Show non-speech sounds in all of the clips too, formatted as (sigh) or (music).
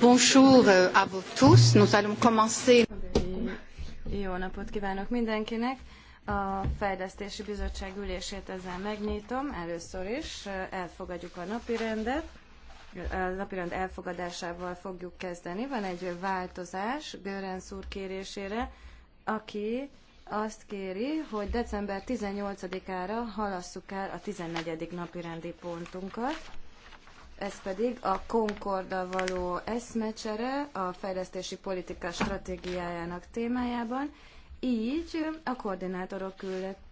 Bonjour euh, à vous tous. Nous allons commencer. Jó napot kívánok mindenkinek. A Fejlesztési Bizottság ülését ezzel megnyitom. Először is elfogadjuk a napirendet. A napirend elfogadásával fogjuk kezdeni. Van egy változás Görenc úr kérésére, aki azt kéri, hogy december 18-ára halasszuk el a 14. napirendi pontunkat ez pedig a Concorda való eszmecsere a fejlesztési politika stratégiájának témájában. Így a koordinátorok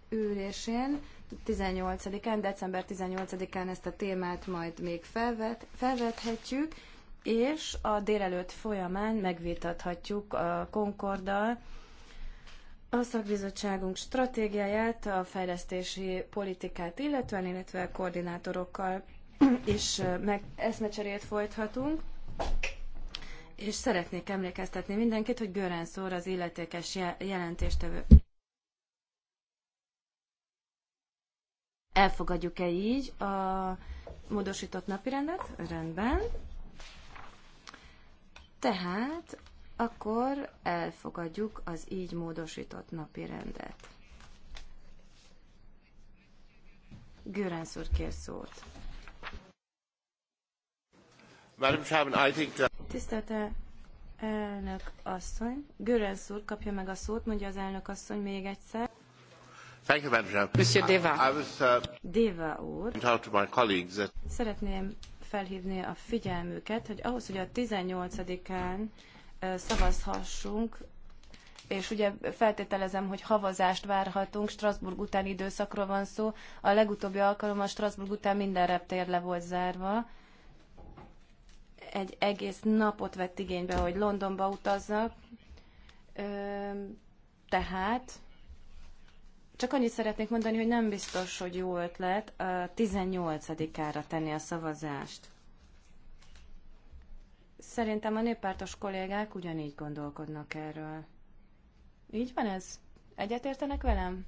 ülésén 18-án, december 18-án ezt a témát majd még felvet, felvethetjük, és a délelőtt folyamán megvitathatjuk a Concorddal a szakbizottságunk stratégiáját, a fejlesztési politikát illetően, illetve a koordinátorokkal is meg eszmecserét folythatunk. És szeretnék emlékeztetni mindenkit, hogy Görán Szór az illetékes jelentéstevő. Elfogadjuk-e így a módosított napirendet? Rendben. Tehát akkor elfogadjuk az így módosított napirendet. Görensz úr kér szót. Tisztelt eh, elnök asszony, Görensz úr kapja meg a szót, mondja az elnök asszony még egyszer. Thank you, Madam Monsieur Deva. I was, uh, Deva úr. To my colleagues that... Szeretném felhívni a figyelmüket, hogy ahhoz, hogy a 18-án eh, szavazhassunk, és ugye feltételezem, hogy havazást várhatunk, Strasbourg utáni időszakról van szó. A legutóbbi alkalommal Strasbourg után minden reptér le volt zárva egy egész napot vett igénybe, hogy Londonba utazzak. Tehát csak annyit szeretnék mondani, hogy nem biztos, hogy jó ötlet a 18-ára tenni a szavazást. Szerintem a néppártos kollégák ugyanígy gondolkodnak erről. Így van ez? Egyetértenek velem?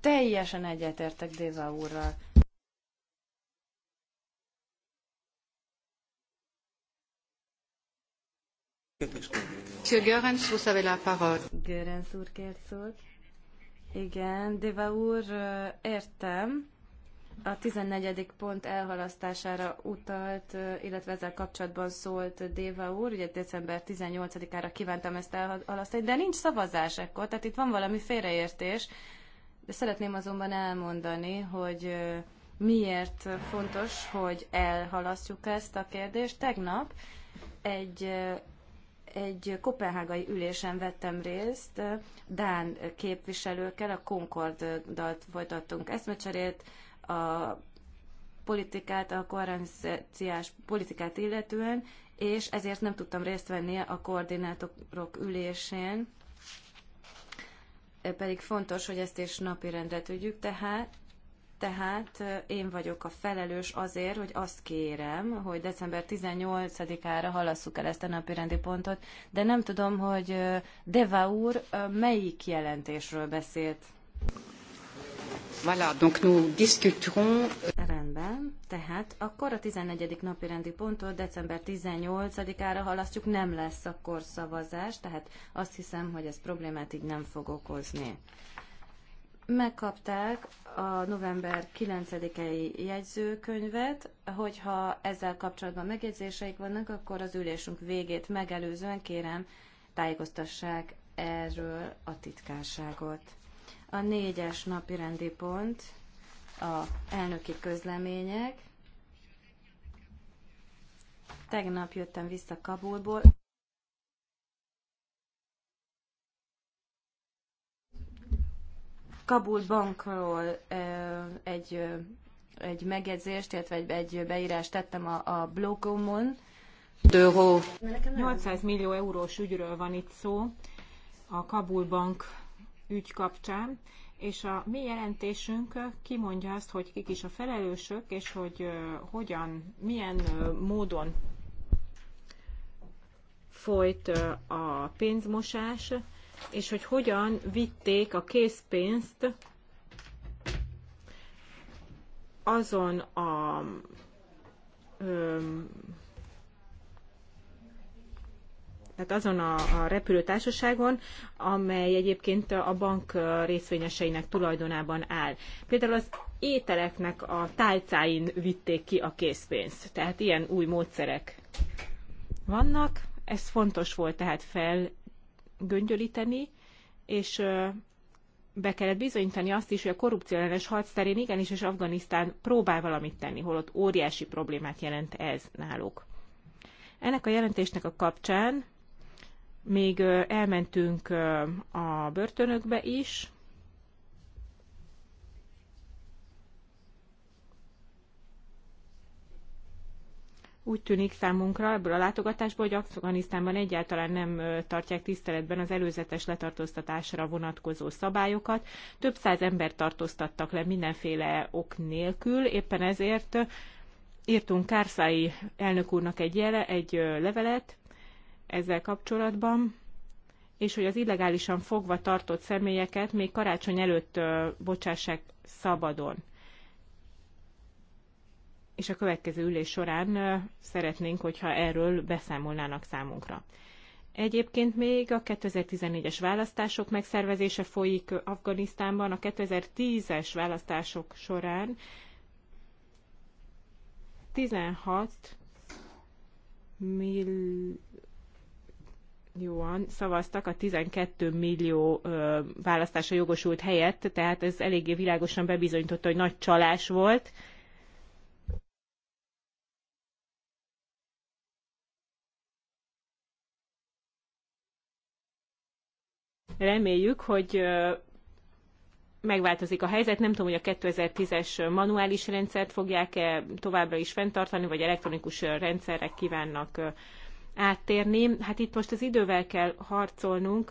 Teljesen egyetértek Déva úrral. Görens, vous avez la parole. Görens úr kért Igen, Deva úr, értem. A 14. pont elhalasztására utalt, illetve ezzel kapcsolatban szólt Déva úr, ugye december 18-ára kívántam ezt elhalasztani, de nincs szavazás ekkor, tehát itt van valami félreértés, de szeretném azonban elmondani, hogy miért fontos, hogy elhalasztjuk ezt a kérdést. Tegnap egy egy kopenhágai ülésen vettem részt, Dán képviselőkkel, a Concord-dalt folytattunk eszmecserét, a politikát, a koherenciás politikát illetően, és ezért nem tudtam részt venni a koordinátorok ülésén, pedig fontos, hogy ezt is rendre tudjuk, tehát tehát én vagyok a felelős azért, hogy azt kérem, hogy december 18-ára halasszuk el ezt a napi rendi pontot, de nem tudom, hogy Deva úr melyik jelentésről beszélt. Voilà, donc nous discuterons... Rendben, tehát akkor a 14. napi rendi pontot december 18-ára halasztjuk, nem lesz akkor szavazás, tehát azt hiszem, hogy ez problémát így nem fog okozni megkapták a november 9-i jegyzőkönyvet, hogyha ezzel kapcsolatban megjegyzéseik vannak, akkor az ülésünk végét megelőzően kérem tájékoztassák erről a titkárságot. A négyes napi rendi pont a elnöki közlemények. Tegnap jöttem vissza Kabulból. Kabul bankról egy, egy megjegyzést, illetve egy, egy beírást tettem a, a blogomon. 800 millió eurós ügyről van itt szó a Kabul bank ügy kapcsán, és a mi jelentésünk kimondja azt, hogy kik is a felelősök, és hogy hogyan, milyen módon folyt a pénzmosás, és hogy hogyan vitték a készpénzt azon a öm, tehát azon a, a repülőtársaságon, amely egyébként a bank részvényeseinek tulajdonában áll. Például az ételeknek a tálcáin vitték ki a készpénzt. Tehát ilyen új módszerek vannak. Ez fontos volt tehát fel göngyölíteni, és be kellett bizonyítani azt is, hogy a korrupció ellenes harc terén igenis, és Afganisztán próbál valamit tenni, holott óriási problémát jelent ez náluk. Ennek a jelentésnek a kapcsán még elmentünk a börtönökbe is, Úgy tűnik számunkra ebből a látogatásból, hogy Afganisztánban egyáltalán nem tartják tiszteletben az előzetes letartóztatásra vonatkozó szabályokat. Több száz ember tartóztattak le mindenféle ok nélkül, éppen ezért írtunk Kárszai elnök úrnak egy, jele, egy levelet ezzel kapcsolatban, és hogy az illegálisan fogva tartott személyeket még karácsony előtt bocsássák szabadon és a következő ülés során szeretnénk, hogyha erről beszámolnának számunkra. Egyébként még a 2014-es választások megszervezése folyik Afganisztánban. A 2010-es választások során 16 millióan szavaztak a 12 millió választása jogosult helyett, tehát ez eléggé világosan bebizonyította, hogy nagy csalás volt Reméljük, hogy megváltozik a helyzet. Nem tudom, hogy a 2010-es manuális rendszert fogják-e továbbra is fenntartani, vagy elektronikus rendszerre kívánnak áttérni. Hát itt most az idővel kell harcolnunk,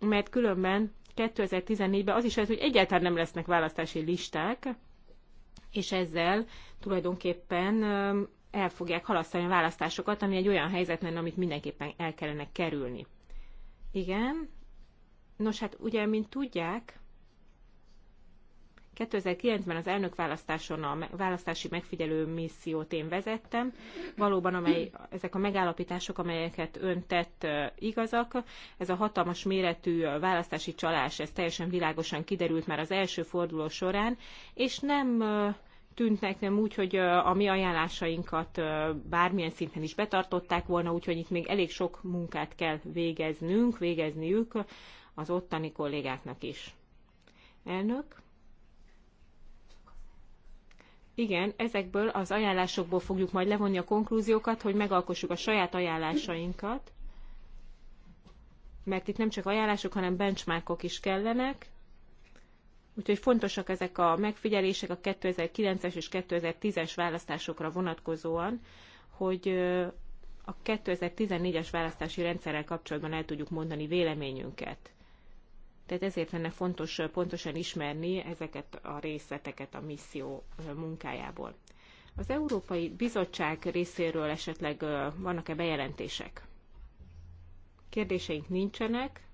mert különben 2014-ben az is ez, hogy egyáltalán nem lesznek választási listák, és ezzel tulajdonképpen el fogják halasztani a választásokat, ami egy olyan helyzet lenne, amit mindenképpen el kellene kerülni. Igen, Nos, hát ugye, mint tudják, 2009-ben az elnökválasztáson a választási megfigyelő missziót én vezettem, valóban amely, ezek a megállapítások, amelyeket ön tett igazak, ez a hatalmas méretű választási csalás, ez teljesen világosan kiderült már az első forduló során, és nem tűnt nekem úgy, hogy a mi ajánlásainkat bármilyen szinten is betartották volna, úgyhogy itt még elég sok munkát kell végeznünk, végezniük az ottani kollégáknak is. Elnök? Igen, ezekből az ajánlásokból fogjuk majd levonni a konklúziókat, hogy megalkossuk a saját ajánlásainkat, mert itt nem csak ajánlások, hanem benchmarkok is kellenek, Úgyhogy fontosak ezek a megfigyelések a 2009-es és 2010-es választásokra vonatkozóan, hogy a 2014-es választási rendszerrel kapcsolatban el tudjuk mondani véleményünket. Tehát ezért lenne fontos pontosan ismerni ezeket a részleteket a misszió munkájából. Az Európai Bizottság részéről esetleg vannak-e bejelentések? Kérdéseink nincsenek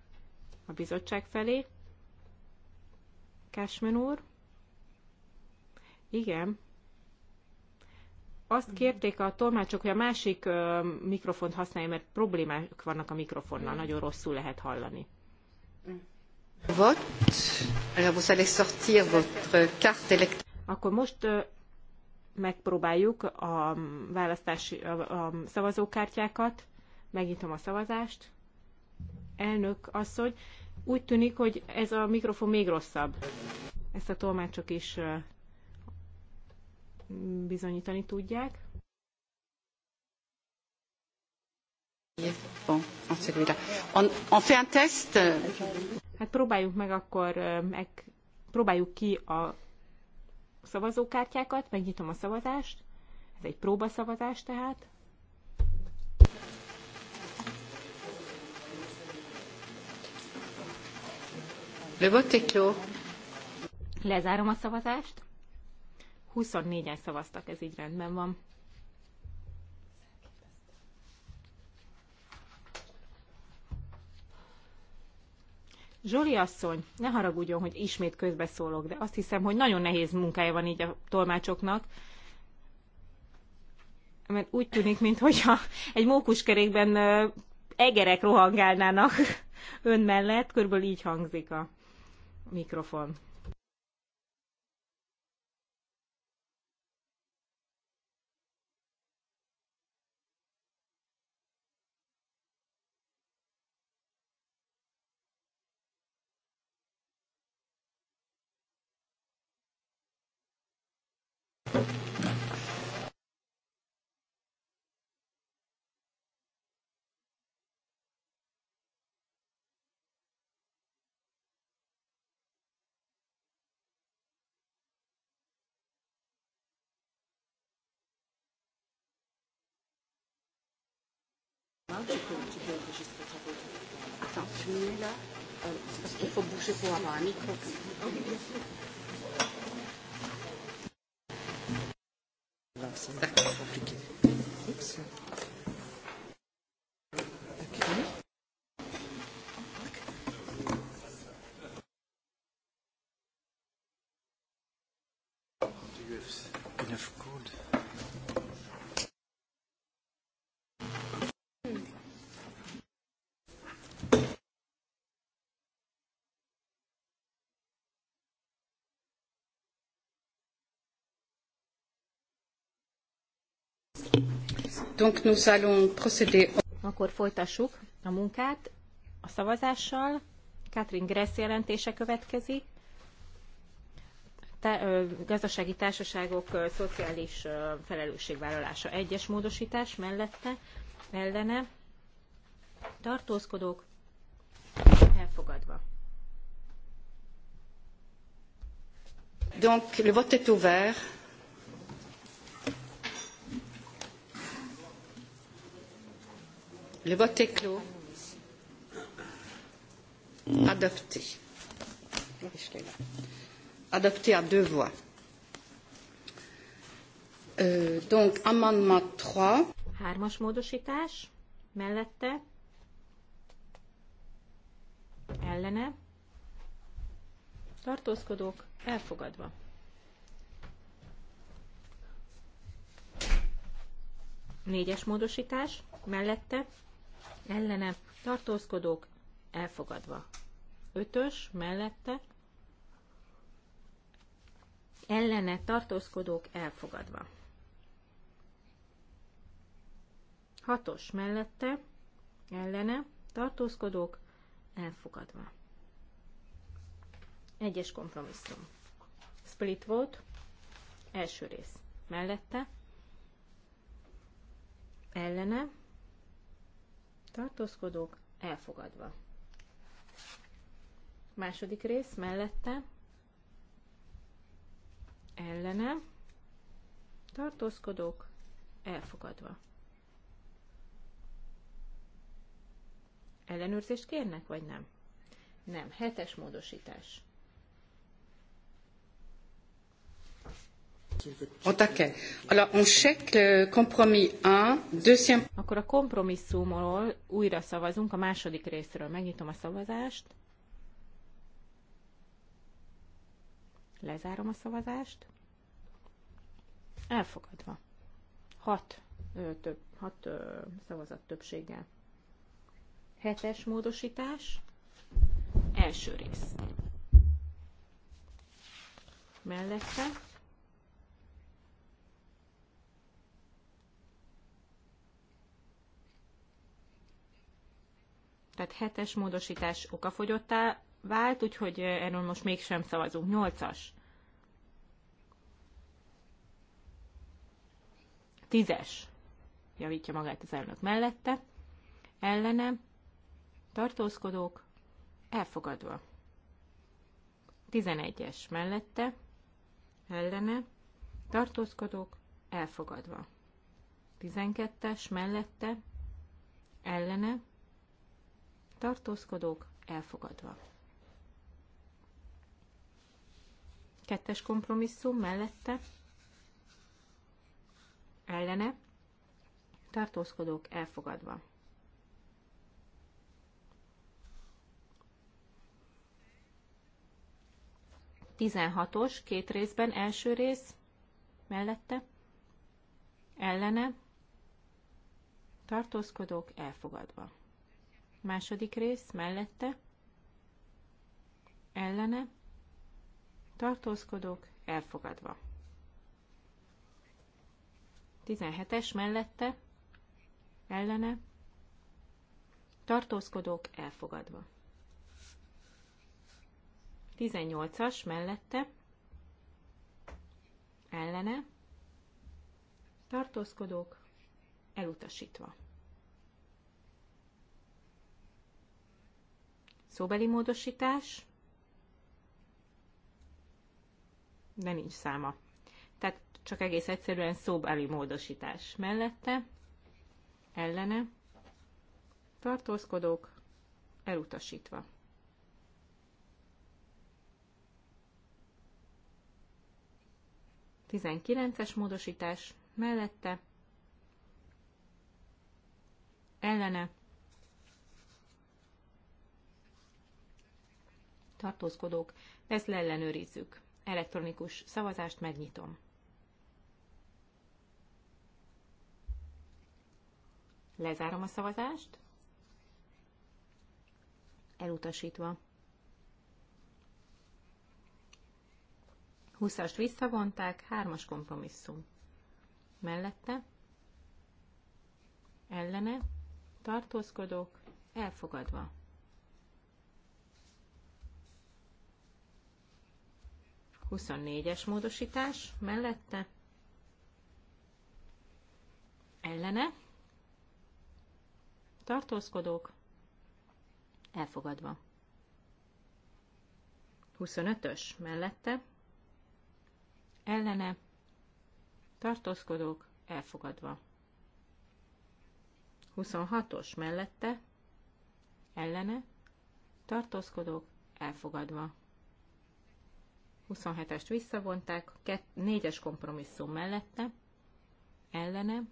a bizottság felé. Cashman úr? Igen. Azt kérték a tolmácsok, hogy a másik mikrofont használja, mert problémák vannak a mikrofonnal, nagyon rosszul lehet hallani. Vote. vous allez sortir votre carte Akkor most megpróbáljuk a választási a, a szavazókártyákat. Megnyitom a szavazást. Elnök asszony, úgy tűnik, hogy ez a mikrofon még rosszabb. Ezt a tolmácsok is bizonyítani tudják. Bon, on, on fait un test. Hát próbáljuk meg akkor, meg, próbáljuk ki a szavazókártyákat, megnyitom a szavazást. Ez egy próbaszavazás tehát. Le Lezárom a szavazást. 24-en szavaztak, ez így rendben van. Zsoli asszony, ne haragudjon, hogy ismét közbeszólok, de azt hiszem, hogy nagyon nehéz munkája van így a tolmácsoknak, mert úgy tűnik, mintha egy mókuskerékben egerek rohangálnának (laughs) ön mellett, körülbelül így hangzik a mikrofon. Attends, je me mets là, parce qu'il faut bouger pour avoir un micro. Oui, bien compliqué. Donc nous allons procéder. Akkor folytassuk a munkát a szavazással. Katrin Gressz jelentése következik. Te, ö, gazdasági társaságok ö, szociális ö, felelősségvállalása egyes módosítás mellette, ellene. Tartózkodók elfogadva. Donc le vote est ouvert. Le vote est clos. Adopté. Adopté à deux voix. Euh, donc, amendement 3. Hármas módosítás. Mellette. Ellene. Tartózkodók. Elfogadva. Négyes módosítás. Mellette ellene tartózkodók elfogadva. Ötös mellette ellene tartózkodók elfogadva. Hatos mellette ellene tartózkodók elfogadva. Egyes kompromisszum. Split volt, első rész mellette, ellene, tartózkodók elfogadva. Második rész mellette ellene tartózkodók elfogadva. Ellenőrzést kérnek, vagy nem? Nem. Hetes módosítás. 1, Akkor a kompromisszumról újra szavazunk, a második részről megnyitom a szavazást. Lezárom a szavazást. Elfogadva. ö, több, hat ö, szavazat többséggel. Hetes módosítás. Első rész. Mellette tehát hetes módosítás okafogyottá vált, úgyhogy erről most mégsem szavazunk. Nyolcas. Tízes. Javítja magát az elnök mellette. Ellene. Tartózkodók. Elfogadva. Tizenegyes mellette. Ellene. Tartózkodók. Elfogadva. Tizenkettes mellette. Ellene tartózkodók elfogadva. Kettes kompromisszum mellette ellene tartózkodók elfogadva. Tizenhatos, két részben, első rész, mellette, ellene, tartózkodók elfogadva. Második rész mellette, ellene, tartózkodók elfogadva. 17-es mellette, ellene, tartózkodók elfogadva. 18-as mellette, ellene, tartózkodók elutasítva. Szóbeli módosítás. De nincs száma. Tehát csak egész egyszerűen szóbeli módosítás mellette, ellene, tartózkodók, elutasítva. Tizenkilences módosítás mellette, ellene, tartózkodók, ezt leellenőrizzük. Elektronikus szavazást megnyitom. Lezárom a szavazást. Elutasítva. 20-ast visszavonták, 3-as kompromisszum. Mellette, ellene, tartózkodók, elfogadva. 24-es módosítás mellette ellene tartózkodók elfogadva. 25-ös mellette ellene tartózkodók elfogadva. 26-os mellette ellene tartózkodók elfogadva. 27-est visszavonták, 4-es kompromisszum mellette, ellene,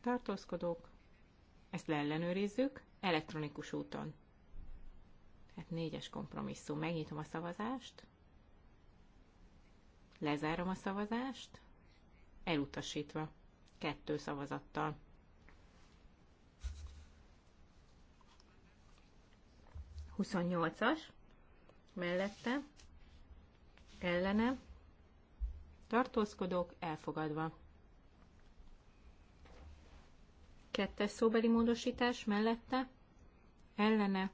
tartózkodók, ezt leellenőrizzük elektronikus úton. Tehát négyes kompromisszum. Megnyitom a szavazást, lezárom a szavazást, elutasítva, kettő szavazattal. Huszonnyolcas, mellette, ellene, tartózkodók elfogadva. Kettes szóbeli módosítás mellette, ellene,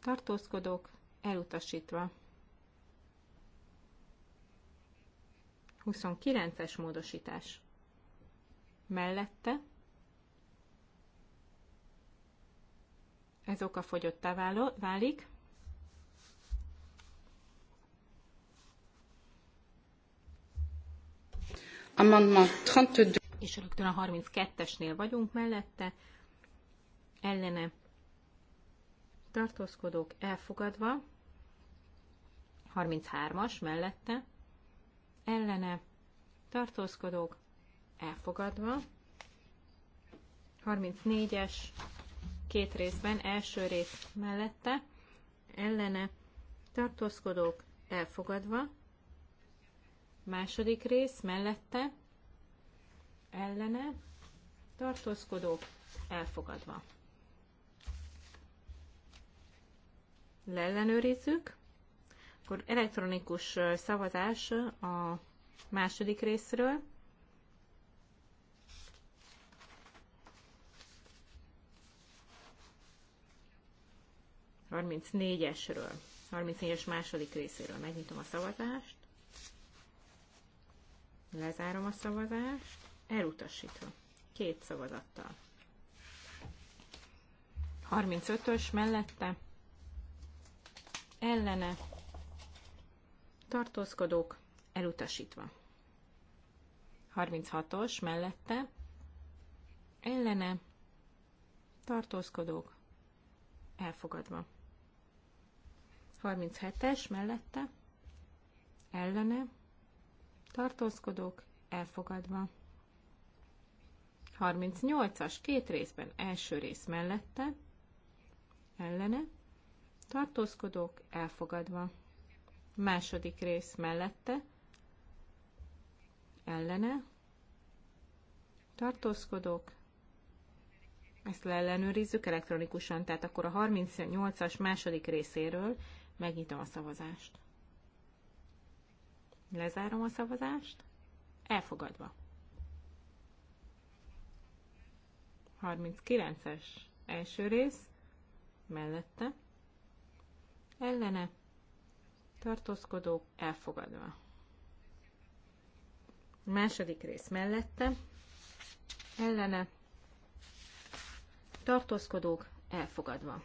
tartózkodók elutasítva. 29-es módosítás mellette, ez okafogyottá válik. Amendment 32. És rögtön a 32-esnél vagyunk mellette, ellene tartózkodók elfogadva, 33-as mellette, ellene tartózkodók elfogadva, 34-es két részben, első rész mellette, ellene tartózkodók elfogadva, második rész mellette, ellene tartózkodók elfogadva. Leellenőrizzük, akkor elektronikus szavazás a második részről, 34-esről, 34-es második részéről megnyitom a szavazást, lezárom a szavazást, elutasítva, két szavazattal. 35-ös mellette, ellene, tartózkodók, elutasítva. 36-os mellette, ellene, tartózkodók, elfogadva. 37-es mellette ellene tartózkodók elfogadva. 38-as két részben első rész mellette ellene tartózkodók elfogadva. Második rész mellette ellene tartózkodók ezt leellenőrizzük elektronikusan, tehát akkor a 38-as második részéről Megnyitom a szavazást. Lezárom a szavazást. Elfogadva. 39-es első rész, mellette, ellene, tartózkodó elfogadva. Második rész mellette, ellene, tartózkodók, elfogadva.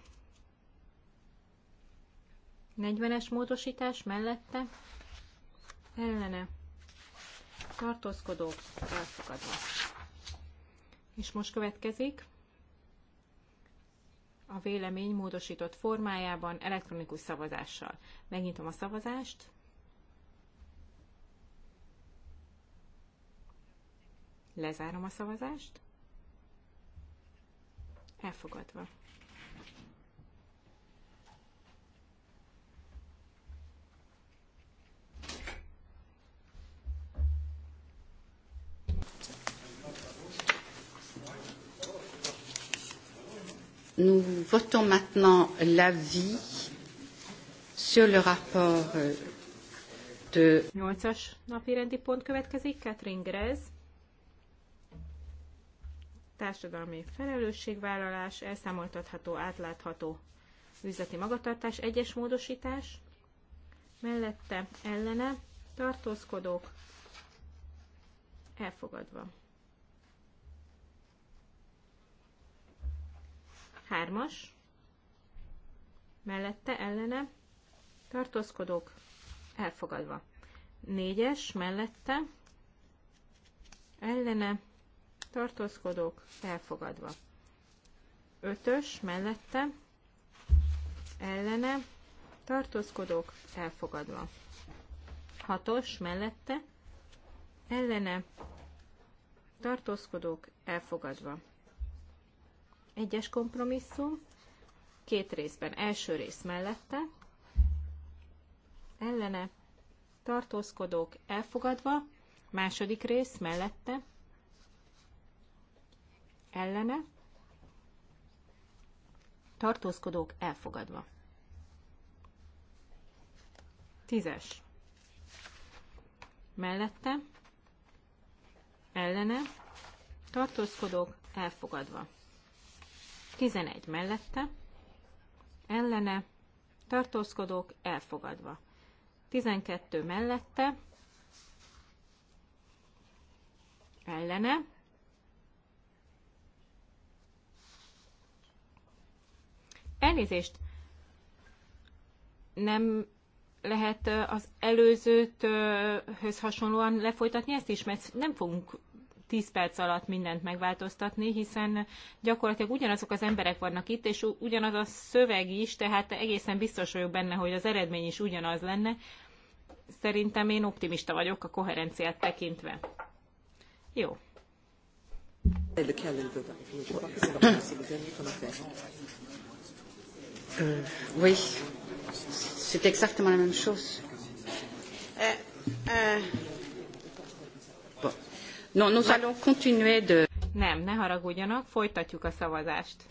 40-es módosítás mellette ellene tartózkodók elfogadva. És most következik a vélemény módosított formájában elektronikus szavazással. Megnyitom a szavazást. Lezárom a szavazást. Elfogadva. Nous votons maintenant l'avis sur le rapport euh, de... pont következik, Társadalmi felelősségvállalás, elszámoltatható, átlátható üzleti magatartás, egyes módosítás, mellette ellene tartózkodók, elfogadva. Hármas. Mellette ellene tartózkodók elfogadva. Négyes mellette ellene tartózkodók elfogadva. Ötös mellette ellene tartózkodók elfogadva. Hatos mellette ellene tartózkodók elfogadva. Egyes kompromisszum, két részben, első rész mellette, ellene, tartózkodók elfogadva, második rész mellette, ellene, tartózkodók elfogadva. Tízes. Mellette, ellene, tartózkodók elfogadva. 11 mellette, ellene, tartózkodók elfogadva. 12 mellette, ellene, elnézést, nem lehet az előzőt hasonlóan lefolytatni ezt is, mert nem fogunk 10 perc alatt mindent megváltoztatni, hiszen gyakorlatilag ugyanazok az emberek vannak itt, és ugyanaz a szöveg is, tehát egészen biztos vagyok benne, hogy az eredmény is ugyanaz lenne. Szerintem én optimista vagyok a koherenciát tekintve. Jó. Euh, oui, c'est exactement la même chose. Uh, uh nous allons continuer de... Nem, ne haragudjanak, folytatjuk a szavazást.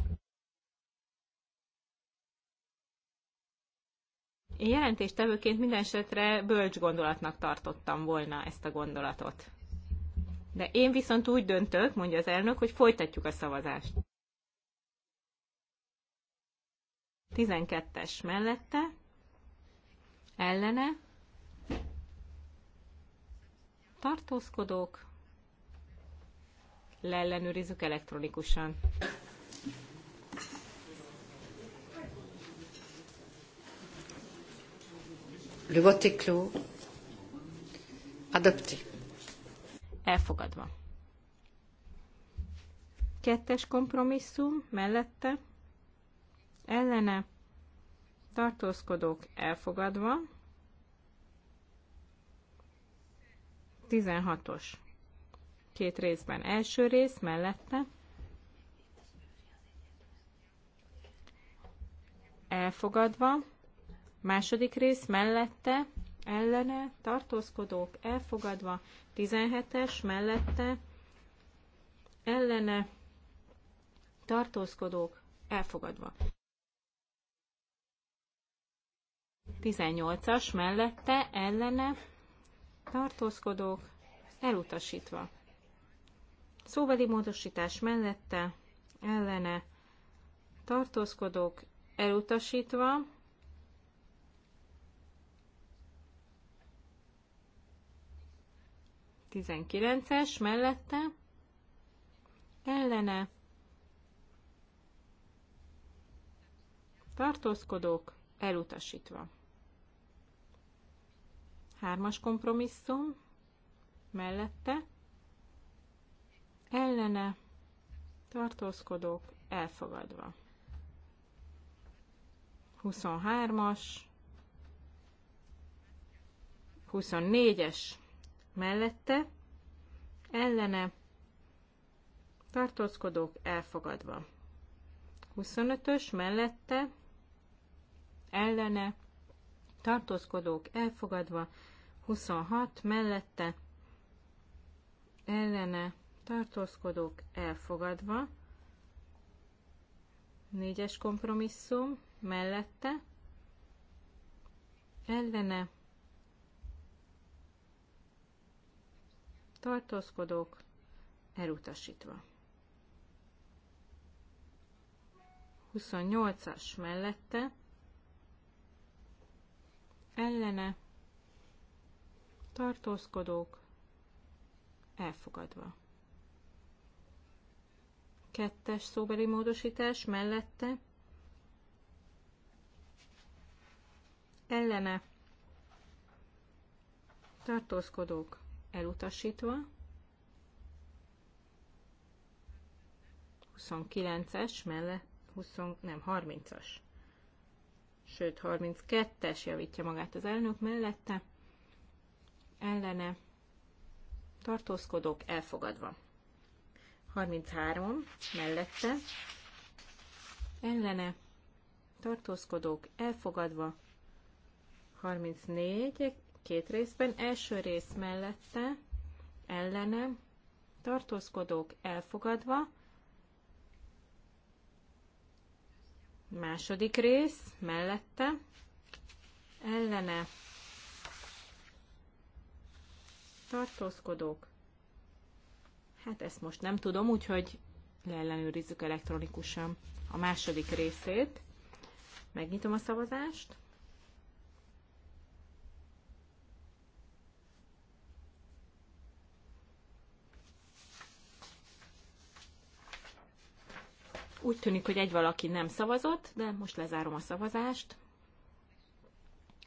Én jelentéstevőként minden esetre bölcs gondolatnak tartottam volna ezt a gondolatot. De én viszont úgy döntök, mondja az elnök, hogy folytatjuk a szavazást. 12-es mellette, ellene, tartózkodók, leellenőrizzük elektronikusan. Le vote Adopté. Elfogadva. Kettes kompromisszum mellette ellene tartózkodók elfogadva. 16-os két részben. Első rész mellette elfogadva, második rész mellette ellene tartózkodók elfogadva, 17-es mellette ellene tartózkodók elfogadva. 18-as mellette ellene tartózkodók elutasítva. Szóbeli módosítás mellette ellene tartózkodók elutasítva, tizenkilences mellette ellene tartózkodók elutasítva. Hármas kompromisszum mellette ellene tartózkodók elfogadva. 23-as, 24-es mellette, ellene tartózkodók elfogadva. 25-ös mellette, ellene tartózkodók elfogadva, 26 mellette, ellene tartózkodók elfogadva, négyes kompromisszum mellette, ellene tartózkodók elutasítva. 28-as mellette ellene tartózkodók elfogadva kettes szóbeli módosítás mellette ellene tartózkodók elutasítva, 29-es mellett, 20, nem 30-as, sőt 32-es javítja magát az elnök mellette, ellene tartózkodók elfogadva. 33 mellette ellene tartózkodók elfogadva 34 két részben első rész mellette ellene tartózkodók elfogadva második rész mellette ellene tartózkodók Hát ezt most nem tudom, úgyhogy leellenőrizzük elektronikusan a második részét. Megnyitom a szavazást. Úgy tűnik, hogy egy valaki nem szavazott, de most lezárom a szavazást.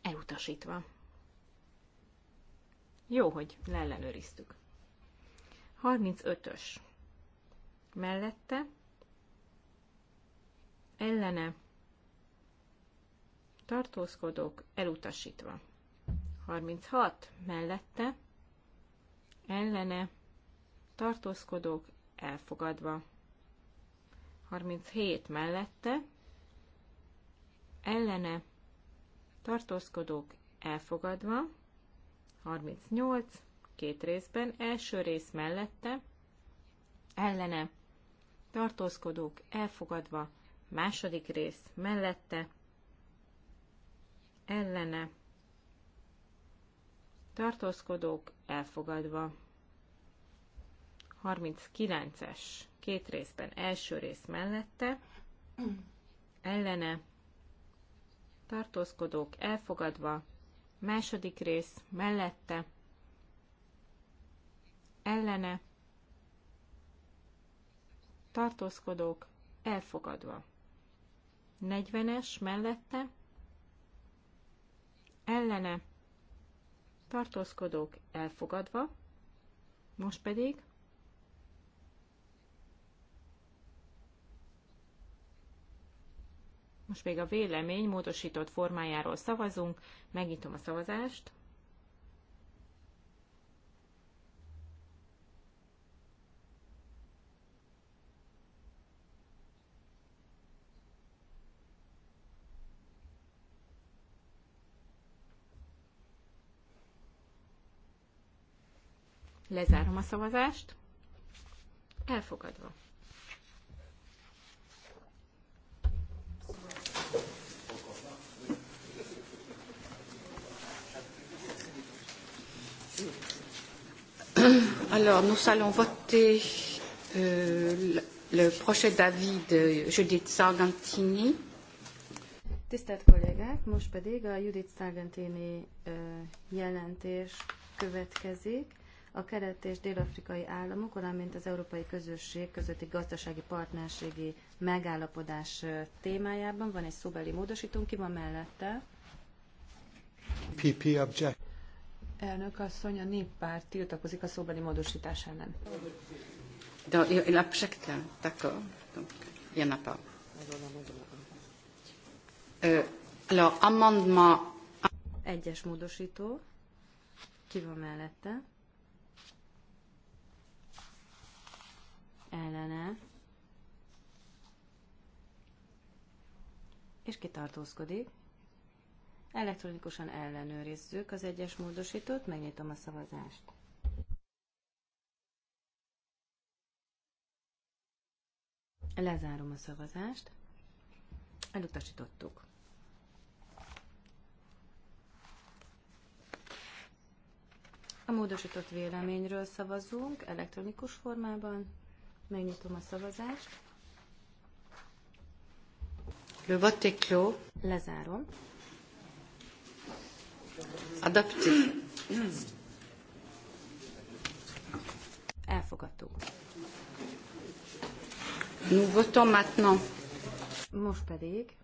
Elutasítva. Jó, hogy leellenőriztük. 35-ös mellette, ellene tartózkodók elutasítva. 36 mellette, ellene tartózkodók elfogadva. 37 mellette, ellene tartózkodók elfogadva. 38 két részben. Első rész mellette, ellene, tartózkodók elfogadva, második rész mellette, ellene, tartózkodók elfogadva. 39-es két részben első rész mellette, ellene, tartózkodók elfogadva, második rész mellette, ellene tartózkodók elfogadva. 40-es mellette ellene tartózkodók elfogadva, most pedig Most még a vélemény módosított formájáról szavazunk, megnyitom a szavazást. Lezárom a szavazást. Elfogadva. Alors, nous allons voter euh, le projet d'avis de Judith Sargentini. Tisztelt kollégák, most pedig a Judith Sargentini euh, jelentés következik a keret és dél-afrikai államok, valamint az Európai Közösség közötti gazdasági partnerségi megállapodás témájában. Van egy szóbeli módosítónk, ki van mellette? PP object. Elnök asszony, a néppárt tiltakozik a szóbeli módosítás ellen. De alors, amendement... Egyes módosító. Ki van mellette? ellene, és kitartózkodik. Elektronikusan ellenőrizzük az egyes módosítót, megnyitom a szavazást. Lezárom a szavazást. Elutasítottuk. A módosított véleményről szavazunk elektronikus formában. Megnyitom a szavazást. Le vote est clos. Lezárom. Adapté. Elfogadtuk. Nous votons maintenant. Most pedig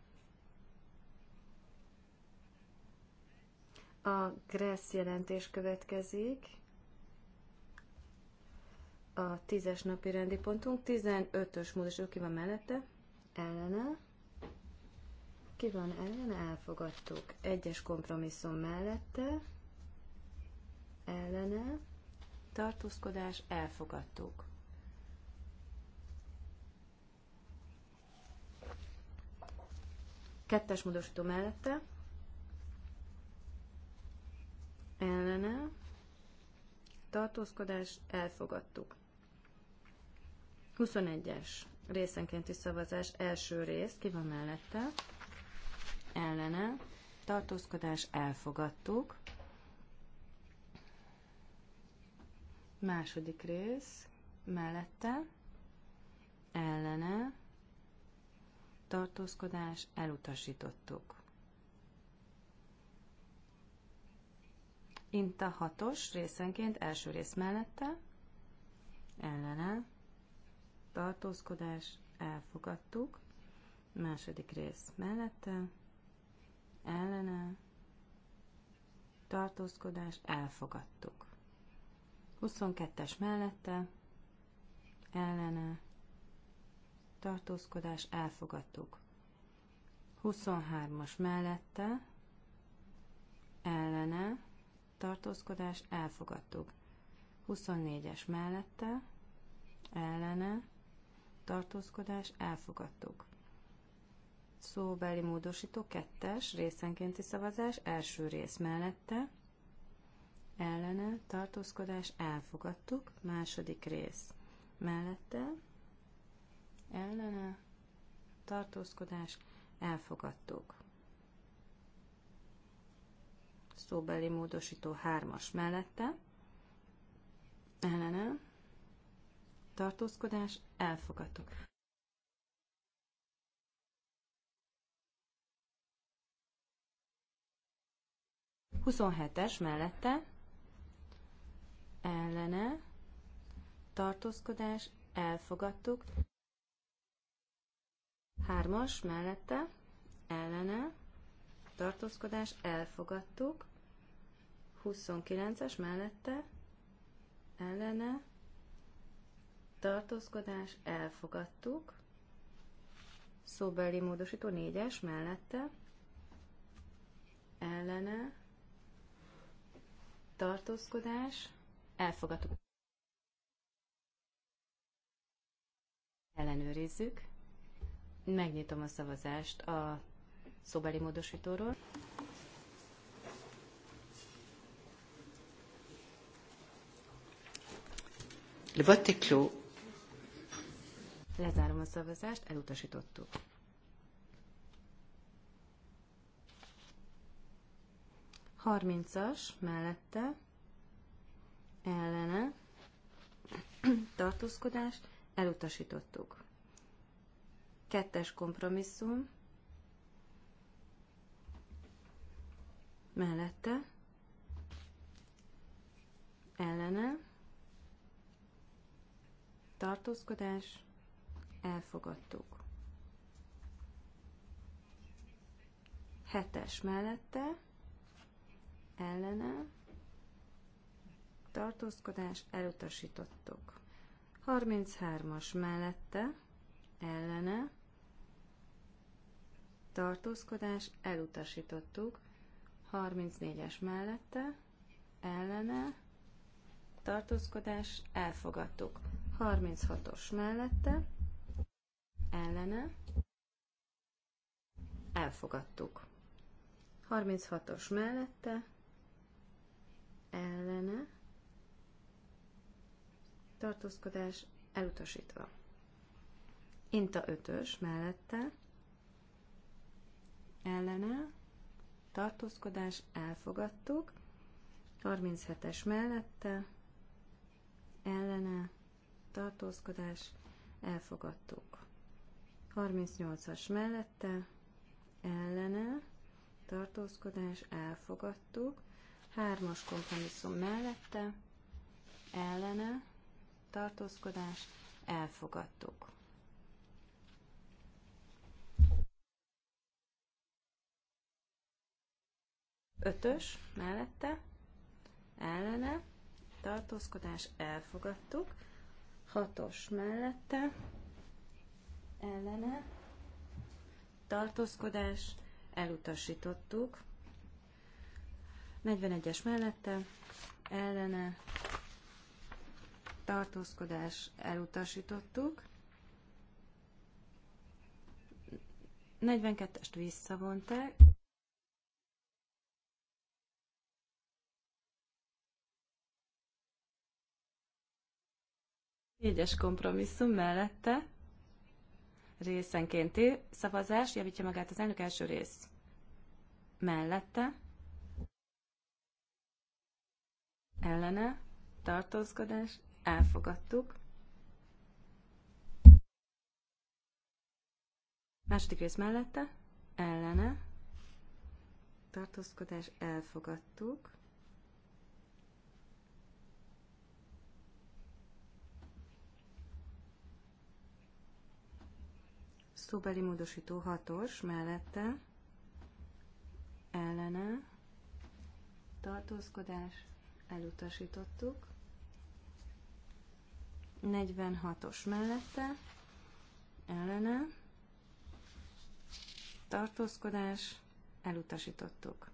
a Gressz jelentés következik a tízes napi rendi pontunk, 15-ös módos, ki van mellette, ellene, ki van ellene, elfogadtuk. Egyes kompromisszum mellette, ellene, tartózkodás, elfogadtuk. Kettes módosító mellette, ellene, tartózkodás, elfogadtuk. 21-es részenkénti szavazás első rész, ki van mellette, ellene, tartózkodás elfogadtuk. Második rész, mellette, ellene, tartózkodás elutasítottuk. Inta hatos részenként első rész mellette, ellene, tartózkodás, elfogadtuk. Második rész mellette, ellene, tartózkodás, elfogadtuk. 22-es mellette, ellene, tartózkodás, elfogadtuk. 23-as mellette, ellene, tartózkodás, elfogadtuk. 24-es mellette, ellene, tartózkodás, elfogadtuk. Szóbeli módosító kettes, részenkénti szavazás, első rész mellette, ellene, tartózkodás, elfogadtuk, második rész mellette, ellene, tartózkodás, elfogadtuk. Szóbeli módosító hármas mellette, ellene, tartózkodás, elfogadtuk. Huszonhetes mellette, ellene, tartózkodás, elfogadtuk. Hármas mellette, ellene, tartózkodás, elfogadtuk. 29-es mellette, ellene, tartózkodás, elfogadtuk. Szóbeli módosító négyes mellette, ellene, tartózkodás, elfogadtuk. Ellenőrizzük. Megnyitom a szavazást a szóbeli módosítóról. Le vote est clos. Lezárom a szavazást, elutasítottuk. Harmincas mellette ellene tartózkodást elutasítottuk. Kettes kompromisszum mellette ellene tartózkodás elfogadtuk. Hetes mellette, ellene, tartózkodás, elutasítottuk. 33-as mellette, ellene, tartózkodás, elutasítottuk. 34-es mellette, ellene, tartózkodás, elfogadtuk. 36-os mellette, ellene elfogadtuk. 36-os mellette ellene tartózkodás elutasítva. Inta 5-ös mellette ellene tartózkodás elfogadtuk. 37-es mellette ellene tartózkodás elfogadtuk. 38-as mellette ellene tartózkodás elfogadtuk. 3-as kompromisszum mellette ellene tartózkodás elfogadtuk. Ötös mellette ellene tartózkodás elfogadtuk. Hatos mellette ellene, tartózkodás, elutasítottuk. 41-es mellette, ellene, tartózkodás, elutasítottuk. 42-est visszavonták. Négyes kompromisszum mellette részenkénti szavazás, javítja magát az elnök első rész mellette, ellene, tartózkodás, elfogadtuk. Második rész mellette, ellene, tartózkodás, elfogadtuk. szóbeli módosító hatos mellette ellene tartózkodás elutasítottuk. 46-os mellette ellene tartózkodás elutasítottuk.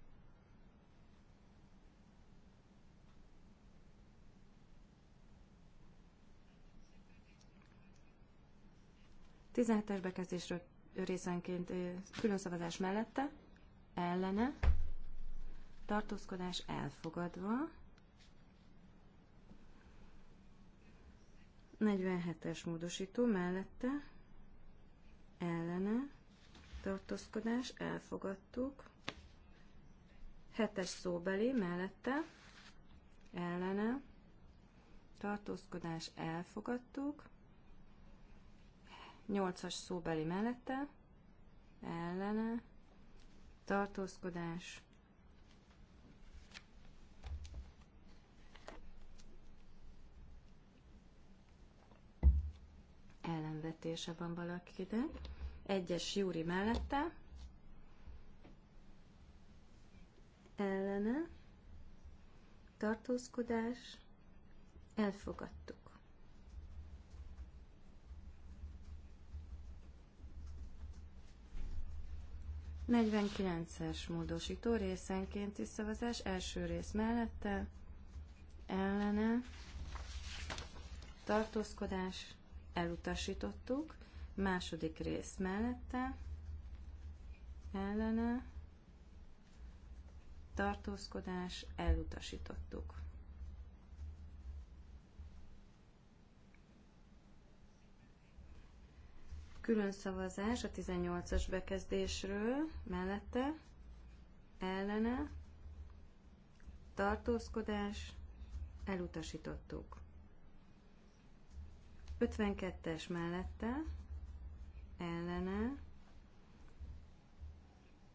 17-es bekezdésről részenként külön szavazás mellette, ellene, tartózkodás elfogadva, 47-es módosító mellette, ellene, tartózkodás elfogadtuk, 7-es szóbeli mellette, ellene, tartózkodás elfogadtuk, Nyolcas szóbeli mellette, ellene, tartózkodás, ellenvetése van valakinek, egyes Júri mellette, ellene, tartózkodás, elfogadtuk. 49-es módosító részenkénti szavazás első rész mellette, ellene, tartózkodás, elutasítottuk, második rész mellette, ellene, tartózkodás, elutasítottuk. Külön szavazás a 18-as bekezdésről, mellette, ellene, tartózkodás, elutasítottuk. 52-es mellette, ellene,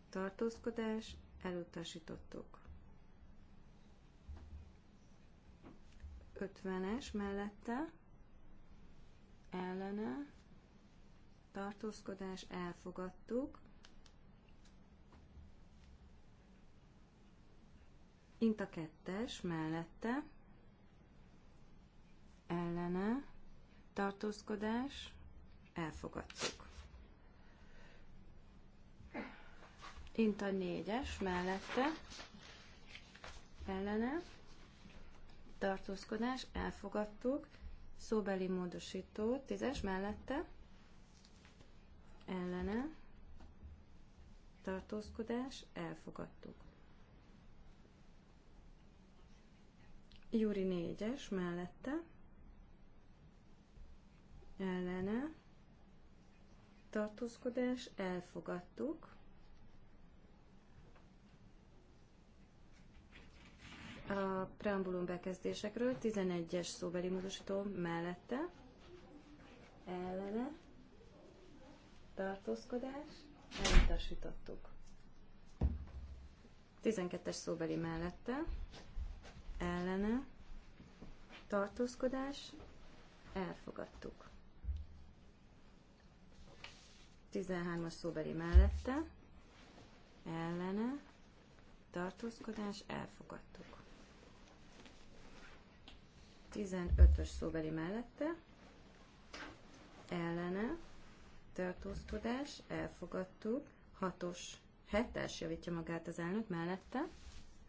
tartózkodás, elutasítottuk. 50-es mellette, ellene, tartózkodás elfogadtuk. Int a kettes mellette ellene tartózkodás elfogadtuk. Int a négyes mellette ellene tartózkodás elfogadtuk. Szóbeli módosító tízes mellette zene, tartózkodás elfogadtuk. Júri négyes mellette ellene tartózkodás elfogadtuk. a preambulum bekezdésekről, 11-es szóbeli módosító mellette, ellene, tartózkodás, elutasítottuk. 12-es szóbeli mellette, ellene, tartózkodás, elfogadtuk. 13-as szóbeli mellette, ellene, tartózkodás, elfogadtuk. 15-ös szóbeli mellette, ellene, tartózkodás, elfogadtuk. Hatos, hetes javítja magát az elnök mellette,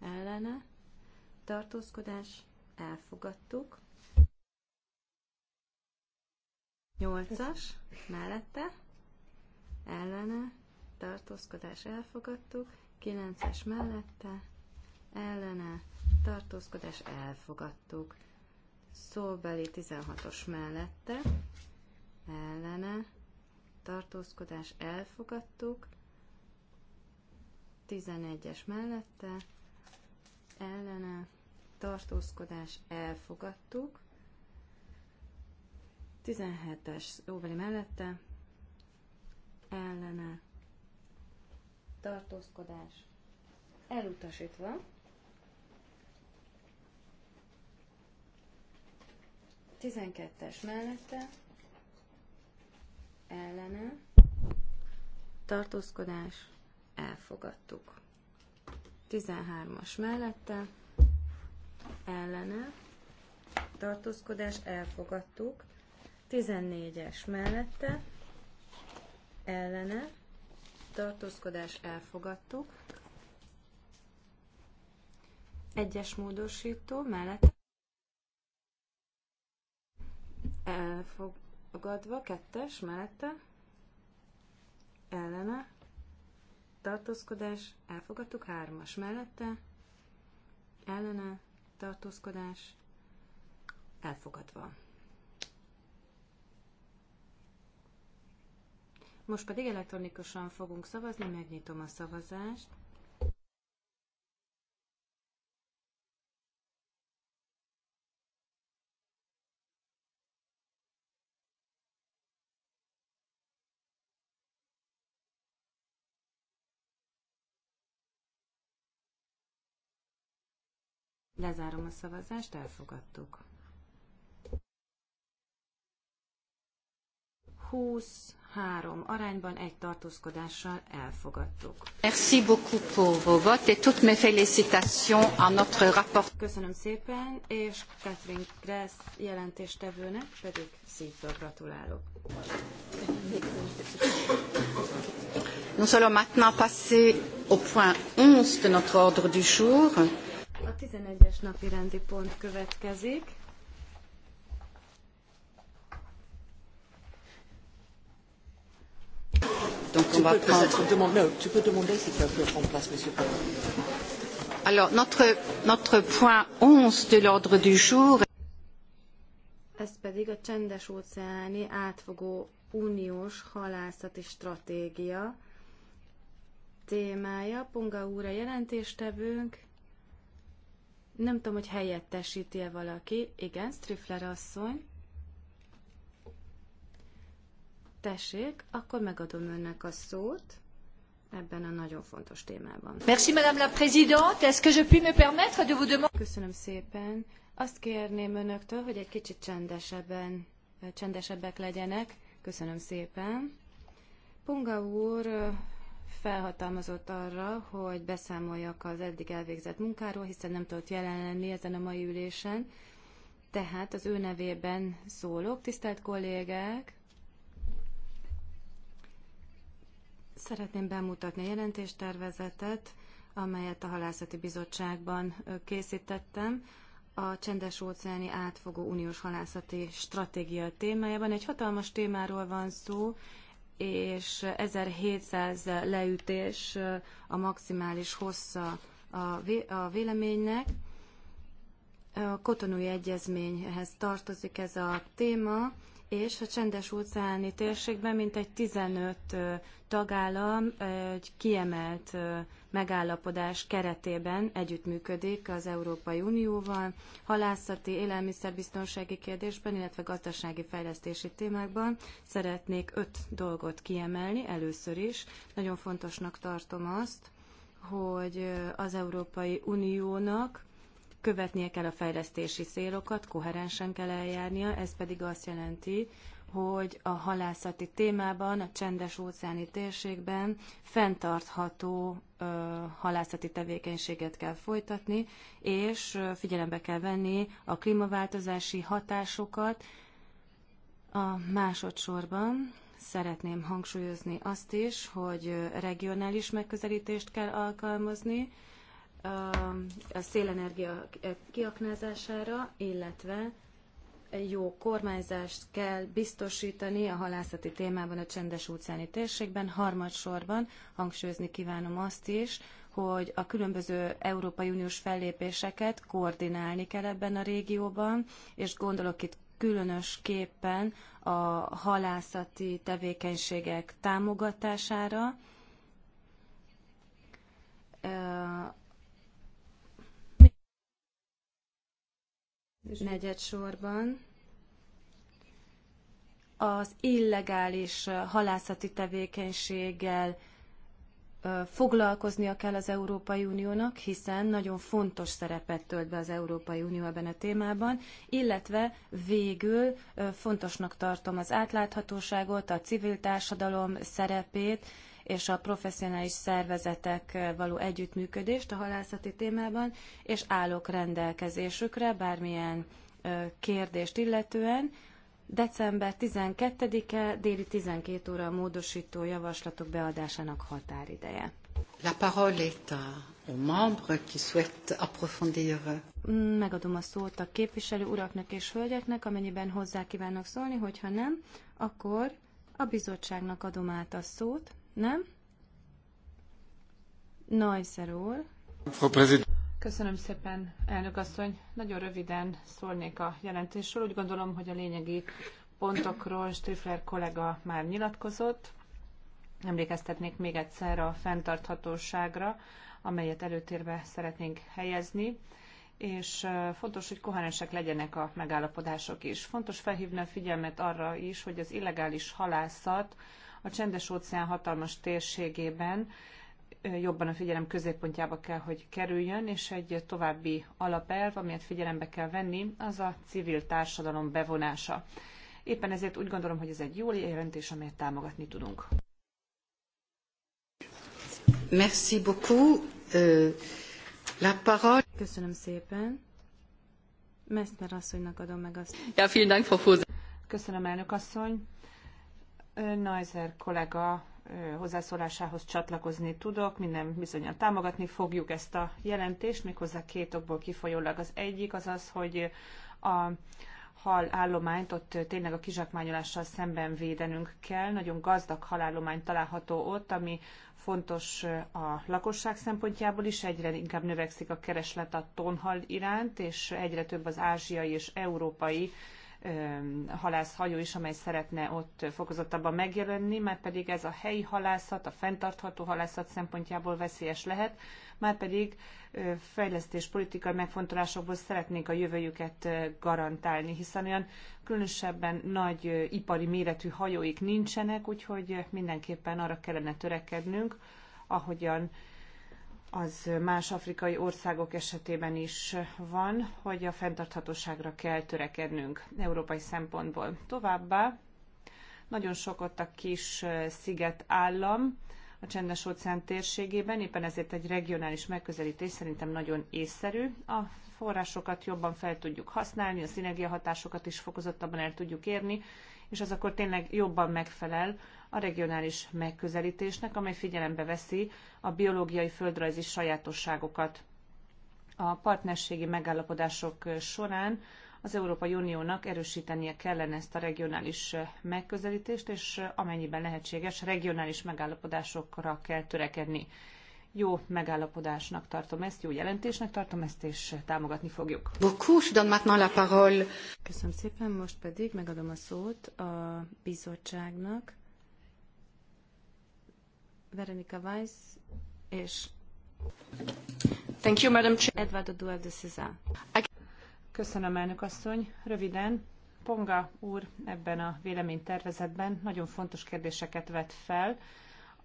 ellene, tartózkodás, elfogadtuk. Nyolcas, mellette, ellene, tartózkodás, elfogadtuk. Kilences mellette, ellene, tartózkodás, elfogadtuk. Szóbeli 16-os mellette, ellene, tartózkodás elfogadtuk, 11-es mellette, ellene, tartózkodás elfogadtuk, 17-es szóbeli mellette, ellene, tartózkodás elutasítva, Tizenkettes mellette, ellene, tartózkodás, elfogadtuk. 13-as mellette, ellene, tartózkodás, elfogadtuk. 14-es mellette, ellene, tartózkodás, elfogadtuk. Egyes módosító mellette, elfog, elfogadva, kettes mellette, ellene, tartózkodás, elfogadtuk, hármas mellette, ellene, tartózkodás, elfogadva. Most pedig elektronikusan fogunk szavazni, megnyitom a szavazást. Lezárom a szavazást, elfogadtuk. 23 arányban egy tartózkodással elfogadtuk. Merci beaucoup pour vos votes et toutes mes félicitations à notre rapport. Köszönöm szépen, és Catherine Gress jelentéstevőnek pedig szívből gratulálok. Nous allons maintenant passer au point 11 de notre ordre du jour a 11-es napi rendi pont következik. Donc on va prendre... Alors, notre, notre point 11 de l'ordre du jour... Ez pedig a csendes óceáni átfogó uniós halászati stratégia témája. Punga úr a jelentéstevőnk. Nem tudom, hogy helyettesíti-e valaki. Igen, Strifler asszony. Tessék, akkor megadom önnek a szót ebben a nagyon fontos témában. Merci, Madame la Présidente. Est-ce que je puis me permettre de vous demander... Köszönöm szépen. Azt kérném önöktől, hogy egy kicsit csendesebben, csendesebbek legyenek. Köszönöm szépen. Punga úr felhatalmazott arra, hogy beszámoljak az eddig elvégzett munkáról, hiszen nem tudott jelen lenni ezen a mai ülésen. Tehát az ő nevében szólok. Tisztelt kollégák! Szeretném bemutatni a jelentéstervezetet, amelyet a Halászati Bizottságban készítettem a csendes óceáni átfogó uniós halászati stratégia témájában. Egy hatalmas témáról van szó, és 1700 leütés a maximális hossza a véleménynek. A kotonúi egyezményhez tartozik ez a téma, és a csendes óceáni térségben mintegy 15 tagállam egy kiemelt megállapodás keretében együttműködik az Európai Unióval, halászati, élelmiszerbiztonsági kérdésben, illetve gazdasági fejlesztési témákban. Szeretnék öt dolgot kiemelni először is. Nagyon fontosnak tartom azt, hogy az Európai Uniónak követnie kell a fejlesztési célokat, koherensen kell eljárnia, ez pedig azt jelenti, hogy a halászati témában, a csendes óceáni térségben fenntartható ö, halászati tevékenységet kell folytatni, és figyelembe kell venni a klímaváltozási hatásokat. A másodszorban szeretném hangsúlyozni azt is, hogy regionális megközelítést kell alkalmazni, a szélenergia kiaknázására, illetve jó kormányzást kell biztosítani a halászati témában a csendes óceáni térségben. Harmadsorban hangsúlyozni kívánom azt is, hogy a különböző Európai Uniós fellépéseket koordinálni kell ebben a régióban, és gondolok itt különösképpen a halászati tevékenységek támogatására, negyed sorban az illegális halászati tevékenységgel foglalkoznia kell az Európai Uniónak, hiszen nagyon fontos szerepet tölt be az Európai Unió ebben a témában, illetve végül fontosnak tartom az átláthatóságot, a civil társadalom szerepét, és a professzionális szervezetek való együttműködést a halászati témában, és állok rendelkezésükre bármilyen kérdést illetően. December 12-e déli 12 óra a módosító javaslatok beadásának határideje. La parole est à aux membres qui souhaitent approfondir. Megadom a szót a képviselő uraknak és hölgyeknek, amennyiben hozzá kívánnak szólni, hogyha nem, akkor a bizottságnak adom át a szót. Nem? Neuser úr. Köszönöm szépen, elnök asszony. Nagyon röviden szólnék a jelentésről. Úgy gondolom, hogy a lényegi pontokról Stifler kollega már nyilatkozott. Emlékeztetnék még egyszer a fenntarthatóságra, amelyet előtérbe szeretnénk helyezni és fontos, hogy koherensek legyenek a megállapodások is. Fontos felhívni a figyelmet arra is, hogy az illegális halászat a csendes óceán hatalmas térségében jobban a figyelem középpontjába kell, hogy kerüljön, és egy további alapelv, amelyet figyelembe kell venni, az a civil társadalom bevonása. Éppen ezért úgy gondolom, hogy ez egy jó jelentés, amelyet támogatni tudunk. Merci beaucoup. Euh, la parole. Köszönöm szépen. Messner asszonynak adom meg azt. Ja, vielen Dank, Frau Köszönöm, elnök asszony. Neuser kollega hozzászólásához csatlakozni tudok, minden bizonyan támogatni fogjuk ezt a jelentést, méghozzá két okból kifolyólag. Az egyik az az, hogy a hal állományt ott tényleg a kizsákmányolással szemben védenünk kell. Nagyon gazdag halállomány található ott, ami fontos a lakosság szempontjából is. Egyre inkább növekszik a kereslet a tonhal iránt, és egyre több az ázsiai és európai halászhajó is, amely szeretne ott fokozottabban megjelenni, mert pedig ez a helyi halászat, a fenntartható halászat szempontjából veszélyes lehet, már pedig fejlesztéspolitikai megfontolásokból szeretnénk a jövőjüket garantálni, hiszen olyan különösebben nagy ipari méretű hajóik nincsenek, úgyhogy mindenképpen arra kellene törekednünk, ahogyan az más afrikai országok esetében is van, hogy a fenntarthatóságra kell törekednünk európai szempontból. Továbbá nagyon sok ott a kis sziget állam a csendes óceán térségében, éppen ezért egy regionális megközelítés szerintem nagyon észszerű. A forrásokat jobban fel tudjuk használni, a szinergiahatásokat is fokozottabban el tudjuk érni, és az akkor tényleg jobban megfelel a regionális megközelítésnek, amely figyelembe veszi a biológiai földrajzi sajátosságokat. A partnerségi megállapodások során az Európai Uniónak erősítenie kellene ezt a regionális megközelítést, és amennyiben lehetséges, regionális megállapodásokra kell törekedni. Jó megállapodásnak tartom ezt, jó jelentésnek tartom ezt, és támogatni fogjuk. Köszönöm szépen, most pedig megadom a szót a bizottságnak. Veronika Weiss és Thank you, Madam Chair. Eduardo de César. Köszönöm, elnök asszony. Röviden, Ponga úr ebben a véleménytervezetben nagyon fontos kérdéseket vet fel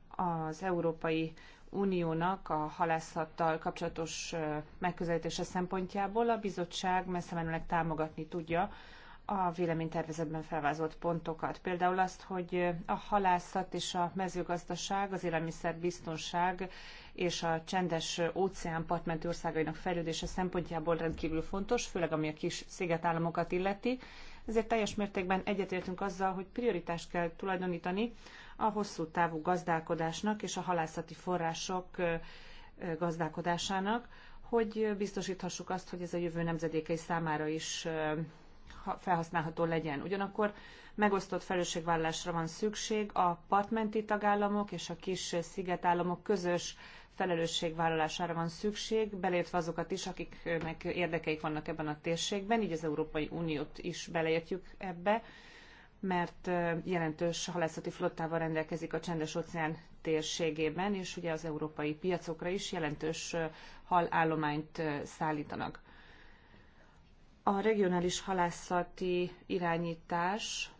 az Európai Uniónak a halászattal kapcsolatos megközelítése szempontjából. A bizottság messze menőleg támogatni tudja a véleménytervezetben felvázolt pontokat. Például azt, hogy a halászat és a mezőgazdaság, az élelmiszerbiztonság és a csendes óceán partmenti országainak fejlődése szempontjából rendkívül fontos, főleg ami a kis szigetállamokat illeti. Ezért teljes mértékben egyetértünk azzal, hogy prioritást kell tulajdonítani a hosszú távú gazdálkodásnak és a halászati források gazdálkodásának, hogy biztosíthassuk azt, hogy ez a jövő nemzedékei számára is felhasználható legyen. Ugyanakkor megosztott felelősségvállalásra van szükség a partmenti tagállamok és a kis szigetállamok közös felelősségvállalására van szükség, beleértve azokat is, akiknek érdekeik vannak ebben a térségben, így az Európai Uniót is beleértjük ebbe, mert jelentős halászati flottával rendelkezik a Csendes-óceán térségében, és ugye az európai piacokra is jelentős halállományt szállítanak. A regionális halászati irányítás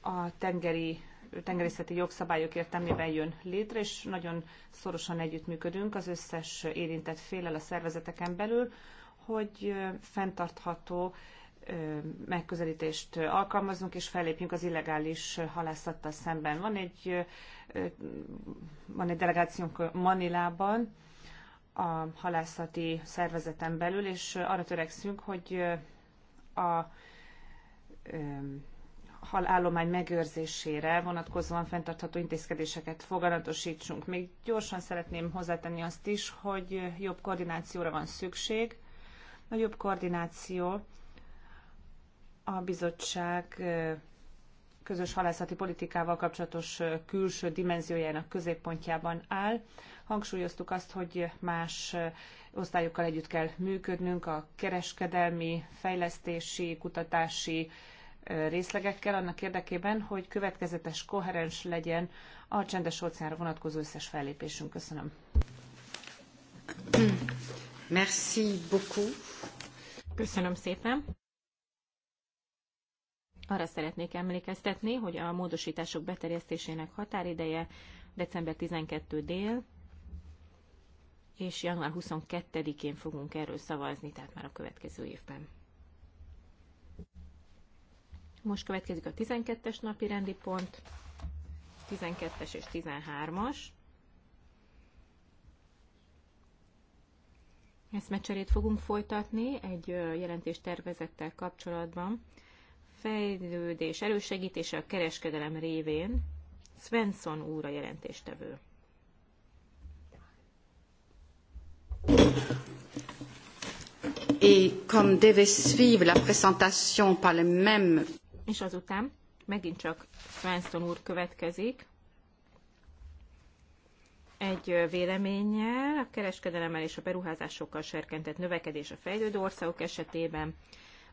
a tengeri tengerészeti jogszabályok értelmében jön létre, és nagyon szorosan együttműködünk az összes érintett félel a szervezeteken belül, hogy fenntartható megközelítést alkalmazunk, és fellépjünk az illegális halászattal szemben. Van egy, van egy delegációnk Manilában, a halászati szervezeten belül, és arra törekszünk, hogy a halállomány megőrzésére vonatkozóan fenntartható intézkedéseket foganatosítsunk. Még gyorsan szeretném hozzátenni azt is, hogy jobb koordinációra van szükség. Nagyobb koordináció a bizottság közös halászati politikával kapcsolatos külső dimenziójának középpontjában áll. Hangsúlyoztuk azt, hogy más osztályokkal együtt kell működnünk a kereskedelmi, fejlesztési, kutatási részlegekkel annak érdekében, hogy következetes, koherens legyen a csendes óceánra vonatkozó összes fellépésünk. Köszönöm. Merci beaucoup. Köszönöm szépen. Arra szeretnék emlékeztetni, hogy a módosítások beterjesztésének határideje december 12 dél, és január 22-én fogunk erről szavazni, tehát már a következő évben. Most következik a 12-es napi rendi pont, 12-es és 13-as. Eszmecserét fogunk folytatni egy jelentés tervezettel kapcsolatban, fejlődés elősegítése a kereskedelem révén. Svensson úr a jelentéstevő. Et comme devait suivre la présentation par le même... És azután megint csak Svensson úr következik egy véleménnyel, a kereskedelemmel és a beruházásokkal serkentett növekedés a fejlődő országok esetében,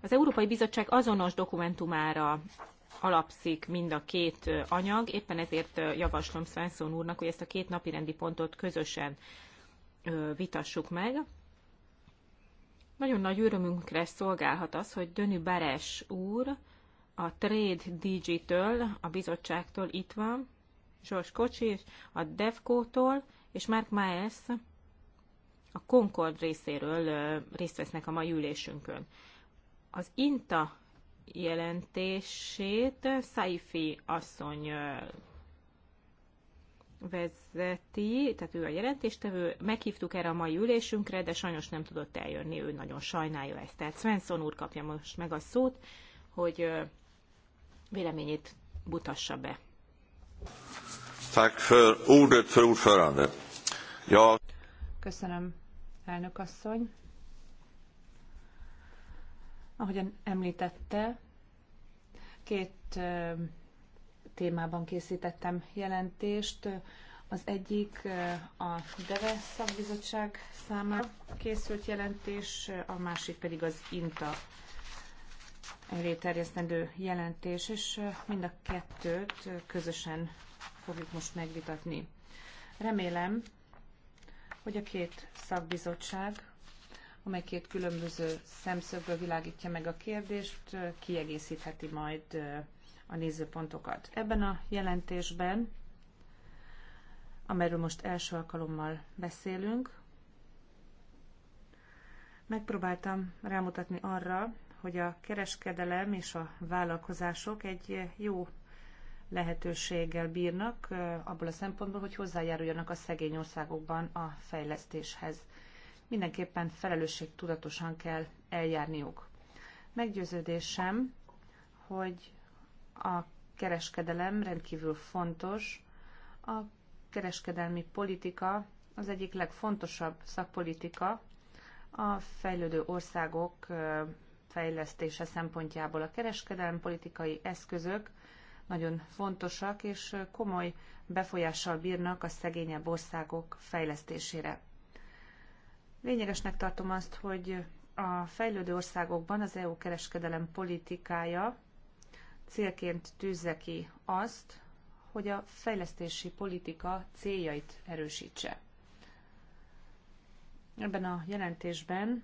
az Európai Bizottság azonos dokumentumára alapszik mind a két anyag, éppen ezért javaslom Svensson úrnak, hogy ezt a két napirendi pontot közösen vitassuk meg. Nagyon nagy örömünkre szolgálhat az, hogy Dönü Beres úr a Trade Digital, a bizottságtól itt van, Zsors Kocsis a Devco-tól, és Mark Maes a Concord részéről részt vesznek a mai ülésünkön. Az INTA jelentését Saifi asszony vezeti, tehát ő a jelentéstevő, meghívtuk erre a mai ülésünkre, de sajnos nem tudott eljönni, ő nagyon sajnálja ezt. Tehát Svensson úr kapja most meg a szót, hogy véleményét butassa be. Köszönöm, elnök asszony. Ahogyan említette, két témában készítettem jelentést. Az egyik a DEVE szakbizottság számára készült jelentés, a másik pedig az INTA előterjesztendő jelentés, és mind a kettőt közösen fogjuk most megvitatni. Remélem, hogy a két szakbizottság amely két különböző szemszögből világítja meg a kérdést, kiegészítheti majd a nézőpontokat. Ebben a jelentésben, amelyről most első alkalommal beszélünk, megpróbáltam rámutatni arra, hogy a kereskedelem és a vállalkozások egy jó lehetőséggel bírnak abból a szempontból, hogy hozzájáruljanak a szegény országokban a fejlesztéshez mindenképpen felelősségtudatosan kell eljárniuk. Meggyőződésem, hogy a kereskedelem rendkívül fontos, a kereskedelmi politika az egyik legfontosabb szakpolitika a fejlődő országok fejlesztése szempontjából. A kereskedelmi politikai eszközök nagyon fontosak és komoly befolyással bírnak a szegényebb országok fejlesztésére. Lényegesnek tartom azt, hogy a fejlődő országokban az EU kereskedelem politikája célként tűzze ki azt, hogy a fejlesztési politika céljait erősítse. Ebben a jelentésben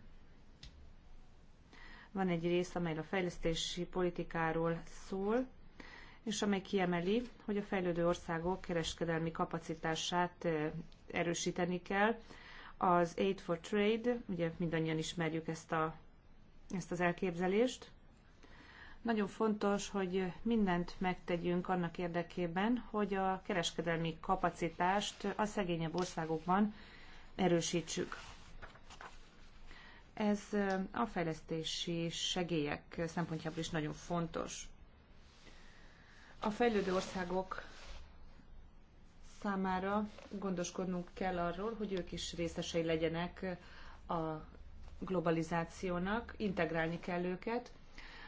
van egy rész, amely a fejlesztési politikáról szól, és amely kiemeli, hogy a fejlődő országok kereskedelmi kapacitását eh, erősíteni kell, az Aid for Trade, ugye mindannyian ismerjük ezt, a, ezt az elképzelést. Nagyon fontos, hogy mindent megtegyünk annak érdekében, hogy a kereskedelmi kapacitást a szegényebb országokban erősítsük. Ez a fejlesztési segélyek szempontjából is nagyon fontos. A fejlődő országok számára gondoskodnunk kell arról, hogy ők is részesei legyenek a globalizációnak, integrálni kell őket,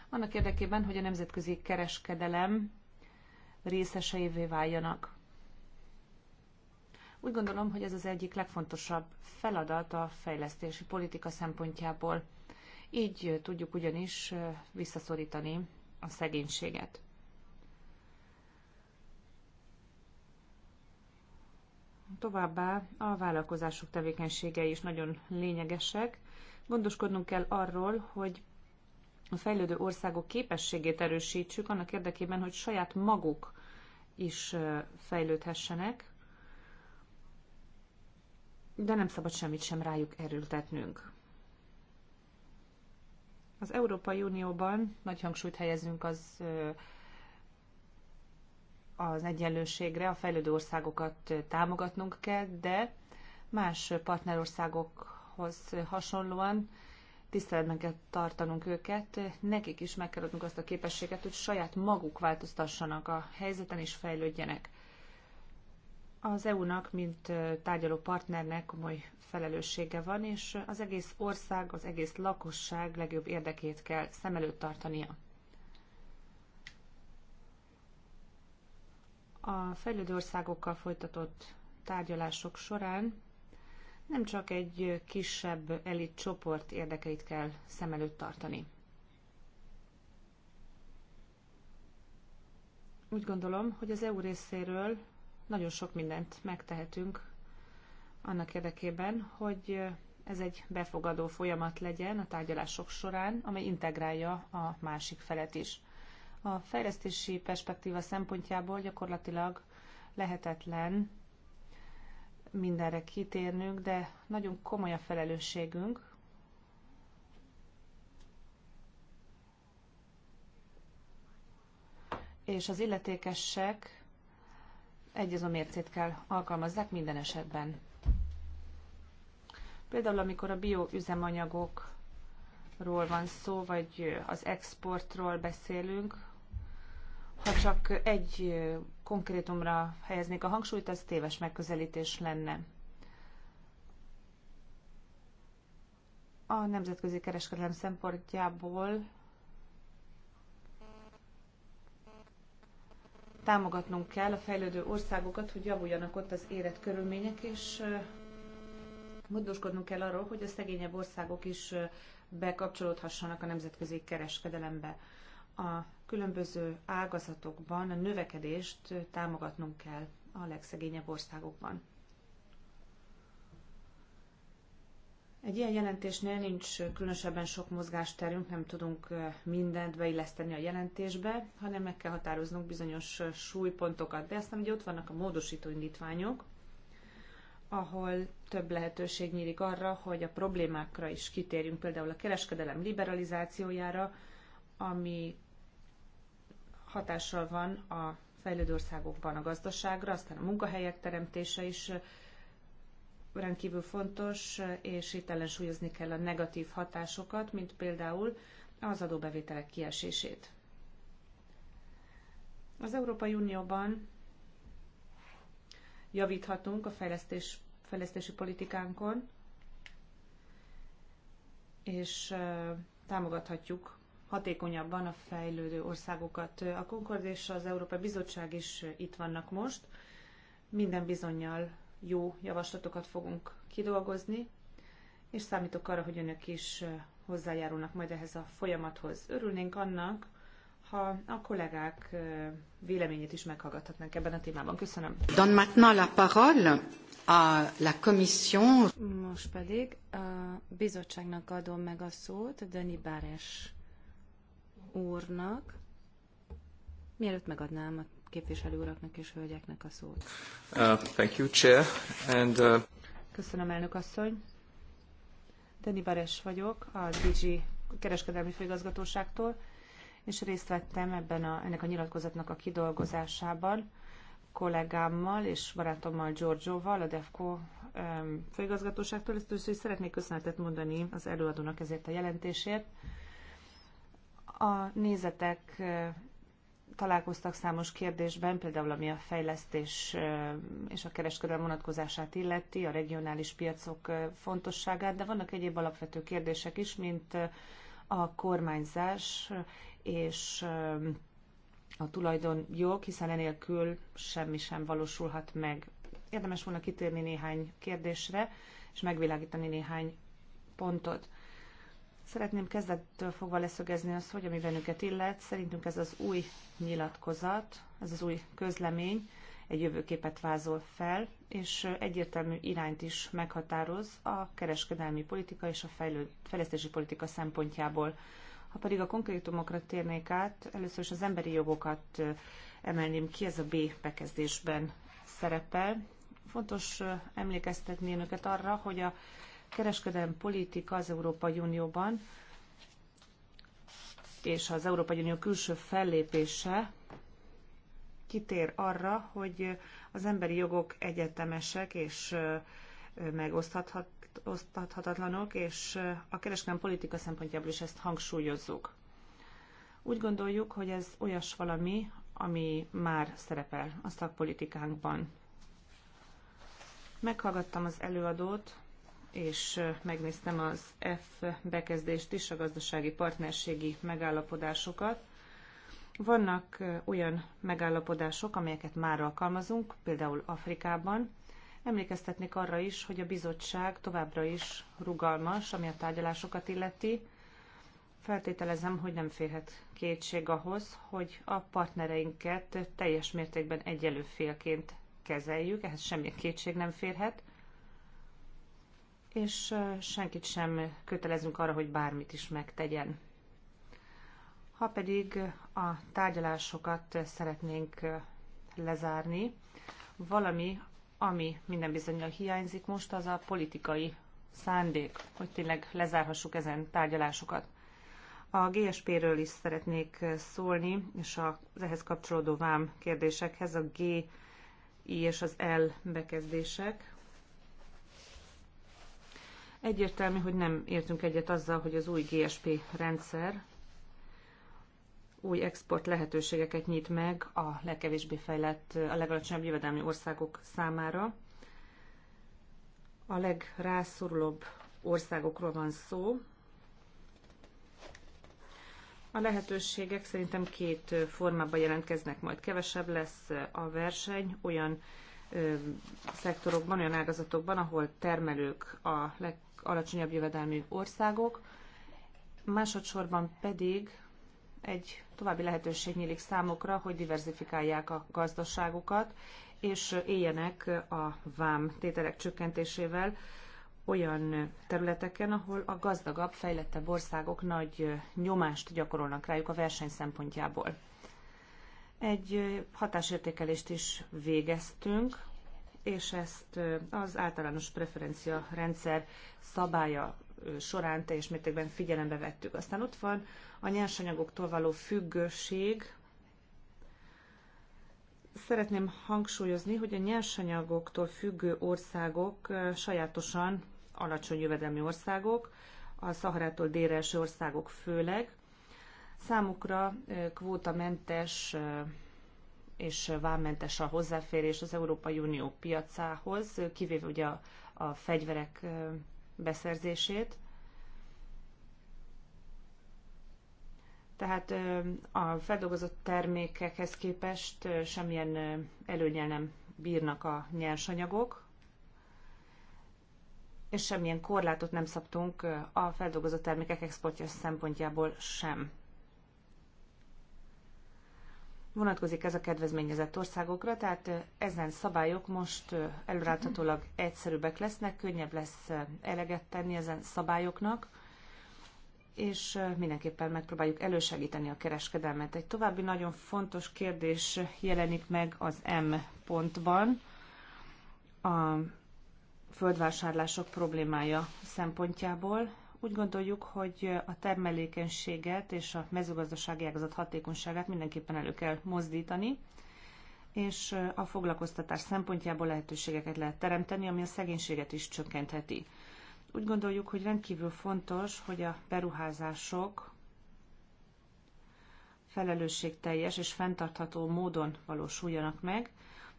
annak érdekében, hogy a nemzetközi kereskedelem részeseivé váljanak. Úgy gondolom, hogy ez az egyik legfontosabb feladat a fejlesztési politika szempontjából. Így tudjuk ugyanis visszaszorítani a szegénységet. Továbbá a vállalkozások tevékenységei is nagyon lényegesek. Gondoskodnunk kell arról, hogy a fejlődő országok képességét erősítsük annak érdekében, hogy saját maguk is fejlődhessenek, de nem szabad semmit sem rájuk erőltetnünk. Az Európai Unióban nagy hangsúlyt helyezünk az az egyenlőségre, a fejlődő országokat támogatnunk kell, de más partnerországokhoz hasonlóan tiszteletben kell tartanunk őket, nekik is meg kell adnunk azt a képességet, hogy saját maguk változtassanak a helyzeten és fejlődjenek. Az EU-nak, mint tárgyaló partnernek komoly felelőssége van, és az egész ország, az egész lakosság legjobb érdekét kell szem előtt tartania. a fejlődő országokkal folytatott tárgyalások során nem csak egy kisebb elit csoport érdekeit kell szem előtt tartani. Úgy gondolom, hogy az EU részéről nagyon sok mindent megtehetünk annak érdekében, hogy ez egy befogadó folyamat legyen a tárgyalások során, amely integrálja a másik felet is. A fejlesztési perspektíva szempontjából gyakorlatilag lehetetlen mindenre kitérnünk, de nagyon komoly a felelősségünk, és az illetékesek egyazó mércét kell alkalmazzák minden esetben. Például amikor a bioüzemanyagokról van szó, vagy az exportról beszélünk, ha csak egy konkrétumra helyeznék a hangsúlyt, az téves megközelítés lenne. A nemzetközi kereskedelem szempontjából támogatnunk kell a fejlődő országokat, hogy javuljanak ott az körülmények, és gondoskodnunk kell arról, hogy a szegényebb országok is bekapcsolódhassanak a nemzetközi kereskedelembe a különböző ágazatokban a növekedést támogatnunk kell a legszegényebb országokban. Egy ilyen jelentésnél nincs különösebben sok mozgásterünk, nem tudunk mindent beilleszteni a jelentésbe, hanem meg kell határoznunk bizonyos súlypontokat. De aztán ugye ott vannak a módosító indítványok, ahol több lehetőség nyílik arra, hogy a problémákra is kitérjünk, például a kereskedelem liberalizációjára, ami hatással van a fejlődő országokban a gazdaságra, aztán a munkahelyek teremtése is rendkívül fontos, és itt ellensúlyozni kell a negatív hatásokat, mint például az adóbevételek kiesését. Az Európai Unióban javíthatunk a fejlesztés, fejlesztési politikánkon, és támogathatjuk hatékonyabban a fejlődő országokat. A Concord és az Európai Bizottság is itt vannak most. Minden bizonyal jó javaslatokat fogunk kidolgozni, és számítok arra, hogy önök is hozzájárulnak majd ehhez a folyamathoz. Örülnénk annak, ha a kollégák véleményét is meghallgathatnánk ebben a témában. Köszönöm. Donne maintenant la parole à la commission. Most pedig a bizottságnak adom meg a szót, Dani Báres úrnak, mielőtt megadnám a képviselő uraknak és hölgyeknek a szót. Uh, thank you, Chair. And, uh... Köszönöm, elnök asszony. Deni Bares vagyok, a DG kereskedelmi főigazgatóságtól, és részt vettem ebben a, ennek a nyilatkozatnak a kidolgozásában kollégámmal és barátommal Giorgioval, a DEFCO um, főigazgatóságtól. Ezt is szeretnék köszönetet mondani az előadónak ezért a jelentésért. A nézetek találkoztak számos kérdésben, például ami a fejlesztés és a kereskedelem vonatkozását illeti, a regionális piacok fontosságát, de vannak egyéb alapvető kérdések is, mint a kormányzás és a tulajdonjog, hiszen enélkül semmi sem valósulhat meg. Érdemes volna kitérni néhány kérdésre, és megvilágítani néhány pontot. Szeretném kezdettől fogva leszögezni azt, hogy ami bennünket illet, szerintünk ez az új nyilatkozat, ez az új közlemény egy jövőképet vázol fel, és egyértelmű irányt is meghatároz a kereskedelmi politika és a fejlesztési politika szempontjából. Ha pedig a konkrétumokra térnék át, először is az emberi jogokat emelném ki, ez a B bekezdésben szerepel. Fontos emlékeztetni önöket arra, hogy a kereskedelmi politika az Európai Unióban és az Európai Unió külső fellépése kitér arra, hogy az emberi jogok egyetemesek és megoszthatatlanok, és a kereskedelmi politika szempontjából is ezt hangsúlyozzuk. Úgy gondoljuk, hogy ez olyas valami, ami már szerepel a szakpolitikánkban. Meghallgattam az előadót, és megnéztem az F bekezdést is, a gazdasági partnerségi megállapodásokat. Vannak olyan megállapodások, amelyeket már alkalmazunk, például Afrikában. Emlékeztetnék arra is, hogy a bizottság továbbra is rugalmas, ami a tárgyalásokat illeti. Feltételezem, hogy nem férhet kétség ahhoz, hogy a partnereinket teljes mértékben egyelő félként kezeljük, ehhez semmilyen kétség nem férhet és senkit sem kötelezünk arra, hogy bármit is megtegyen. Ha pedig a tárgyalásokat szeretnénk lezárni, valami, ami minden bizonyal hiányzik most, az a politikai szándék, hogy tényleg lezárhassuk ezen tárgyalásokat. A GSP-ről is szeretnék szólni, és az ehhez kapcsolódó vám kérdésekhez a G, I és az L bekezdések. Egyértelmű, hogy nem értünk egyet azzal, hogy az új GSP rendszer új export lehetőségeket nyit meg a legkevésbé fejlett, a legalacsonyabb jövedelmi országok számára. A legrászorulóbb országokról van szó. A lehetőségek szerintem két formában jelentkeznek, majd kevesebb lesz a verseny olyan ö, szektorokban, olyan ágazatokban, ahol termelők a leg, alacsonyabb jövedelmű országok, másodszorban pedig egy további lehetőség nyílik számukra, hogy diversifikálják a gazdaságukat, és éljenek a vám tételek csökkentésével olyan területeken, ahol a gazdagabb, fejlettebb országok nagy nyomást gyakorolnak rájuk a verseny szempontjából. Egy hatásértékelést is végeztünk és ezt az általános preferencia rendszer szabálya során teljes mértékben figyelembe vettük. Aztán ott van a nyersanyagoktól való függőség. Szeretném hangsúlyozni, hogy a nyersanyagoktól függő országok sajátosan alacsony jövedelmi országok, a Szaharától délre országok főleg. Számukra kvótamentes és vámmentes a hozzáférés az Európai Unió piacához, kivéve ugye a, a fegyverek beszerzését. Tehát a feldolgozott termékekhez képest semmilyen előnyel nem bírnak a nyersanyagok, és semmilyen korlátot nem szabtunk a feldolgozott termékek exportja szempontjából sem vonatkozik ez a kedvezményezett országokra, tehát ezen szabályok most előráthatólag egyszerűbbek lesznek, könnyebb lesz eleget tenni ezen szabályoknak, és mindenképpen megpróbáljuk elősegíteni a kereskedelmet. Egy további nagyon fontos kérdés jelenik meg az M pontban, a földvásárlások problémája szempontjából. Úgy gondoljuk, hogy a termelékenységet és a mezőgazdasági ágazat hatékonyságát mindenképpen elő kell mozdítani, és a foglalkoztatás szempontjából lehetőségeket lehet teremteni, ami a szegénységet is csökkentheti. Úgy gondoljuk, hogy rendkívül fontos, hogy a beruházások felelősségteljes és fenntartható módon valósuljanak meg.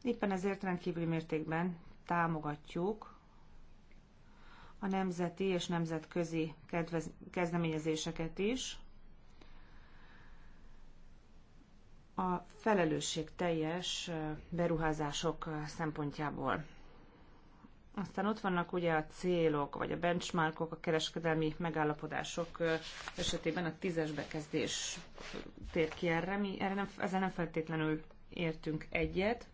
Éppen ezért rendkívüli mértékben támogatjuk a nemzeti és nemzetközi kedvez, kezdeményezéseket is. A felelősség teljes beruházások szempontjából. Aztán ott vannak ugye a célok, vagy a benchmarkok, a kereskedelmi megállapodások esetében a tízes bekezdés tér ki erre. Mi erre nem, ezzel nem feltétlenül értünk egyet.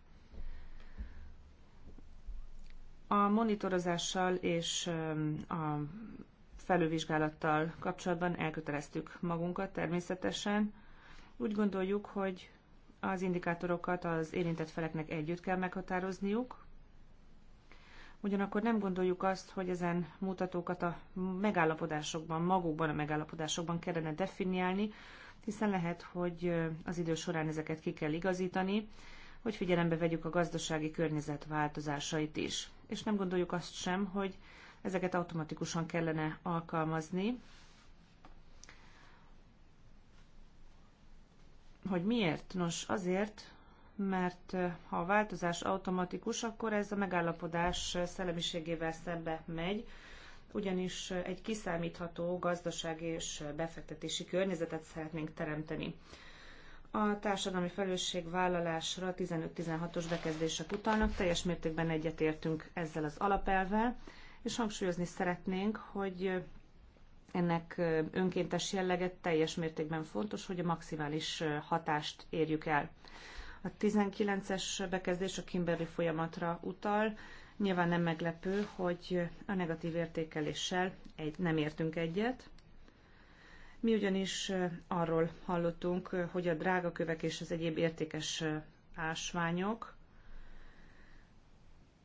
A monitorozással és a felülvizsgálattal kapcsolatban elköteleztük magunkat természetesen. Úgy gondoljuk, hogy az indikátorokat az érintett feleknek együtt kell meghatározniuk, Ugyanakkor nem gondoljuk azt, hogy ezen mutatókat a megállapodásokban, magukban a megállapodásokban kellene definiálni, hiszen lehet, hogy az idő során ezeket ki kell igazítani, hogy figyelembe vegyük a gazdasági környezet változásait is és nem gondoljuk azt sem, hogy ezeket automatikusan kellene alkalmazni. Hogy miért? Nos, azért, mert eh, ha a változás automatikus, akkor ez a megállapodás eh, szellemiségével szembe megy, ugyanis eh, egy kiszámítható gazdaság és befektetési környezetet szeretnénk teremteni. A társadalmi felelősségvállalásra 15-16-os bekezdések utalnak, teljes mértékben egyetértünk ezzel az alapelvel, és hangsúlyozni szeretnénk, hogy ennek önkéntes jellege teljes mértékben fontos, hogy a maximális hatást érjük el. A 19-es bekezdés a Kimberley folyamatra utal. Nyilván nem meglepő, hogy a negatív értékeléssel egy, nem értünk egyet. Mi ugyanis arról hallottunk, hogy a drágakövek és az egyéb értékes ásványok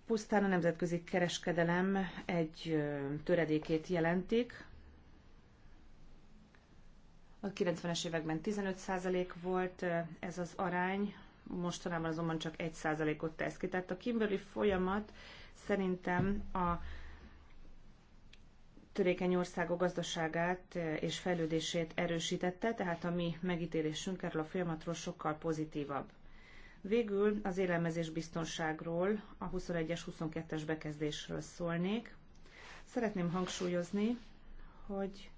pusztán a nemzetközi kereskedelem egy töredékét jelentik. A 90-es években 15% volt ez az arány, mostanában azonban csak 1%-ot tesz ki. Tehát a Kimberley folyamat szerintem a törékeny országok gazdaságát eh, és fejlődését erősítette, tehát a mi megítélésünk erről a folyamatról sokkal pozitívabb. Végül az élelmezés biztonságról, a 21-es, 22-es bekezdésről szólnék. Szeretném hangsúlyozni, hogy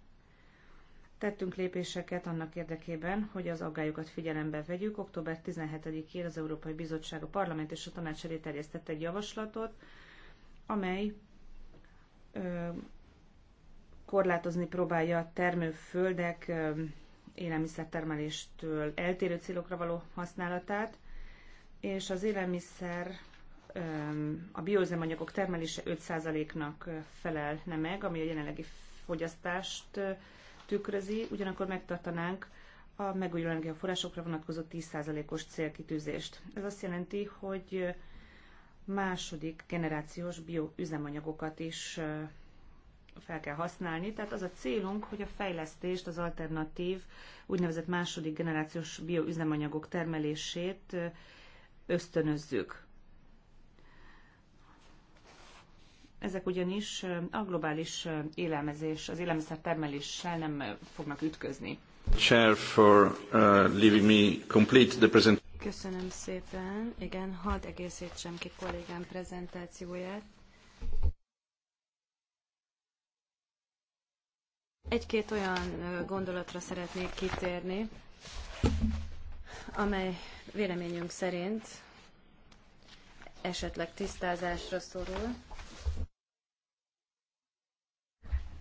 Tettünk lépéseket annak érdekében, hogy az aggályokat figyelembe vegyük. Október 17-én az Európai Bizottság, a Parlament és a Tanács elé terjesztett egy javaslatot, amely korlátozni próbálja a termőföldek élelmiszertermeléstől eltérő célokra való használatát, és az élelmiszer a bioüzemanyagok termelése 5%-nak felelne meg, ami a jelenlegi fogyasztást tükrözi, ugyanakkor megtartanánk a megújuló energiaforrásokra vonatkozó 10%-os célkitűzést. Ez azt jelenti, hogy második generációs bioüzemanyagokat is fel kell használni. Tehát az a célunk, hogy a fejlesztést, az alternatív, úgynevezett második generációs bioüzemanyagok termelését ösztönözzük. Ezek ugyanis a globális élelmezés, az élelmiszer termeléssel nem fognak ütközni. Chair for uh, leaving me complete the presentation. Köszönöm szépen. Igen, hadd egészítsem ki kollégám prezentációját. Egy-két olyan gondolatra szeretnék kitérni, amely véleményünk szerint esetleg tisztázásra szorul,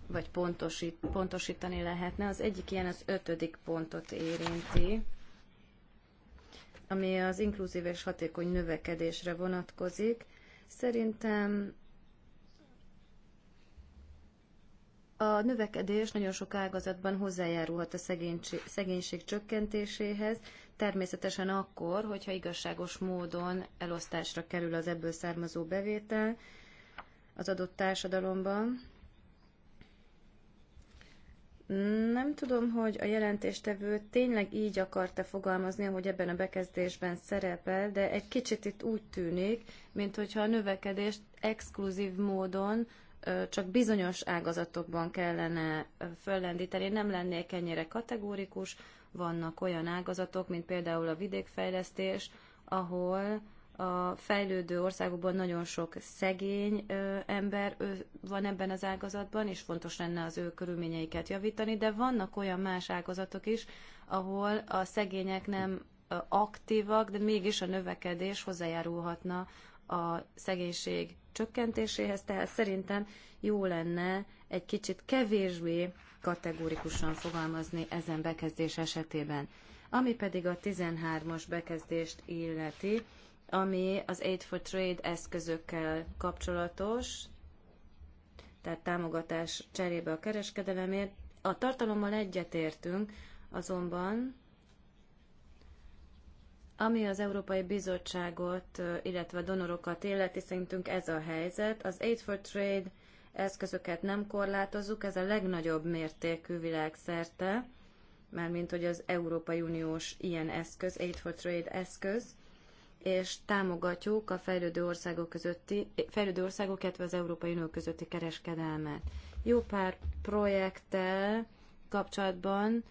vagy pontosít, pontosítani lehetne. Az egyik ilyen az ötödik pontot érinti, ami az inkluzív és hatékony növekedésre vonatkozik. Szerintem A növekedés nagyon sok ágazatban hozzájárulhat a szegénység, csökkentéséhez, természetesen akkor, hogyha igazságos módon elosztásra kerül az ebből származó bevétel az adott társadalomban. Nem tudom, hogy a jelentéstevő tényleg így akarta fogalmazni, hogy ebben a bekezdésben szerepel, de egy kicsit itt úgy tűnik, mintha a növekedést exkluzív módon csak bizonyos ágazatokban kellene föllendíteni. Nem lennék ennyire kategórikus, vannak olyan ágazatok, mint például a vidékfejlesztés, ahol a fejlődő országokban nagyon sok szegény ö, ember ö, van ebben az ágazatban, és fontos lenne az ő körülményeiket javítani, de vannak olyan más ágazatok is, ahol a szegények nem ö, aktívak, de mégis a növekedés hozzájárulhatna a szegénység csökkentéséhez, tehát szerintem jó lenne egy kicsit kevésbé kategórikusan fogalmazni ezen bekezdés esetében. Ami pedig a 13-as bekezdést illeti, ami az Aid for Trade eszközökkel kapcsolatos, tehát támogatás cserébe a kereskedelemért. A tartalommal egyetértünk, azonban ami az Európai Bizottságot, illetve a donorokat illeti, szerintünk ez a helyzet. Az Aid for Trade eszközöket nem korlátozzuk, ez a legnagyobb mértékű világszerte, mármint hogy az Európai Uniós ilyen eszköz, Aid for Trade eszköz, és támogatjuk a fejlődő országok, közötti, fejlődő országok, illetve az Európai Unió közötti kereskedelmet. Jó pár projekttel kapcsolatban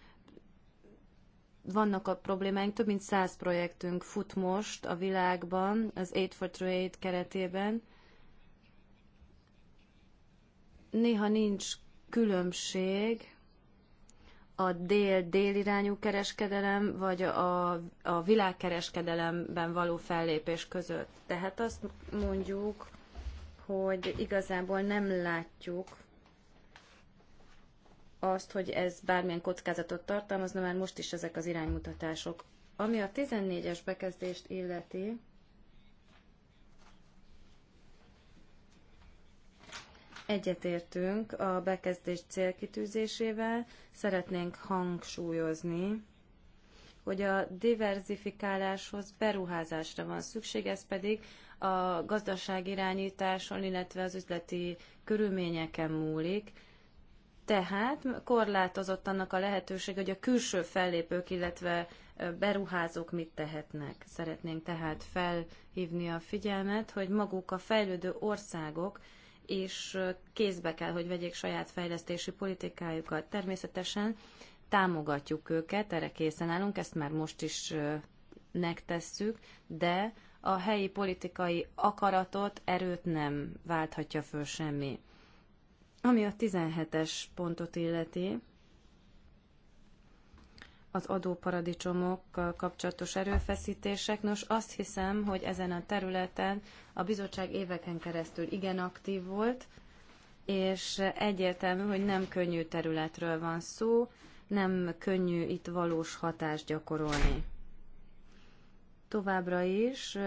vannak a problémáink, több mint száz projektünk fut most a világban, az Aid for Trade keretében. Néha nincs különbség a dél délirányú kereskedelem, vagy a, a világkereskedelemben való fellépés között. Tehát azt mondjuk, hogy igazából nem látjuk azt, hogy ez bármilyen kockázatot tartalmazna, már most is ezek az iránymutatások. Ami a 14-es bekezdést illeti, egyetértünk a bekezdés célkitűzésével, szeretnénk hangsúlyozni, hogy a diverzifikáláshoz beruházásra van szükség, ez pedig a gazdaságirányításon, illetve az üzleti körülményeken múlik, tehát korlátozott annak a lehetőség, hogy a külső fellépők, illetve beruházók mit tehetnek. Szeretnénk tehát felhívni a figyelmet, hogy maguk a fejlődő országok is kézbe kell, hogy vegyék saját fejlesztési politikájukat. Természetesen támogatjuk őket, erre készen állunk, ezt már most is megtesszük, de a helyi politikai akaratot, erőt nem válthatja föl semmi. Ami a 17-es pontot illeti, az adóparadicsomok kapcsolatos erőfeszítések. Nos, azt hiszem, hogy ezen a területen a bizottság éveken keresztül igen aktív volt, és egyértelmű, hogy nem könnyű területről van szó, nem könnyű itt valós hatást gyakorolni. Továbbra is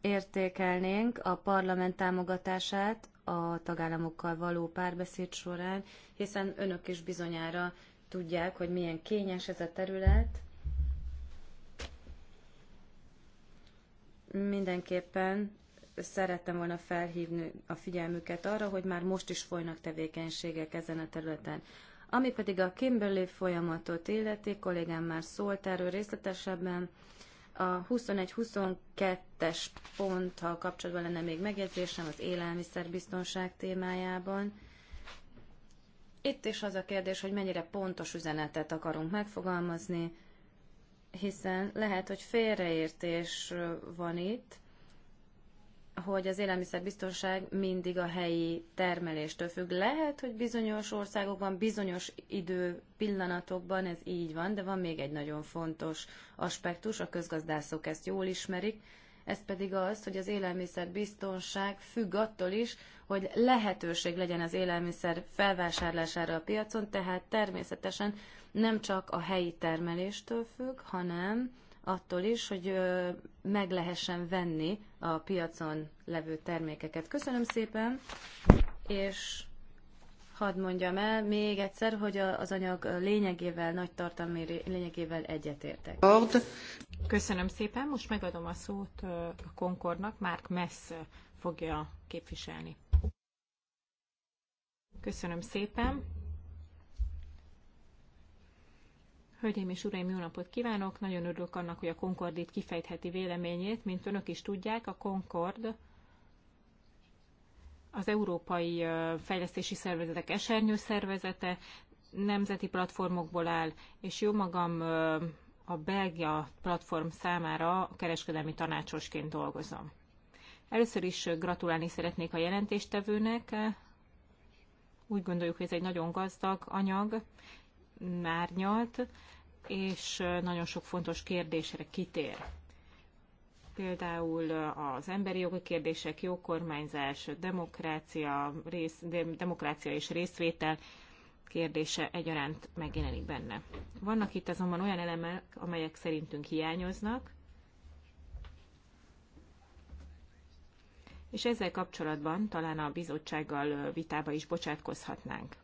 értékelnénk a parlament támogatását a tagállamokkal való párbeszéd során, hiszen önök is bizonyára tudják, hogy milyen kényes ez a terület. Mindenképpen szerettem volna felhívni a figyelmüket arra, hogy már most is folynak tevékenységek ezen a területen. Ami pedig a Kimberley folyamatot illeti, kollégám már szólt erről részletesebben, a 21-22-es ponttal kapcsolatban lenne még megjegyzésem az élelmiszerbiztonság témájában. Itt is az a kérdés, hogy mennyire pontos üzenetet akarunk megfogalmazni, hiszen lehet, hogy félreértés van itt, hogy az élelmiszerbiztonság mindig a helyi termeléstől függ. Lehet, hogy bizonyos országokban, bizonyos idő pillanatokban ez így van, de van még egy nagyon fontos aspektus, a közgazdászok ezt jól ismerik, ez pedig az, hogy az élelmiszerbiztonság függ attól is, hogy lehetőség legyen az élelmiszer felvásárlására a piacon, tehát természetesen nem csak a helyi termeléstől függ, hanem attól is, hogy meg lehessen venni a piacon levő termékeket. Köszönöm szépen, és hadd mondjam el még egyszer, hogy az anyag lényegével, nagy tartalmi lényegével egyetértek. Köszönöm szépen, most megadom a szót a Concordnak, Márk Messz fogja képviselni. Köszönöm szépen. Hölgyeim és Uraim, jó napot kívánok! Nagyon örülök annak, hogy a Concord itt kifejtheti véleményét. Mint önök is tudják, a Concord az Európai Fejlesztési Szervezetek esernyő szervezete, nemzeti platformokból áll, és jó magam a belgia platform számára kereskedelmi tanácsosként dolgozom. Először is gratulálni szeretnék a jelentéstevőnek. Úgy gondoljuk, hogy ez egy nagyon gazdag anyag, márnyalt, és nagyon sok fontos kérdésre kitér. Például az emberi jogi kérdések, jókormányzás, demokrácia, rész, demokrácia és részvétel kérdése egyaránt megjelenik benne. Vannak itt azonban olyan elemek, amelyek szerintünk hiányoznak, és ezzel kapcsolatban talán a bizottsággal vitába is bocsátkozhatnánk.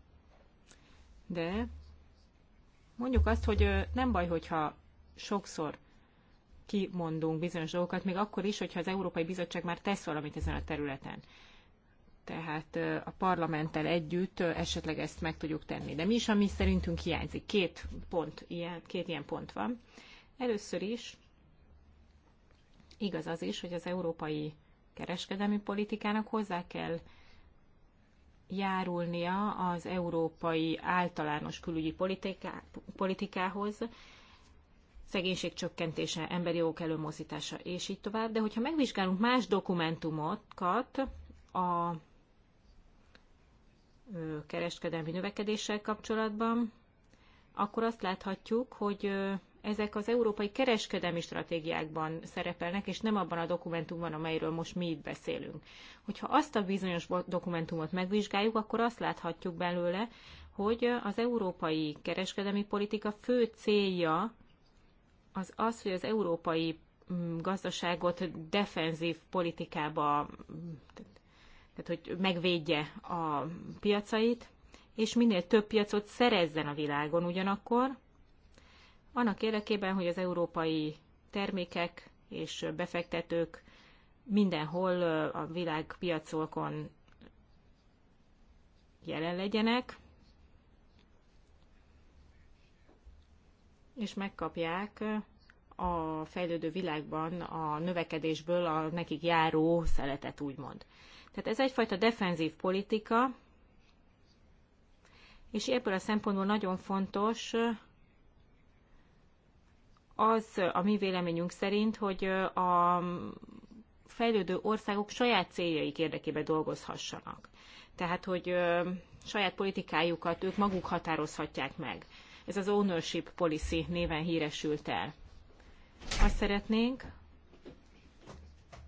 De mondjuk azt, hogy nem baj, hogyha sokszor kimondunk bizonyos dolgokat, még akkor is, hogyha az Európai Bizottság már tesz valamit ezen a területen. Tehát a parlamenttel együtt esetleg ezt meg tudjuk tenni. De mi is, ami szerintünk hiányzik? Két, pont, ilyen, két ilyen pont van. Először is igaz az is, hogy az európai kereskedelmi politikának hozzá kell járulnia az európai általános külügyi politiká, politikához, szegénység csökkentése, emberi jogok előmozdítása, és így tovább. De hogyha megvizsgálunk más dokumentumokat a kereskedelmi növekedéssel kapcsolatban, akkor azt láthatjuk, hogy ezek az európai kereskedelmi stratégiákban szerepelnek, és nem abban a dokumentumban, amelyről most mi itt beszélünk. Hogyha azt a bizonyos dokumentumot megvizsgáljuk, akkor azt láthatjuk belőle, hogy az európai kereskedelmi politika fő célja az az, hogy az európai mm, gazdaságot defenzív politikába, tehát hogy megvédje a piacait, és minél több piacot szerezzen a világon ugyanakkor, annak érdekében, hogy az európai termékek és befektetők mindenhol a világpiacokon jelen legyenek, és megkapják a fejlődő világban a növekedésből a nekik járó szeletet, úgymond. Tehát ez egyfajta defenzív politika, és ebből a szempontból nagyon fontos az a mi véleményünk szerint, hogy a fejlődő országok saját céljaik érdekében dolgozhassanak. Tehát, hogy saját politikájukat ők maguk határozhatják meg. Ez az ownership policy néven híresült el. Azt szeretnénk,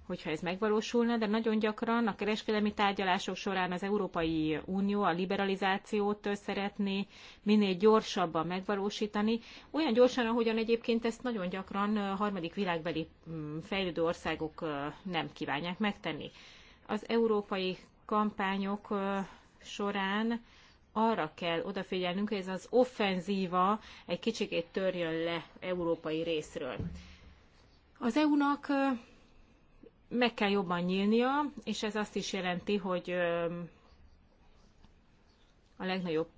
hogyha ez megvalósulna, de nagyon gyakran a kereskedelmi tárgyalások során az Európai Unió a liberalizációt szeretné minél gyorsabban megvalósítani, olyan gyorsan, ahogyan egyébként ezt nagyon gyakran harmadik világbeli mm, fejlődő országok nem kívánják megtenni. Az európai kampányok során arra kell odafigyelnünk, hogy ez az offenzíva egy kicsikét törjön le európai részről. Az EU-nak meg kell jobban nyílnia, és ez azt is jelenti, hogy a legnagyobb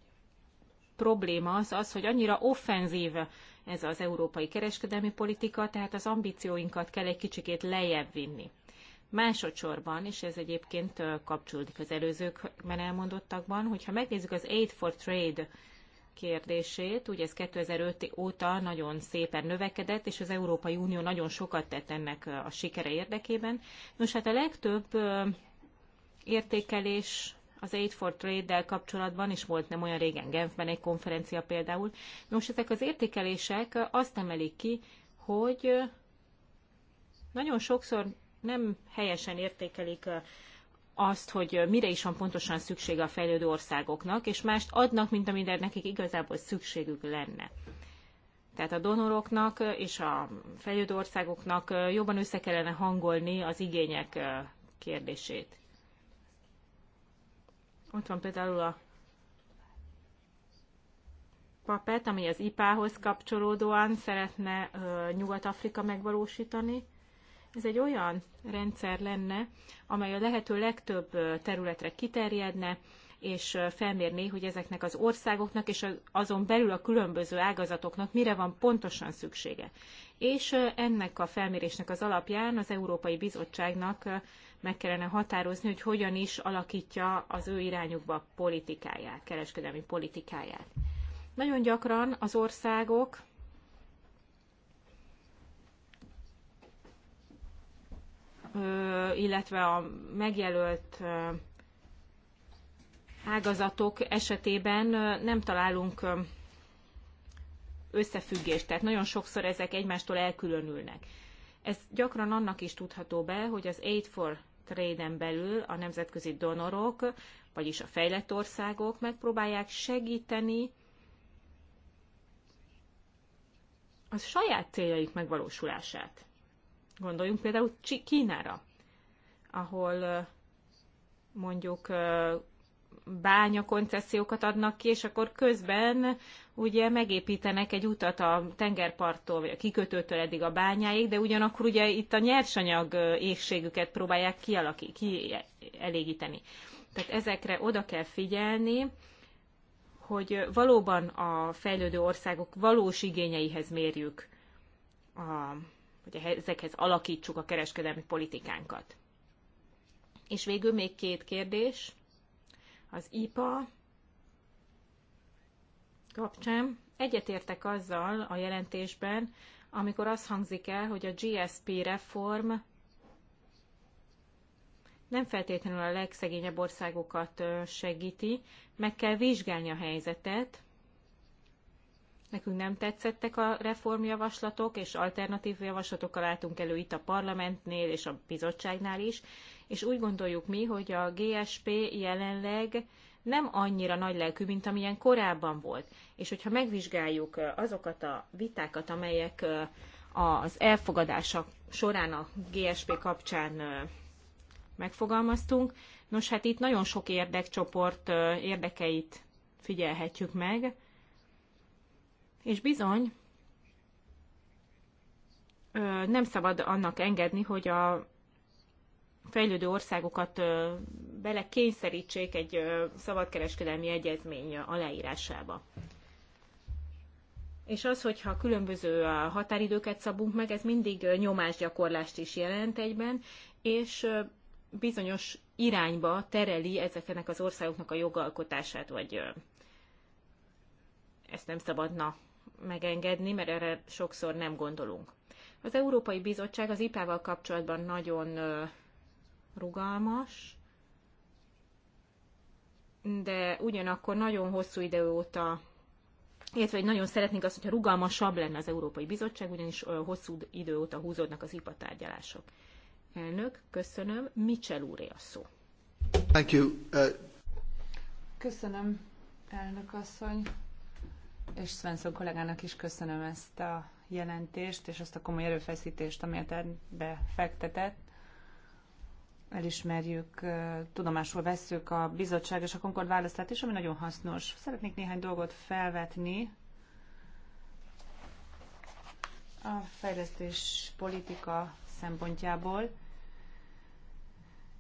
probléma az az, hogy annyira offenzív ez az európai kereskedelmi politika, tehát az ambícióinkat kell egy kicsikét lejjebb vinni. Másodszorban, és ez egyébként kapcsolódik az előzőkben elmondottakban, hogyha megnézzük az Aid for Trade kérdését. Ugye ez 2005 óta nagyon szépen növekedett, és az Európai Unió nagyon sokat tett ennek a sikere érdekében. Nos, hát a legtöbb értékelés az Aid for Trade-del kapcsolatban, és volt nem olyan régen Genfben egy konferencia például. Nos, ezek az értékelések azt emelik ki, hogy nagyon sokszor nem helyesen értékelik azt, hogy mire is van pontosan szüksége a fejlődő országoknak, és mást adnak, mint amire nekik igazából szükségük lenne. Tehát a donoroknak és a fejlődő országoknak jobban össze kellene hangolni az igények kérdését. Ott van például a papet, ami az IPA-hoz kapcsolódóan szeretne Nyugat-Afrika megvalósítani. Ez egy olyan rendszer lenne, amely a lehető legtöbb területre kiterjedne, és felmérné, hogy ezeknek az országoknak és azon belül a különböző ágazatoknak mire van pontosan szüksége. És ennek a felmérésnek az alapján az Európai Bizottságnak meg kellene határozni, hogy hogyan is alakítja az ő irányukba politikáját, kereskedelmi politikáját. Nagyon gyakran az országok illetve a megjelölt ágazatok esetében nem találunk összefüggést, tehát nagyon sokszor ezek egymástól elkülönülnek. Ez gyakran annak is tudható be, hogy az Aid for Trade-en belül a nemzetközi donorok, vagyis a fejlett országok megpróbálják segíteni a saját céljaik megvalósulását. Gondoljunk például Kínára, ahol mondjuk bánya koncesziókat adnak ki, és akkor közben ugye megépítenek egy utat a tengerparttól, vagy a kikötőtől eddig a bányáig, de ugyanakkor ugye itt a nyersanyag égségüket próbálják kialaki, kielégíteni. Tehát ezekre oda kell figyelni, hogy valóban a fejlődő országok valós igényeihez mérjük a hogy ezekhez alakítsuk a kereskedelmi politikánkat. És végül még két kérdés. Az IPA kapcsán egyetértek azzal a jelentésben, amikor az hangzik el, hogy a GSP reform nem feltétlenül a legszegényebb országokat segíti, meg kell vizsgálni a helyzetet, Nekünk nem tetszettek a reformjavaslatok, és alternatív javaslatokkal álltunk elő itt a parlamentnél és a bizottságnál is, és úgy gondoljuk mi, hogy a GSP jelenleg nem annyira nagy lelkű, mint amilyen korábban volt. És hogyha megvizsgáljuk azokat a vitákat, amelyek az elfogadása során a GSP kapcsán megfogalmaztunk, nos hát itt nagyon sok érdekcsoport érdekeit figyelhetjük meg, és bizony, nem szabad annak engedni, hogy a fejlődő országokat bele kényszerítsék egy szabadkereskedelmi egyezmény aláírásába. És az, hogyha különböző határidőket szabunk meg, ez mindig nyomásgyakorlást is jelent egyben, és bizonyos irányba tereli ezeknek az országoknak a jogalkotását, vagy ezt nem szabadna megengedni, mert erre sokszor nem gondolunk. Az Európai Bizottság az IPA-val kapcsolatban nagyon rugalmas, de ugyanakkor nagyon hosszú idő óta, illetve hogy nagyon szeretnénk azt, hogyha rugalmasabb lenne az Európai Bizottság, ugyanis hosszú idő óta húzódnak az IPA tárgyalások. Elnök, köszönöm. Mitchell úré a szó. Thank you. Uh... Köszönöm, elnök asszony és Svensson kollégának is köszönöm ezt a jelentést, és azt a komoly erőfeszítést, amelyet ebbe fektetett. Elismerjük, tudomásul vesszük a bizottság és a Concord választát is, ami nagyon hasznos. Szeretnék néhány dolgot felvetni a fejlesztés politika szempontjából,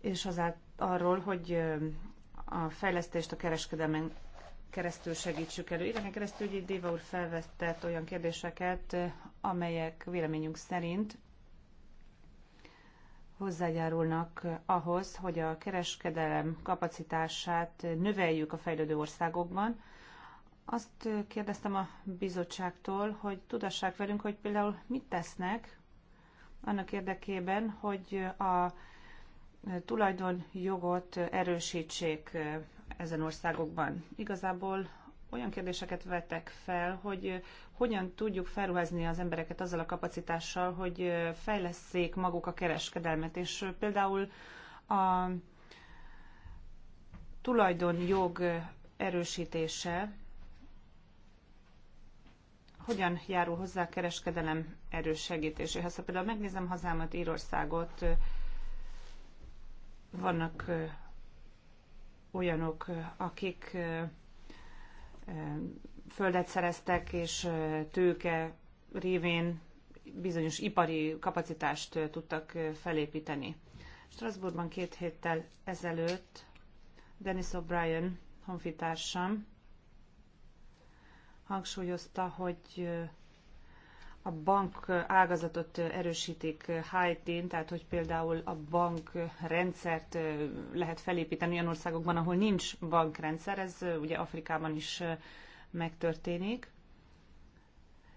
és az arról, hogy a fejlesztést a kereskedelmen keresztül segítsük elő. Éveken keresztül hogy Déva úr felvettett olyan kérdéseket, amelyek véleményünk szerint hozzájárulnak ahhoz, hogy a kereskedelem kapacitását növeljük a fejlődő országokban. Azt kérdeztem a bizottságtól, hogy tudassák velünk, hogy például mit tesznek annak érdekében, hogy a tulajdonjogot erősítsék ezen országokban. Igazából olyan kérdéseket vetek fel, hogy eh, hogyan tudjuk felruházni az embereket azzal a kapacitással, hogy eh, fejleszék maguk a kereskedelmet. És eh, például a tulajdonjog erősítése hogyan járul hozzá a kereskedelem erős segítéséhez. Ha például megnézem hazámat, Írországot, vannak olyanok, akik földet szereztek, és tőke révén bizonyos ipari kapacitást tudtak felépíteni. Strasbourgban két héttel ezelőtt Dennis O'Brien honfitársam hangsúlyozta, hogy a bank ágazatot erősítik Haitin, tehát hogy például a bankrendszert lehet felépíteni olyan országokban, ahol nincs bankrendszer, ez ugye Afrikában is megtörténik.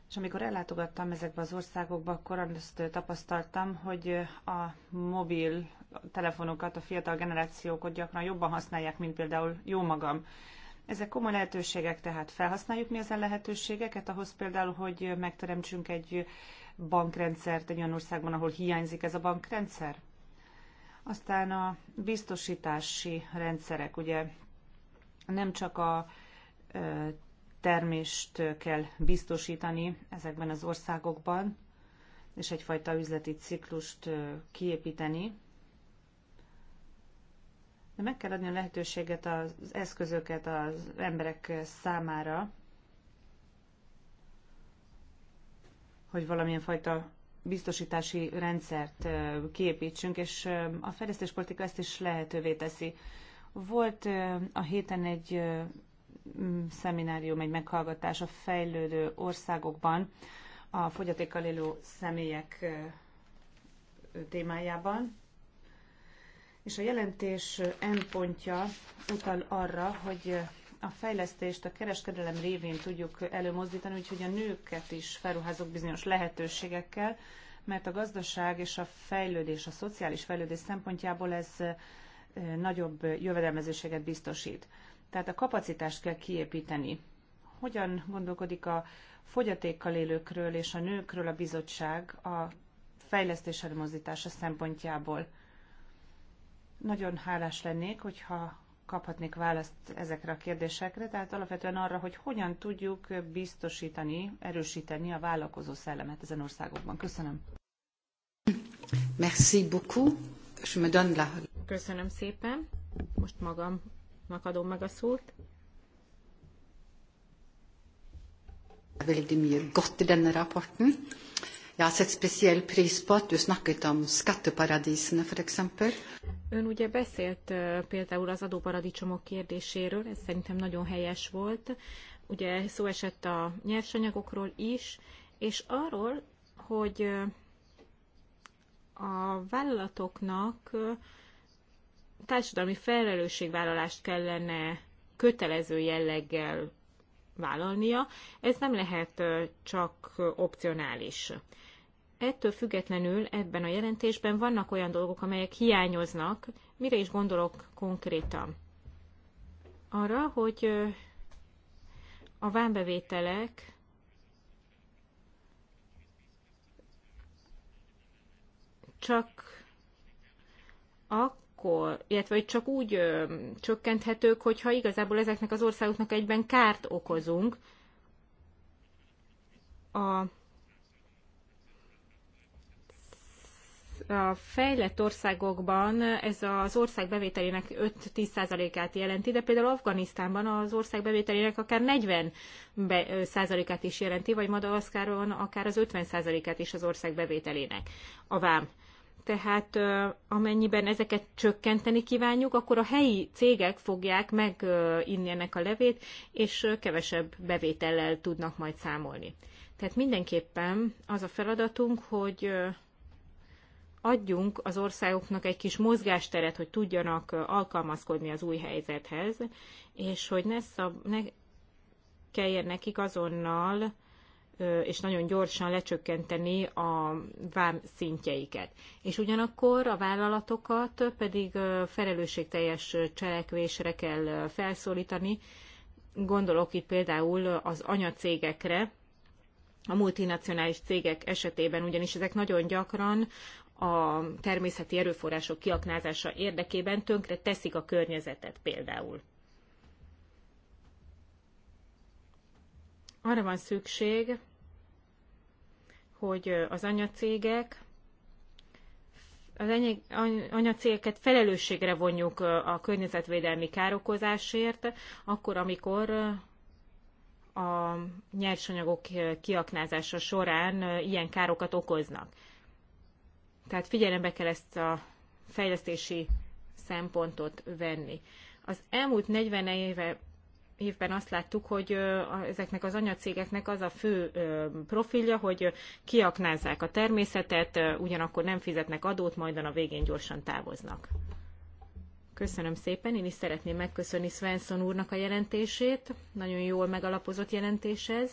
És amikor ellátogattam ezekbe az országokba, akkor azt tapasztaltam, hogy a mobil telefonokat, a fiatal generációkat gyakran jobban használják, mint például jó magam. Ezek komoly lehetőségek, tehát felhasználjuk mi ezen lehetőségeket, ahhoz például, hogy megteremtsünk egy bankrendszert egy olyan országban, ahol hiányzik ez a bankrendszer. Aztán a biztosítási rendszerek, ugye nem csak a termést kell biztosítani ezekben az országokban, és egyfajta üzleti ciklust kiépíteni, de meg kell adni a lehetőséget, az eszközöket az emberek számára, hogy valamilyen fajta biztosítási rendszert kiépítsünk, és a fejlesztéspolitika ezt is lehetővé teszi. Volt a héten egy szeminárium, egy meghallgatás a fejlődő országokban a fogyatékkal élő személyek témájában és a jelentés N pontja utal arra, hogy a fejlesztést a kereskedelem révén tudjuk előmozdítani, úgyhogy a nőket is felruházok bizonyos lehetőségekkel, mert a gazdaság és a fejlődés, a szociális fejlődés szempontjából ez eh, nagyobb jövedelmezőséget biztosít. Tehát a kapacitást kell kiépíteni. Hogyan gondolkodik a fogyatékkal élőkről és a nőkről a bizottság a fejlesztés előmozdítása szempontjából? Nagyon hálás lennék, hogyha kaphatnék választ ezekre a kérdésekre, tehát alapvetően arra, hogy hogyan tudjuk biztosítani, erősíteni a vállalkozó szellemet ezen országokban. Köszönöm. Merci beaucoup. Je me donne la... Köszönöm szépen. Most magamnak adom meg a szót. Väldigt mycket gott i denna rapporten. Jeg har sett spesiell pris på at du snakket om skatteparadisene, f.eks. Ön ugye beszélt például az adóparadicsomok kérdéséről, ez szerintem nagyon helyes volt. Ugye szó esett a nyersanyagokról is, és arról, hogy a vállalatoknak társadalmi felelősségvállalást kellene kötelező jelleggel vállalnia. Ez nem lehet csak opcionális. Ettől függetlenül ebben a jelentésben vannak olyan dolgok, amelyek hiányoznak. Mire is gondolok konkrétan? Arra, hogy a vámbevételek csak a akkor, illetve hogy csak úgy ö, csökkenthetők, hogyha igazából ezeknek az országoknak egyben kárt okozunk. A a fejlett országokban ez az ország bevételének 5-10%-át jelenti, de például Afganisztánban az ország bevételének akár 40%-át is jelenti, vagy Madagaszkáron akár az 50%-át is az ország bevételének a vám tehát amennyiben ezeket csökkenteni kívánjuk, akkor a helyi cégek fogják meginni ennek a levét, és kevesebb bevétellel tudnak majd számolni. Tehát mindenképpen az a feladatunk, hogy adjunk az országoknak egy kis mozgásteret, hogy tudjanak alkalmazkodni az új helyzethez, és hogy ne, szab, ne kelljen nekik azonnal és nagyon gyorsan lecsökkenteni a vám szintjeiket. És ugyanakkor a vállalatokat pedig felelősségteljes cselekvésre kell felszólítani. Gondolok itt például az anyacégekre, a multinacionális cégek esetében, ugyanis ezek nagyon gyakran a természeti erőforrások kiaknázása érdekében tönkre teszik a környezetet például. Arra van szükség, hogy az anyacégek az anyacégeket felelősségre vonjuk a környezetvédelmi károkozásért, akkor, amikor a nyersanyagok kiaknázása során ilyen károkat okoznak. Tehát figyelembe kell ezt a fejlesztési szempontot venni. Az elmúlt 40 éve évben azt láttuk, hogy ezeknek az anyacégeknek az a fő profilja, hogy kiaknázzák a természetet, ugyanakkor nem fizetnek adót, majd a végén gyorsan távoznak. Köszönöm szépen, én is szeretném megköszönni Svensson úrnak a jelentését. Nagyon jól megalapozott jelentés ez.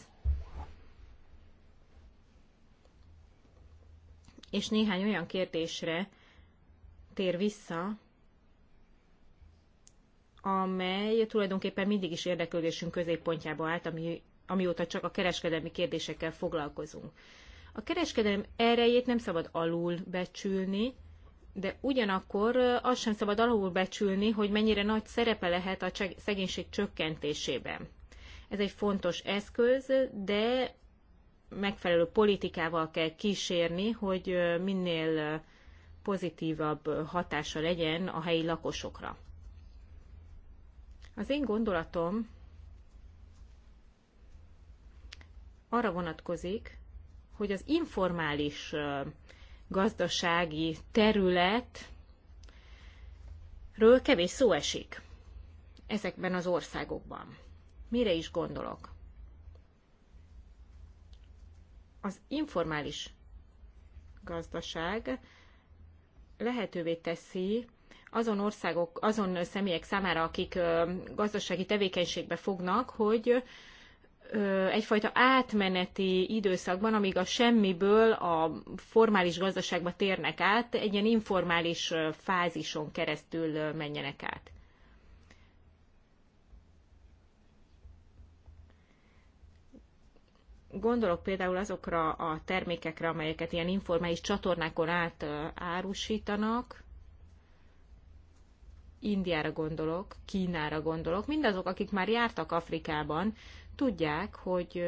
És néhány olyan kérdésre tér vissza, amely tulajdonképpen mindig is érdeklődésünk középpontjába állt, ami, amióta csak a kereskedelmi kérdésekkel foglalkozunk. A kereskedelem erejét nem szabad alul becsülni, de ugyanakkor azt sem szabad alul becsülni, hogy mennyire nagy szerepe lehet a szegénység csökkentésében. Ez egy fontos eszköz, de megfelelő politikával kell kísérni, hogy minél pozitívabb hatása legyen a helyi lakosokra. Az én gondolatom arra vonatkozik, hogy az informális gazdasági területről kevés szó esik ezekben az országokban. Mire is gondolok? Az informális gazdaság lehetővé teszi azon országok, azon személyek számára, akik gazdasági tevékenységbe fognak, hogy egyfajta átmeneti időszakban, amíg a semmiből a formális gazdaságba térnek át, egy ilyen informális fázison keresztül menjenek át. Gondolok például azokra a termékekre, amelyeket ilyen informális csatornákon át árusítanak, Indiára gondolok, Kínára gondolok, mindazok, akik már jártak Afrikában, tudják, hogy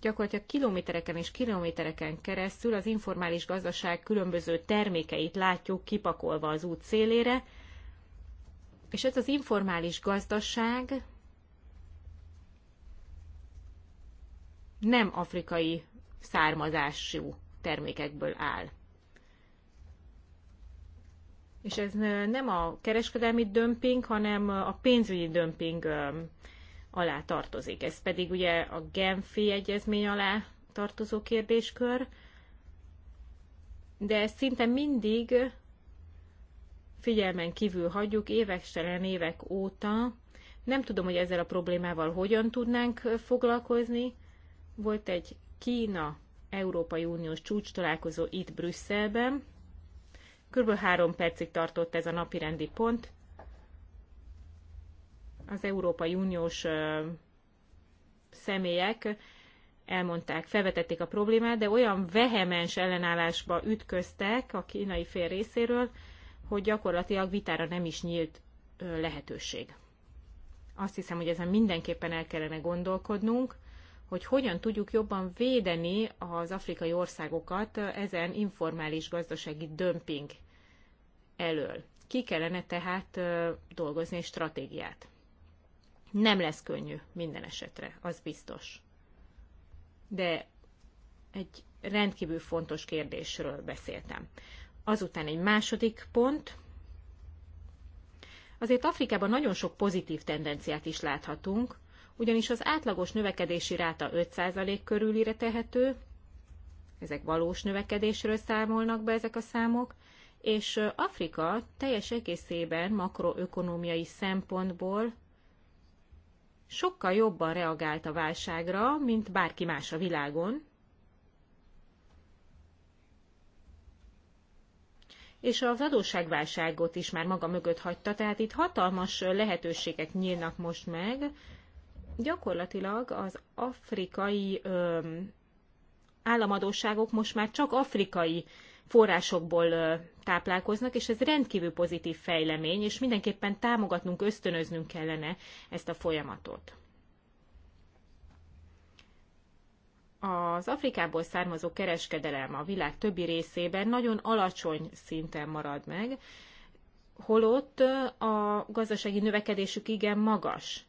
gyakorlatilag kilométereken és kilométereken keresztül az informális gazdaság különböző termékeit látjuk kipakolva az út szélére, és ez az informális gazdaság nem afrikai származású termékekből áll és ez nem a kereskedelmi dömping, hanem a pénzügyi dömping alá tartozik. Ez pedig ugye a Genfi egyezmény alá tartozó kérdéskör, de ezt szinte mindig figyelmen kívül hagyjuk évektelen évek óta. Nem tudom, hogy ezzel a problémával hogyan tudnánk foglalkozni. Volt egy Kína-Európai Uniós csúcs találkozó itt Brüsszelben, Kb. három percig tartott ez a napirendi pont. Az Európai Uniós személyek elmondták, felvetették a problémát, de olyan vehemens ellenállásba ütköztek a kínai fél részéről, hogy gyakorlatilag vitára nem is nyílt lehetőség. Azt hiszem, hogy ezen mindenképpen el kellene gondolkodnunk, hogy hogyan tudjuk jobban védeni az afrikai országokat ezen informális gazdasági dömping elől. Ki kellene tehát dolgozni egy stratégiát. Nem lesz könnyű minden esetre, az biztos. De egy rendkívül fontos kérdésről beszéltem. Azután egy második pont. Azért Afrikában nagyon sok pozitív tendenciát is láthatunk, ugyanis az átlagos növekedési ráta 5% körülire tehető, ezek valós növekedésről számolnak be ezek a számok, és Afrika teljes egészében makroökonomiai szempontból sokkal jobban reagált a válságra, mint bárki más a világon. És az adósságválságot is már maga mögött hagyta, tehát itt hatalmas lehetőségek nyílnak most meg gyakorlatilag az afrikai ö, államadóságok most már csak afrikai forrásokból ö, táplálkoznak, és ez rendkívül pozitív fejlemény, és mindenképpen támogatnunk, ösztönöznünk kellene ezt a folyamatot. Az Afrikából származó kereskedelem a világ többi részében nagyon alacsony szinten marad meg, holott a gazdasági növekedésük igen magas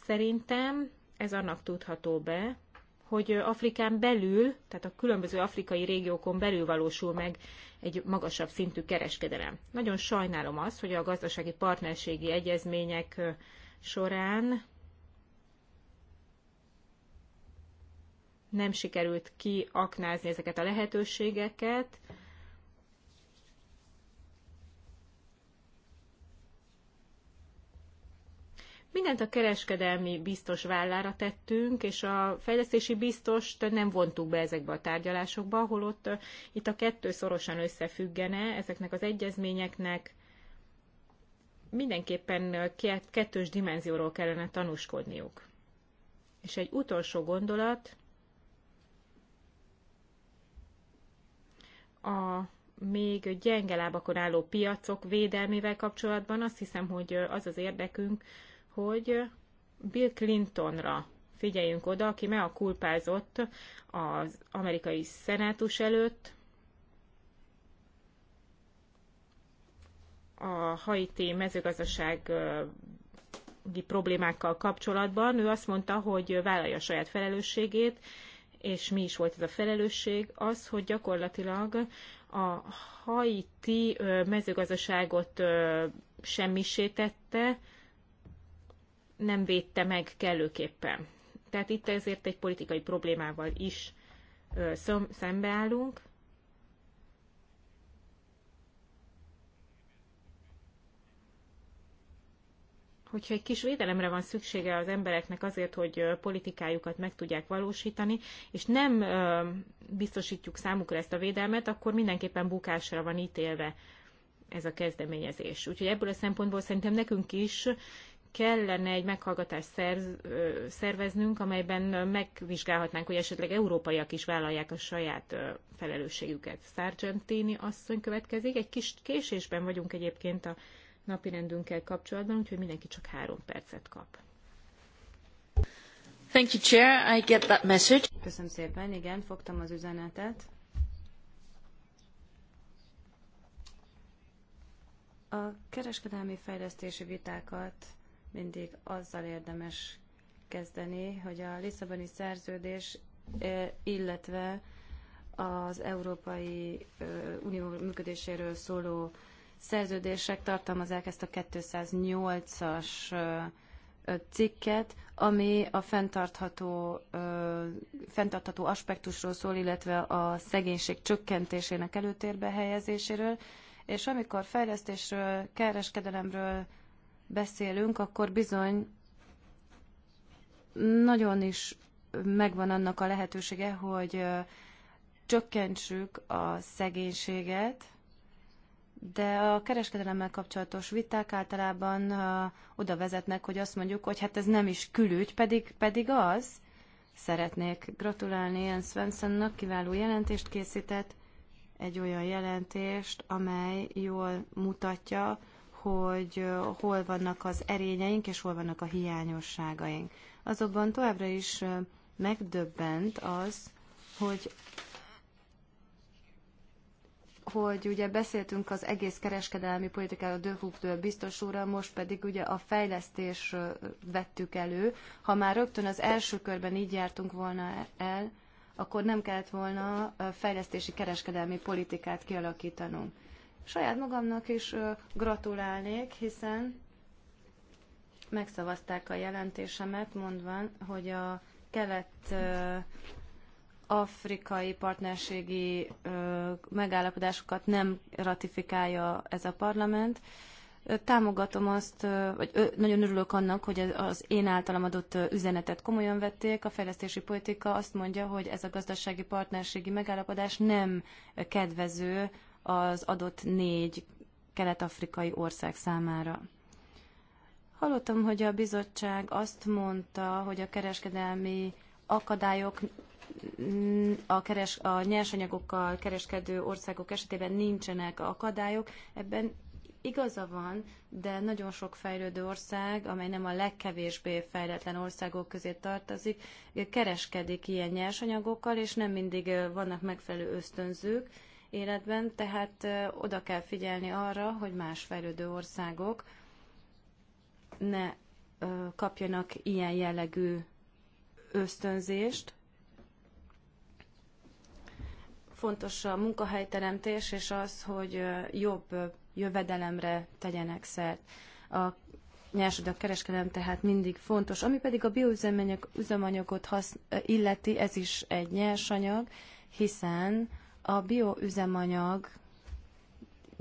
Szerintem ez annak tudható be, hogy Afrikán belül, tehát a különböző afrikai régiókon belül valósul meg egy magasabb szintű kereskedelem. Nagyon sajnálom azt, hogy a gazdasági partnerségi egyezmények során nem sikerült kiaknázni ezeket a lehetőségeket, Mindent a kereskedelmi biztos vállára tettünk, és a fejlesztési biztost nem vontuk be ezekbe a tárgyalásokba, holott itt a kettő szorosan összefüggene ezeknek az egyezményeknek. Mindenképpen kettős dimenzióról kellene tanúskodniuk. És egy utolsó gondolat, a még gyenge lábakon álló piacok védelmével kapcsolatban azt hiszem, hogy az az érdekünk, hogy Bill Clintonra figyeljünk oda, aki meg a kulpázott az amerikai szenátus előtt a haiti mezőgazdasági problémákkal kapcsolatban. Ő azt mondta, hogy vállalja a saját felelősségét, és mi is volt ez a felelősség, az, hogy gyakorlatilag a haiti mezőgazdaságot semmisétette, tette, nem védte meg kellőképpen. Tehát itt ezért egy politikai problémával is szembeállunk. Hogyha egy kis védelemre van szüksége az embereknek azért, hogy politikájukat meg tudják valósítani, és nem biztosítjuk számukra ezt a védelmet, akkor mindenképpen bukásra van ítélve ez a kezdeményezés. Úgyhogy ebből a szempontból szerintem nekünk is kellene egy meghallgatást szerz, szerveznünk, amelyben megvizsgálhatnánk, hogy esetleg európaiak is vállalják a saját felelősségüket. Sargentini asszony következik. Egy kis késésben vagyunk egyébként a napirendünkkel kapcsolatban, úgyhogy mindenki csak három percet kap. Thank you, Chair. I get that message. Köszönöm szépen, igen, fogtam az üzenetet. A kereskedelmi fejlesztési vitákat mindig azzal érdemes kezdeni, hogy a Lisszaboni szerződés, e, illetve az Európai e, Unió működéséről szóló szerződések tartalmazzák ezt a 208-as e, cikket, ami a fenntartható, fenntartható aspektusról szól, illetve a szegénység csökkentésének előtérbe helyezéséről, és amikor fejlesztésről, kereskedelemről, beszélünk, akkor bizony nagyon is megvan annak a lehetősége, hogy csökkentsük a szegénységet, de a kereskedelemmel kapcsolatos viták általában oda vezetnek, hogy azt mondjuk, hogy hát ez nem is külügy, pedig, pedig az. Szeretnék gratulálni Ian Svenssonnak, kiváló jelentést készített, egy olyan jelentést, amely jól mutatja, hogy hol vannak az erényeink és hol vannak a hiányosságaink. Azonban továbbra is megdöbbent az, hogy hogy ugye beszéltünk az egész kereskedelmi politikáról, a Döfugtől biztos úrral, most pedig ugye a fejlesztés vettük elő. Ha már rögtön az első körben így jártunk volna el, akkor nem kellett volna fejlesztési kereskedelmi politikát kialakítanunk. Saját magamnak is gratulálnék, hiszen megszavazták a jelentésemet, mondván, hogy a kelet-afrikai partnerségi megállapodásokat nem ratifikálja ez a parlament. Támogatom azt, vagy nagyon örülök annak, hogy az én általam adott üzenetet komolyan vették. A fejlesztési politika azt mondja, hogy ez a gazdasági partnerségi megállapodás nem kedvező az adott négy kelet-afrikai ország számára. Hallottam, hogy a bizottság azt mondta, hogy a kereskedelmi akadályok a, keres, a nyersanyagokkal kereskedő országok esetében nincsenek akadályok. Ebben igaza van, de nagyon sok fejlődő ország, amely nem a legkevésbé fejletlen országok közé tartozik, kereskedik ilyen nyersanyagokkal, és nem mindig vannak megfelelő ösztönzők életben, tehát oda kell figyelni arra, hogy más fejlődő országok ne kapjanak ilyen jellegű ösztönzést. Fontos a munkahelyteremtés, és az, hogy jobb jövedelemre tegyenek szert. A nyersanyag kereskedelem tehát mindig fontos. Ami pedig a bioüzemanyagot hasz, illeti, ez is egy nyersanyag, hiszen a bioüzemanyag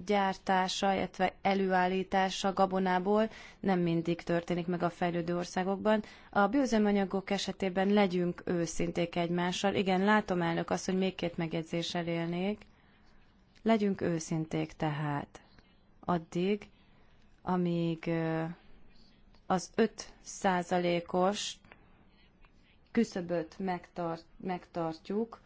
gyártása, illetve előállítása gabonából nem mindig történik meg a fejlődő országokban. A bioüzemanyagok esetében legyünk őszinték egymással. Igen, látom elnök azt, hogy még két megjegyzéssel élnék. Legyünk őszinték tehát. Addig, amíg az 5 százalékos küszöböt megtart, megtartjuk,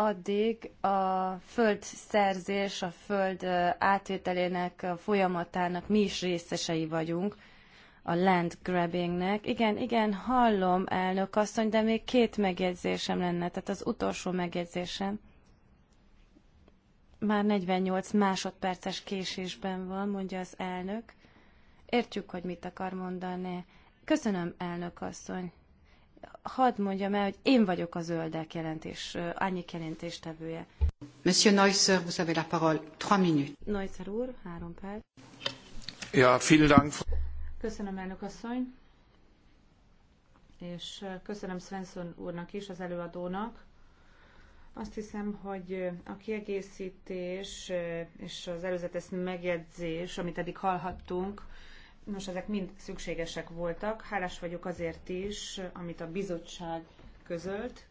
addig a földszerzés, a föld átvételének, a folyamatának mi is részesei vagyunk, a land grabbingnek. Igen, igen, hallom, elnök asszony, de még két megjegyzésem lenne, tehát az utolsó megjegyzésem. Már 48 másodperces késésben van, mondja az elnök. Értjük, hogy mit akar mondani. Köszönöm, elnök asszony hadd mondjam el, hogy én vagyok a zöldek jelentés, árnyék jelentéstevője. Monsieur Neusser, vous avez la parole. Trois minutes. Neusser úr, három perc. Ja, vielen Dank. Köszönöm, elnök asszony. És köszönöm Svensson úrnak is, az előadónak. Azt hiszem, hogy a kiegészítés és az előzetes megjegyzés, amit eddig hallhattunk, Nos, ezek mind szükségesek voltak. Hálás vagyok azért is, amit a bizottság közölt,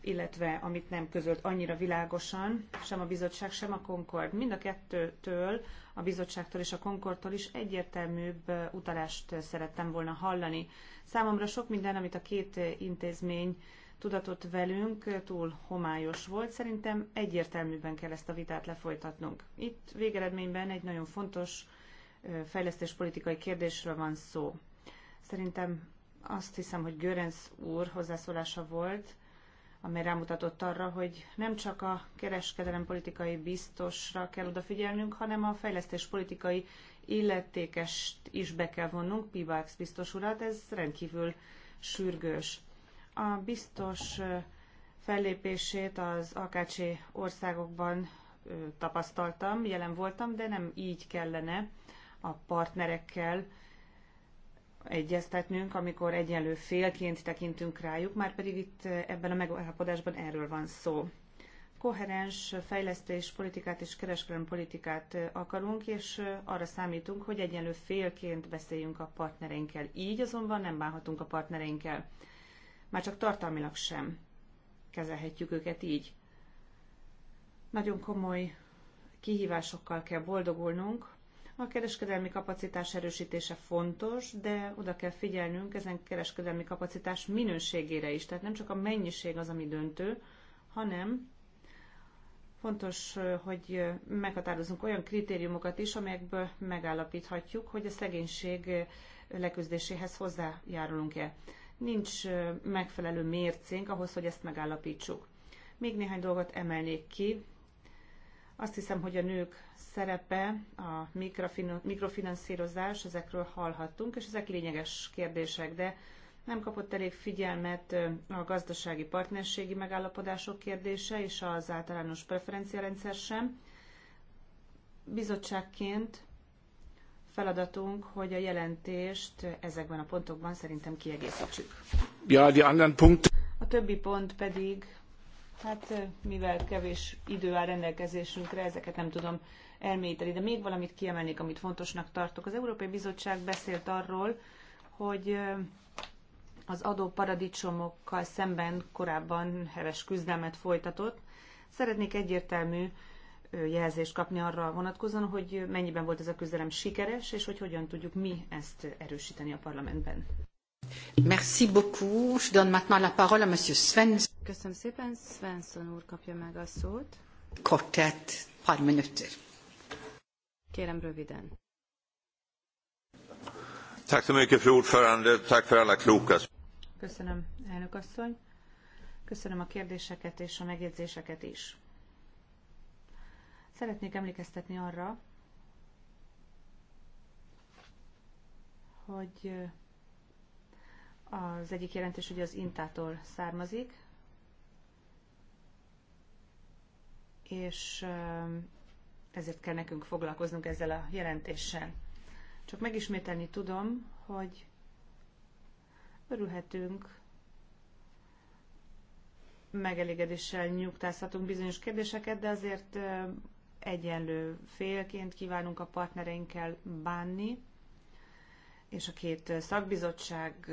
illetve amit nem közölt annyira világosan, sem a bizottság, sem a Concord. Mind a kettőtől, a bizottságtól és a Concordtól is egyértelműbb utalást szerettem volna hallani. Számomra sok minden, amit a két intézmény tudatott velünk, túl homályos volt. Szerintem egyértelműben kell ezt a vitát lefolytatnunk. Itt végeredményben egy nagyon fontos fejlesztéspolitikai kérdésről van szó. Szerintem azt hiszem, hogy Görenc úr hozzászólása volt, amely rámutatott arra, hogy nem csak a politikai biztosra kell odafigyelnünk, hanem a fejlesztéspolitikai illetékest is be kell vonnunk, Pivax biztos urat, ez rendkívül sürgős. A biztos fellépését az AKC országokban tapasztaltam, jelen voltam, de nem így kellene a partnerekkel egyeztetnünk, amikor egyenlő félként tekintünk rájuk, már pedig itt ebben a megállapodásban erről van szó. Koherens fejlesztés politikát és kereskedelmi politikát akarunk, és arra számítunk, hogy egyenlő félként beszéljünk a partnereinkkel. Így azonban nem bánhatunk a partnereinkkel. Már csak tartalmilag sem kezelhetjük őket így. Nagyon komoly kihívásokkal kell boldogulnunk, a kereskedelmi kapacitás erősítése fontos, de oda kell figyelnünk ezen kereskedelmi kapacitás minőségére is. Tehát nem csak a mennyiség az, ami döntő, hanem fontos, hogy meghatározunk olyan kritériumokat is, amelyekből megállapíthatjuk, hogy a szegénység leküzdéséhez hozzájárulunk-e. Nincs megfelelő mércénk ahhoz, hogy ezt megállapítsuk. Még néhány dolgot emelnék ki, azt hiszem, hogy a nők szerepe, a mikrofinanszírozás, ezekről hallhattunk, és ezek lényeges kérdések, de nem kapott elég figyelmet a gazdasági partnerségi megállapodások kérdése és az általános preferenciarendszer sem. Bizottságként feladatunk, hogy a jelentést ezekben a pontokban szerintem kiegészítsük. Ja, die anderen Punkt. A többi pont pedig Hát mivel kevés idő áll rendelkezésünkre, ezeket nem tudom elmélyíteni, de még valamit kiemelnék, amit fontosnak tartok. Az Európai Bizottság beszélt arról, hogy az adóparadicsomokkal szemben korábban heves küzdelmet folytatott. Szeretnék egyértelmű jelzést kapni arra vonatkozóan, hogy mennyiben volt ez a küzdelem sikeres, és hogy hogyan tudjuk mi ezt erősíteni a parlamentben. Merci beaucoup. Je donne maintenant la parole à Monsieur Köszönöm szépen. Svensson úr kapja meg a szót. Kortet, pár minuter. Kérem röviden. Tack så mycket, fru ordförande. Tack för alla kloka. Köszönöm, elnök asszony. Köszönöm a kérdéseket és a megjegyzéseket is. Szeretnék emlékeztetni arra, hogy az egyik jelentés ugye az Intától származik, és um, ezért kell nekünk foglalkoznunk ezzel a jelentéssel. Csak megismételni tudom, hogy örülhetünk, megelégedéssel nyugtázhatunk bizonyos kérdéseket, de azért um, egyenlő félként kívánunk a partnereinkkel bánni, és a két szakbizottság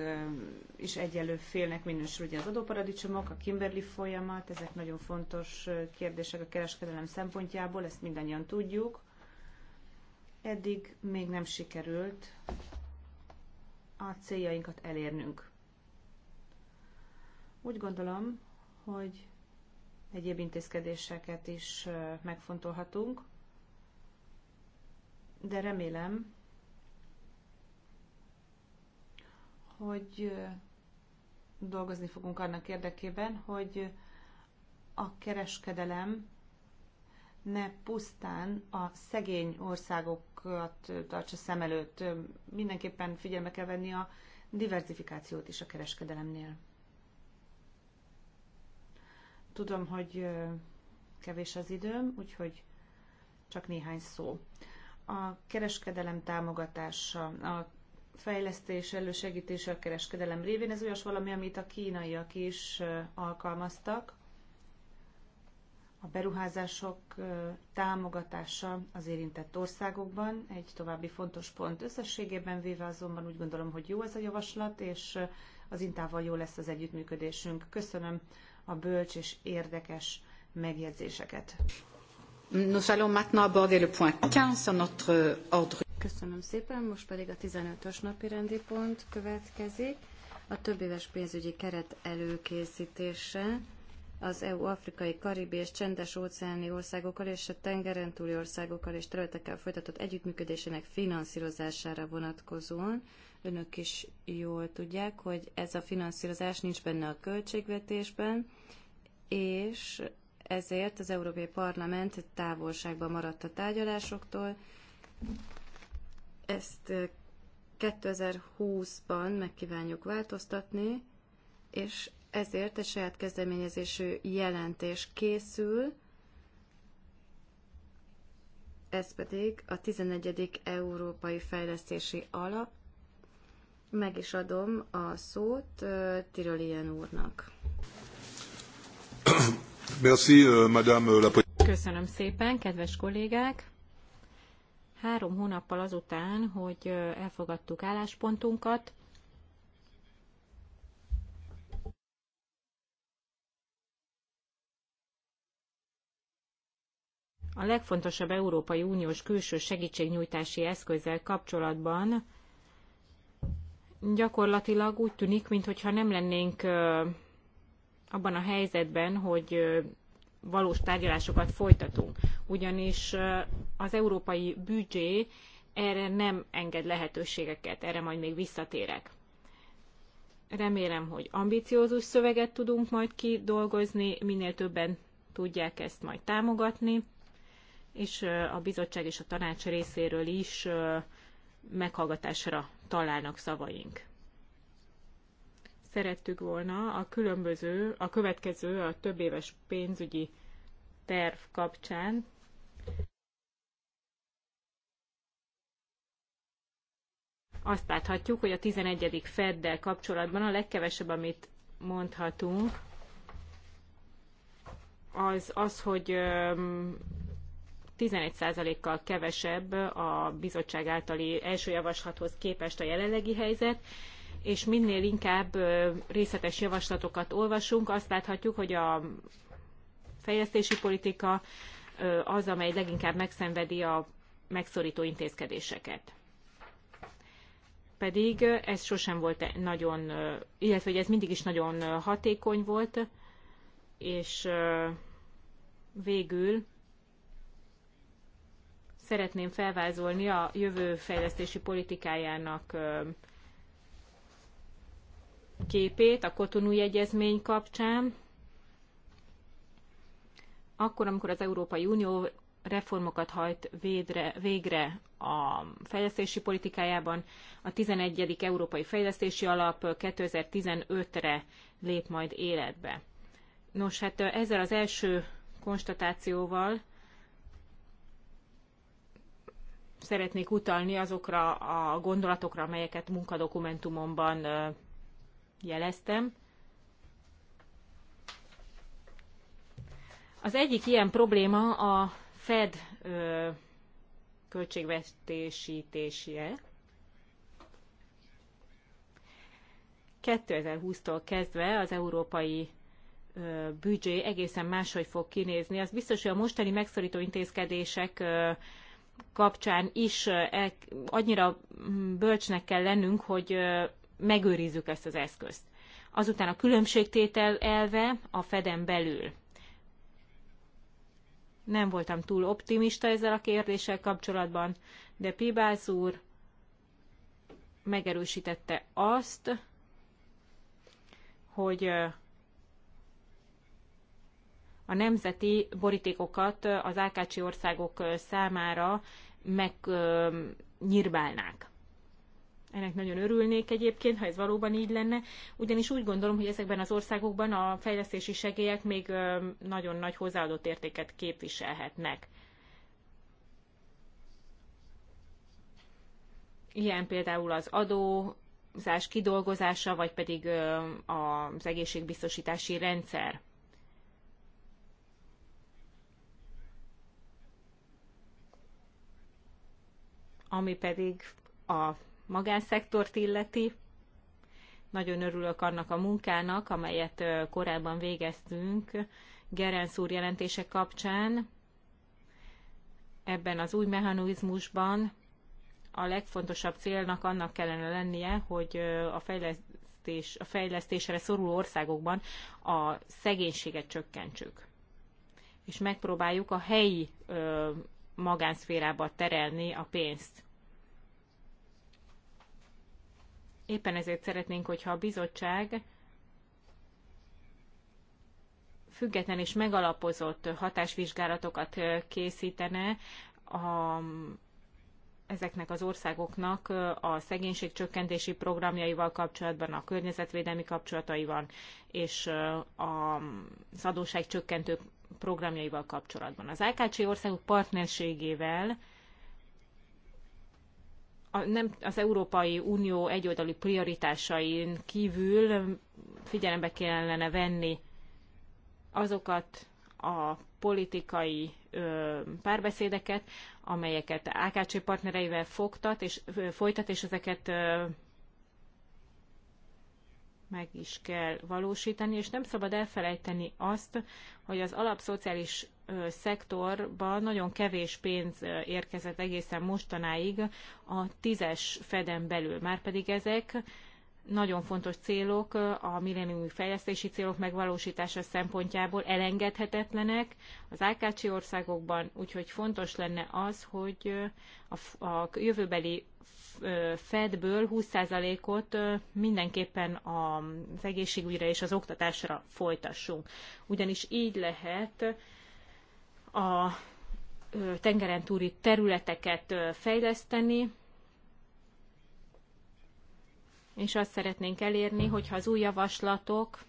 is egyelő félnek minősül ugye az adóparadicsomok, a Kimberley folyamat, ezek nagyon fontos kérdések a kereskedelem szempontjából, ezt mindannyian tudjuk. Eddig még nem sikerült a céljainkat elérnünk. Úgy gondolom, hogy egyéb intézkedéseket is megfontolhatunk, de remélem, hogy dolgozni fogunk annak érdekében, hogy a kereskedelem ne pusztán a szegény országokat tartsa szem előtt. Mindenképpen figyelme kell venni a diversifikációt is a kereskedelemnél. Tudom, hogy kevés az időm, úgyhogy csak néhány szó. A kereskedelem támogatása, a fejlesztés elősegítése a kereskedelem révén. Ez olyas valami, amit a kínaiak is alkalmaztak. A beruházások támogatása az érintett országokban egy további fontos pont. Összességében véve azonban úgy gondolom, hogy jó ez a javaslat, és az Intával jó lesz az együttműködésünk. Köszönöm a bölcs és érdekes megjegyzéseket. Nous allons maintenant aborder le point 15 de notre ordre Köszönöm szépen, most pedig a 15-ös napi rendi pont következik. A éves pénzügyi keret előkészítése az EU afrikai, karibi és csendes óceáni országokkal és a tengeren túli országokkal és területekkel folytatott együttműködésének finanszírozására vonatkozóan. Önök is jól tudják, hogy ez a finanszírozás nincs benne a költségvetésben, és ezért az Európai Parlament távolságban maradt a tárgyalásoktól, ezt 2020-ban megkívánjuk változtatni, és ezért egy saját kezdeményezésű jelentés készül, ez pedig a 11. Európai Fejlesztési Alap. Meg is adom a szót Tirolien úrnak. Merci, madame la Köszönöm szépen, kedves kollégák! Három hónappal azután, hogy elfogadtuk álláspontunkat, a legfontosabb Európai Uniós külső segítségnyújtási eszközzel kapcsolatban gyakorlatilag úgy tűnik, mintha nem lennénk abban a helyzetben, hogy valós tárgyalásokat folytatunk, ugyanis az európai büdzsé erre nem enged lehetőségeket, erre majd még visszatérek. Remélem, hogy ambiciózus szöveget tudunk majd kidolgozni, minél többen tudják ezt majd támogatni, és a bizottság és a tanács részéről is meghallgatásra találnak szavaink szerettük volna a különböző, a következő, a több éves pénzügyi terv kapcsán azt láthatjuk, hogy a 11. Feddel kapcsolatban a legkevesebb, amit mondhatunk, az az, hogy 11%-kal kevesebb a bizottság általi első javaslathoz képest a jelenlegi helyzet, és minél inkább részletes javaslatokat olvasunk, azt láthatjuk, hogy a fejlesztési politika az, amely leginkább megszenvedi a megszorító intézkedéseket. Pedig ez sosem volt e- nagyon, illetve hogy ez mindig is nagyon hatékony volt, és végül szeretném felvázolni a jövő fejlesztési politikájának képét a kotonúi egyezmény kapcsán, akkor, amikor az Európai Unió reformokat hajt védre, végre a fejlesztési politikájában, a 11. Európai Fejlesztési Alap 2015-re lép majd életbe. Nos, hát ezzel az első konstatációval szeretnék utalni azokra a gondolatokra, amelyeket munkadokumentumomban jeleztem. Az egyik ilyen probléma a Fed ö, költségvetésítésje. 2020-tól kezdve az európai büdzsé egészen máshogy fog kinézni. Az biztos, hogy a mostani megszorító intézkedések kapcsán is annyira mm, bölcsnek kell lennünk, hogy megőrizzük ezt az eszközt. Azután a különbségtétel elve a Feden belül. Nem voltam túl optimista ezzel a kérdéssel kapcsolatban, de Pibász úr megerősítette azt, hogy a nemzeti borítékokat az Ákácsi országok számára megnyírbálnák. Ennek nagyon örülnék egyébként, ha ez valóban így lenne, ugyanis úgy gondolom, hogy ezekben az országokban a fejlesztési segélyek még nagyon nagy hozzáadott értéket képviselhetnek. Ilyen például az adózás kidolgozása, vagy pedig az egészségbiztosítási rendszer. Ami pedig a magánszektort illeti, nagyon örülök annak a munkának, amelyet korábban végeztünk Gerenc úr jelentése kapcsán. Ebben az új mechanizmusban a legfontosabb célnak annak kellene lennie, hogy a, fejlesztés, a fejlesztésre szoruló országokban a szegénységet csökkentsük. És megpróbáljuk a helyi magánszférába terelni a pénzt. Éppen ezért szeretnénk, hogyha a bizottság független és megalapozott hatásvizsgálatokat készítene a, ezeknek az országoknak a szegénység csökkentési programjaival kapcsolatban, a környezetvédelmi kapcsolataival és a adósság csökkentő programjaival kapcsolatban. Az AKC országok partnerségével a, nem az Európai Unió egyoldalú prioritásain kívül figyelembe kellene venni azokat a politikai ö, párbeszédeket, amelyeket AKC partnereivel fogtat és, ö, folytat, és ezeket ö, meg is kell valósítani, és nem szabad elfelejteni azt, hogy az alapszociális szektorban nagyon kevés pénz érkezett egészen mostanáig a tízes feden belül. Márpedig ezek nagyon fontos célok, a milleniumi fejlesztési célok megvalósítása szempontjából elengedhetetlenek az Ákácsi országokban, úgyhogy fontos lenne az, hogy a, a jövőbeli Fedből 20%-ot mindenképpen az egészségügyre és az oktatásra folytassunk. Ugyanis így lehet a tengeren túli területeket fejleszteni, és azt szeretnénk elérni, hogyha az új javaslatok,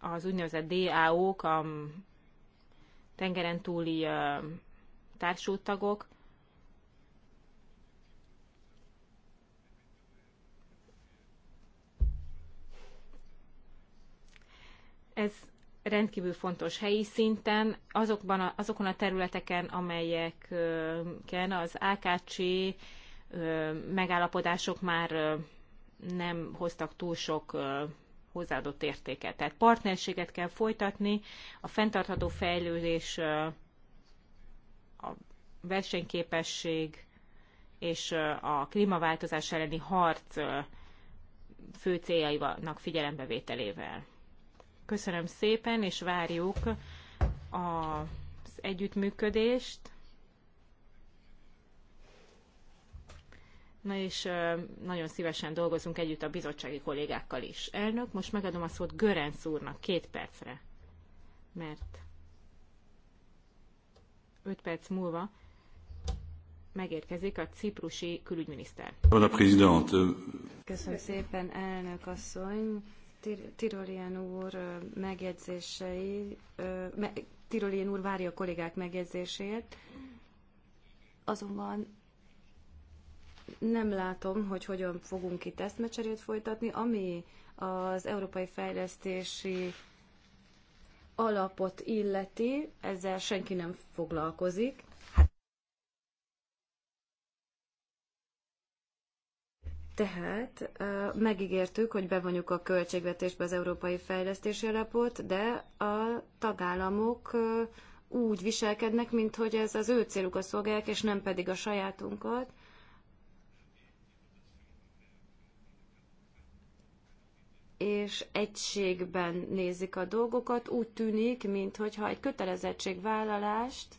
az úgynevezett DAO-k, a tengeren túli társultagok Ez rendkívül fontos helyi szinten, azokban a, azokon a területeken, amelyeken az AKC megállapodások már nem hoztak túl sok hozzáadott értéket. Tehát partnerséget kell folytatni, a fenntartható fejlődés, a versenyképesség és a klímaváltozás elleni harc fő céljainak figyelembevételével. Köszönöm szépen, és várjuk az együttműködést. Na és nagyon szívesen dolgozunk együtt a bizottsági kollégákkal is. Elnök, most megadom a szót Görenc úrnak két percre, mert öt perc múlva megérkezik a ciprusi külügyminiszter. Köszönöm szépen, elnök asszony. Tirolien úr megjegyzései, Tirolien úr várja a kollégák megjegyzését, azonban nem látom, hogy hogyan fogunk itt eszmecserét folytatni, ami az Európai Fejlesztési Alapot illeti, ezzel senki nem foglalkozik. Tehát megígértük, hogy bevonjuk a költségvetésbe az Európai Fejlesztési Alapot, de a tagállamok úgy viselkednek, mint hogy ez az ő a szolgálják, és nem pedig a sajátunkat. és egységben nézik a dolgokat, úgy tűnik, mintha egy kötelezettségvállalást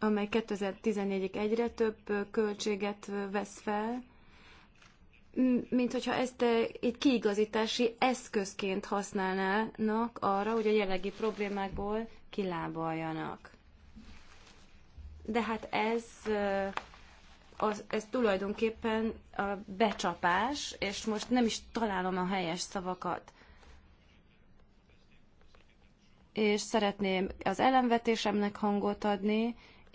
amely 2014-ig egyre több költséget vesz fel, mint hogyha ezt egy kiigazítási eszközként használnának arra, hogy a jelenlegi problémákból kilábaljanak. De hát ez, az, ez tulajdonképpen a becsapás, és most nem is találom a helyes szavakat. És szeretném az ellenvetésemnek hangot adni,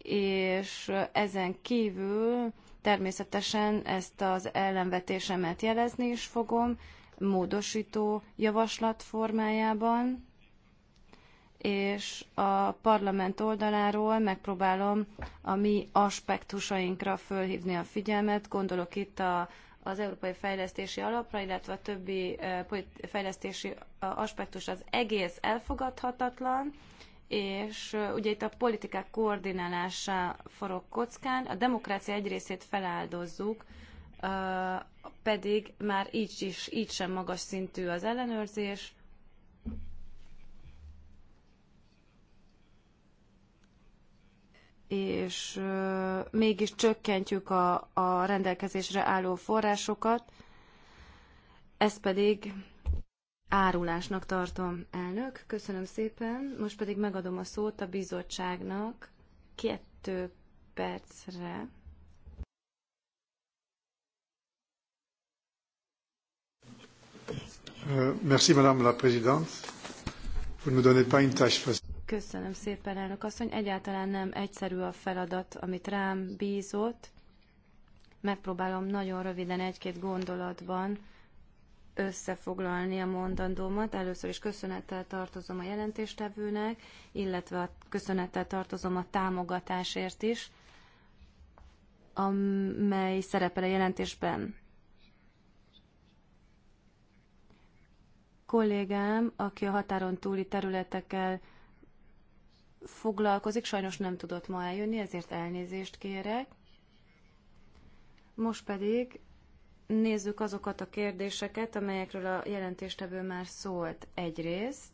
és ezen kívül természetesen ezt az ellenvetésemet jelezni is fogom, módosító javaslat formájában, és a parlament oldaláról megpróbálom a mi aspektusainkra fölhívni a figyelmet. Gondolok itt a, az Európai Fejlesztési Alapra, illetve a többi eh, fejlesztési eh, aspektus az egész elfogadhatatlan, és ugye itt a politikák koordinálása forog kockán, a demokrácia egy részét feláldozzuk, pedig már így is, így sem magas szintű az ellenőrzés. és mégis csökkentjük a, a rendelkezésre álló forrásokat, ez pedig árulásnak tartom, elnök. Köszönöm szépen. Most pedig megadom a szót a bizottságnak kettő percre. Euh, merci, Madame la Présidente. Köszönöm szépen, elnök asszony. Egyáltalán nem egyszerű a feladat, amit rám bízott. Megpróbálom nagyon röviden egy-két gondolatban összefoglalni a mondandómat. Először is köszönettel tartozom a jelentéstevőnek, illetve a köszönettel tartozom a támogatásért is, amely szerepel a jelentésben. Kollégám, aki a határon túli területekkel foglalkozik, sajnos nem tudott ma eljönni, ezért elnézést kérek. Most pedig nézzük azokat a kérdéseket, amelyekről a jelentéstevő már szólt egyrészt.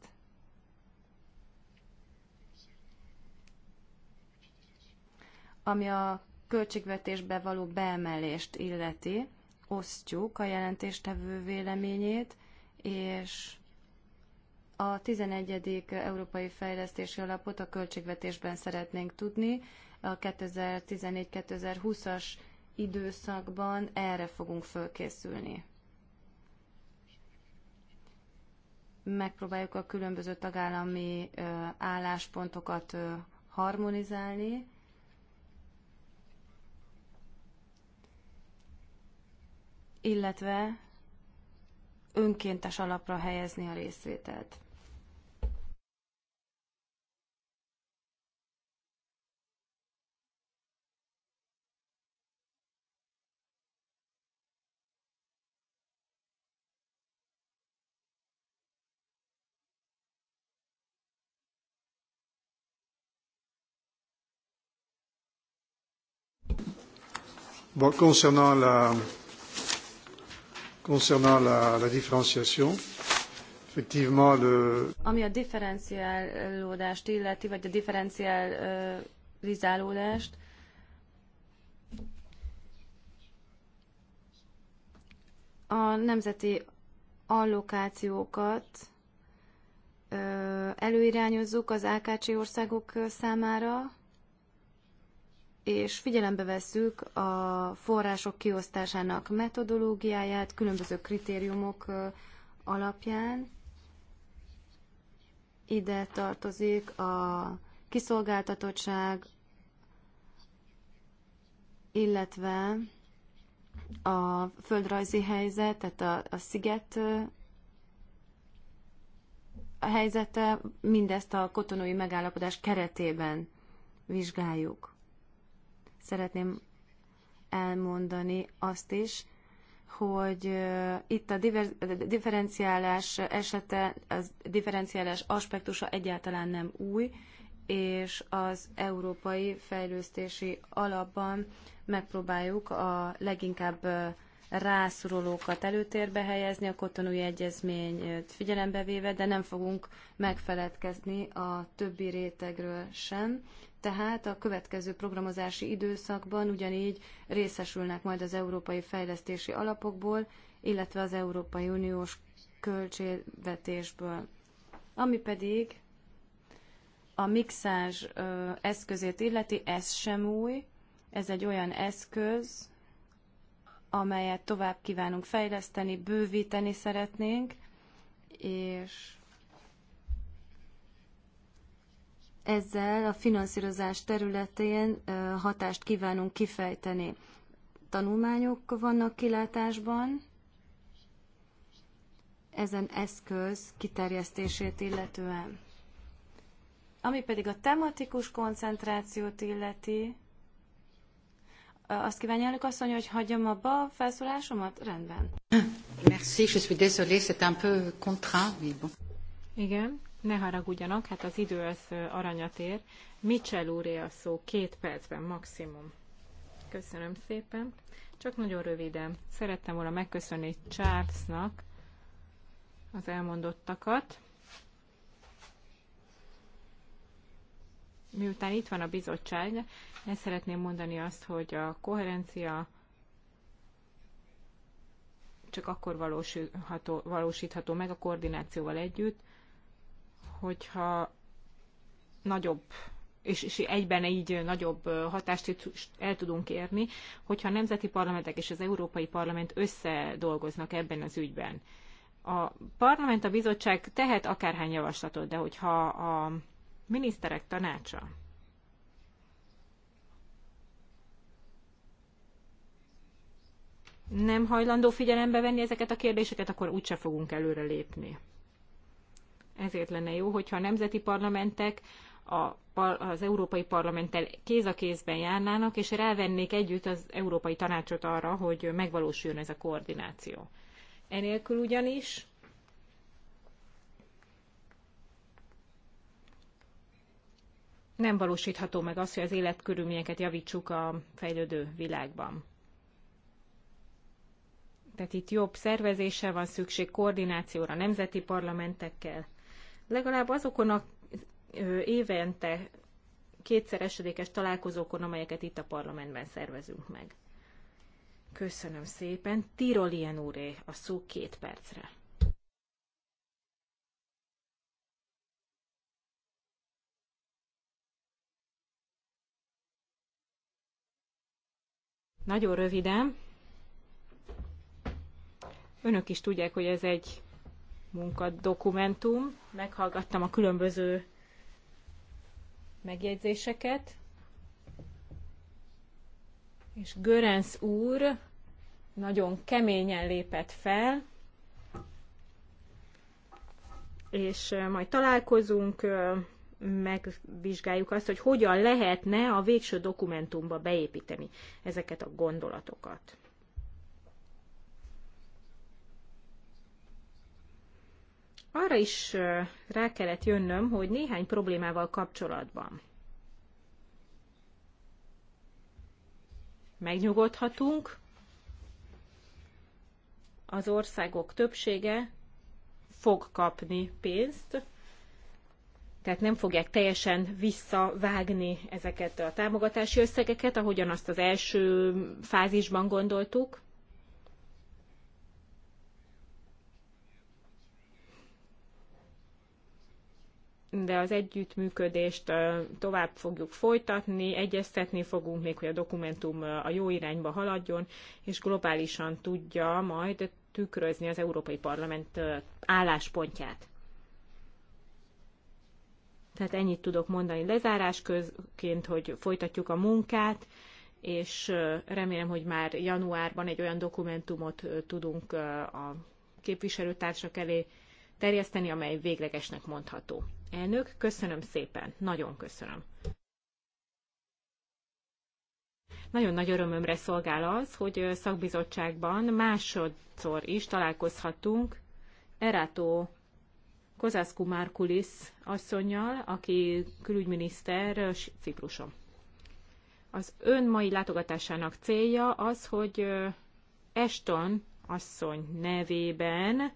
Ami a költségvetésbe való beemelést illeti, osztjuk a jelentéstevő véleményét, és a 11. Európai Fejlesztési Alapot a költségvetésben szeretnénk tudni, a 2014-2020-as időszakban erre fogunk fölkészülni. Megpróbáljuk a különböző tagállami álláspontokat harmonizálni, illetve önkéntes alapra helyezni a részvételt. Bon, concernant la, concernant la, la diffenciation, effectivement le... Ami a differenciálódást illeti, vagy a differenciálizálódást, a nemzeti allokációkat előirányozzuk az AKC országok számára, és figyelembe vesszük a források kiosztásának metodológiáját különböző kritériumok alapján. Ide tartozik a kiszolgáltatottság, illetve a földrajzi helyzet, tehát a, a sziget a helyzete, mindezt a kotonói megállapodás keretében vizsgáljuk szeretném elmondani azt is, hogy itt a diver, differenciálás esete, a differenciálás aspektusa egyáltalán nem új, és az Európai Fejlőztési Alapban megpróbáljuk a leginkább rászorulókat előtérbe helyezni, a kotonúi egyezményt figyelembe véve, de nem fogunk megfeledkezni a többi rétegről sem. Tehát a következő programozási időszakban ugyanígy részesülnek majd az európai fejlesztési alapokból, illetve az Európai Uniós költségvetésből. Ami pedig a mixázs eszközét illeti, ez sem új, ez egy olyan eszköz, amelyet tovább kívánunk fejleszteni, bővíteni szeretnénk, és ezzel a finanszírozás területén hatást kívánunk kifejteni. Tanulmányok vannak kilátásban, ezen eszköz kiterjesztését illetően. Ami pedig a tematikus koncentrációt illeti, azt kívánja elnök asszony, hogy hagyjam abba a felszólásomat? Rendben. Merci, je suis désolée, c'est un peu contraint, mais bon. Igen, ne haragudjanak, hát az idő az aranyat ér. Mitchell úré a szó, két percben maximum. Köszönöm szépen. Csak nagyon röviden. Szerettem volna megköszönni Charlesnak az elmondottakat. Miután itt van a bizottság, el szeretném mondani azt, hogy a koherencia csak akkor valósítható, valósítható meg a koordinációval együtt, hogyha nagyobb és, és egyben így nagyobb hatást el tudunk érni, hogyha a nemzeti parlamentek és az Európai Parlament összedolgoznak ebben az ügyben. A parlament, a bizottság tehet akárhány javaslatot, de hogyha a miniszterek tanácsa nem hajlandó figyelembe venni ezeket a kérdéseket, akkor úgyse fogunk előre lépni. Ezért lenne jó, hogyha a nemzeti parlamentek a, az Európai Parlamenttel kéz a kézben járnának, és rávennék együtt az Európai Tanácsot arra, hogy megvalósuljon ez a koordináció. Enélkül ugyanis nem valósítható meg az, hogy az életkörülményeket javítsuk a fejlődő világban. Tehát itt jobb szervezésre van szükség, koordinációra nemzeti parlamentekkel. Legalább azokon a évente kétszeresedékes találkozókon, amelyeket itt a parlamentben szervezünk meg. Köszönöm szépen. Tirolien úré a szó két percre. Nagyon röviden. Önök is tudják, hogy ez egy munkadokumentum. Meghallgattam a különböző megjegyzéseket. És Görenc úr nagyon keményen lépett fel, és majd találkozunk, megvizsgáljuk azt, hogy hogyan lehetne a végső dokumentumba beépíteni ezeket a gondolatokat. arra is rá kellett jönnöm, hogy néhány problémával kapcsolatban megnyugodhatunk. Az országok többsége fog kapni pénzt, tehát nem fogják teljesen visszavágni ezeket a támogatási összegeket, ahogyan azt az első fázisban gondoltuk. de az együttműködést tovább fogjuk folytatni, egyeztetni fogunk még, hogy a dokumentum a jó irányba haladjon, és globálisan tudja majd tükrözni az Európai Parlament álláspontját. Tehát ennyit tudok mondani lezárás közként, hogy folytatjuk a munkát, és remélem, hogy már januárban egy olyan dokumentumot tudunk a képviselőtársak elé terjeszteni, amely véglegesnek mondható. Elnök, köszönöm szépen, nagyon köszönöm. Nagyon nagy örömömre szolgál az, hogy szakbizottságban másodszor is találkozhatunk Erátó Kozászku Márkulisz asszonynal, aki külügyminiszter Cipruson. Az ön mai látogatásának célja az, hogy Eston asszony nevében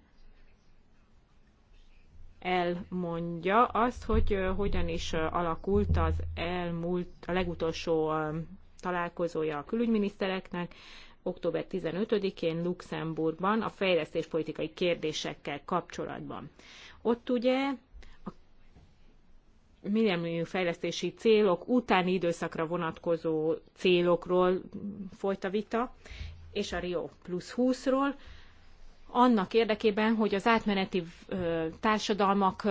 elmondja azt, hogy hogyan is alakult az elmúlt, a legutolsó találkozója a külügyminisztereknek, október 15-én Luxemburgban a fejlesztéspolitikai kérdésekkel kapcsolatban. Ott ugye a millenniumi fejlesztési célok utáni időszakra vonatkozó célokról folyt a vita, és a Rio plusz 20-ról, annak érdekében, hogy az átmeneti társadalmak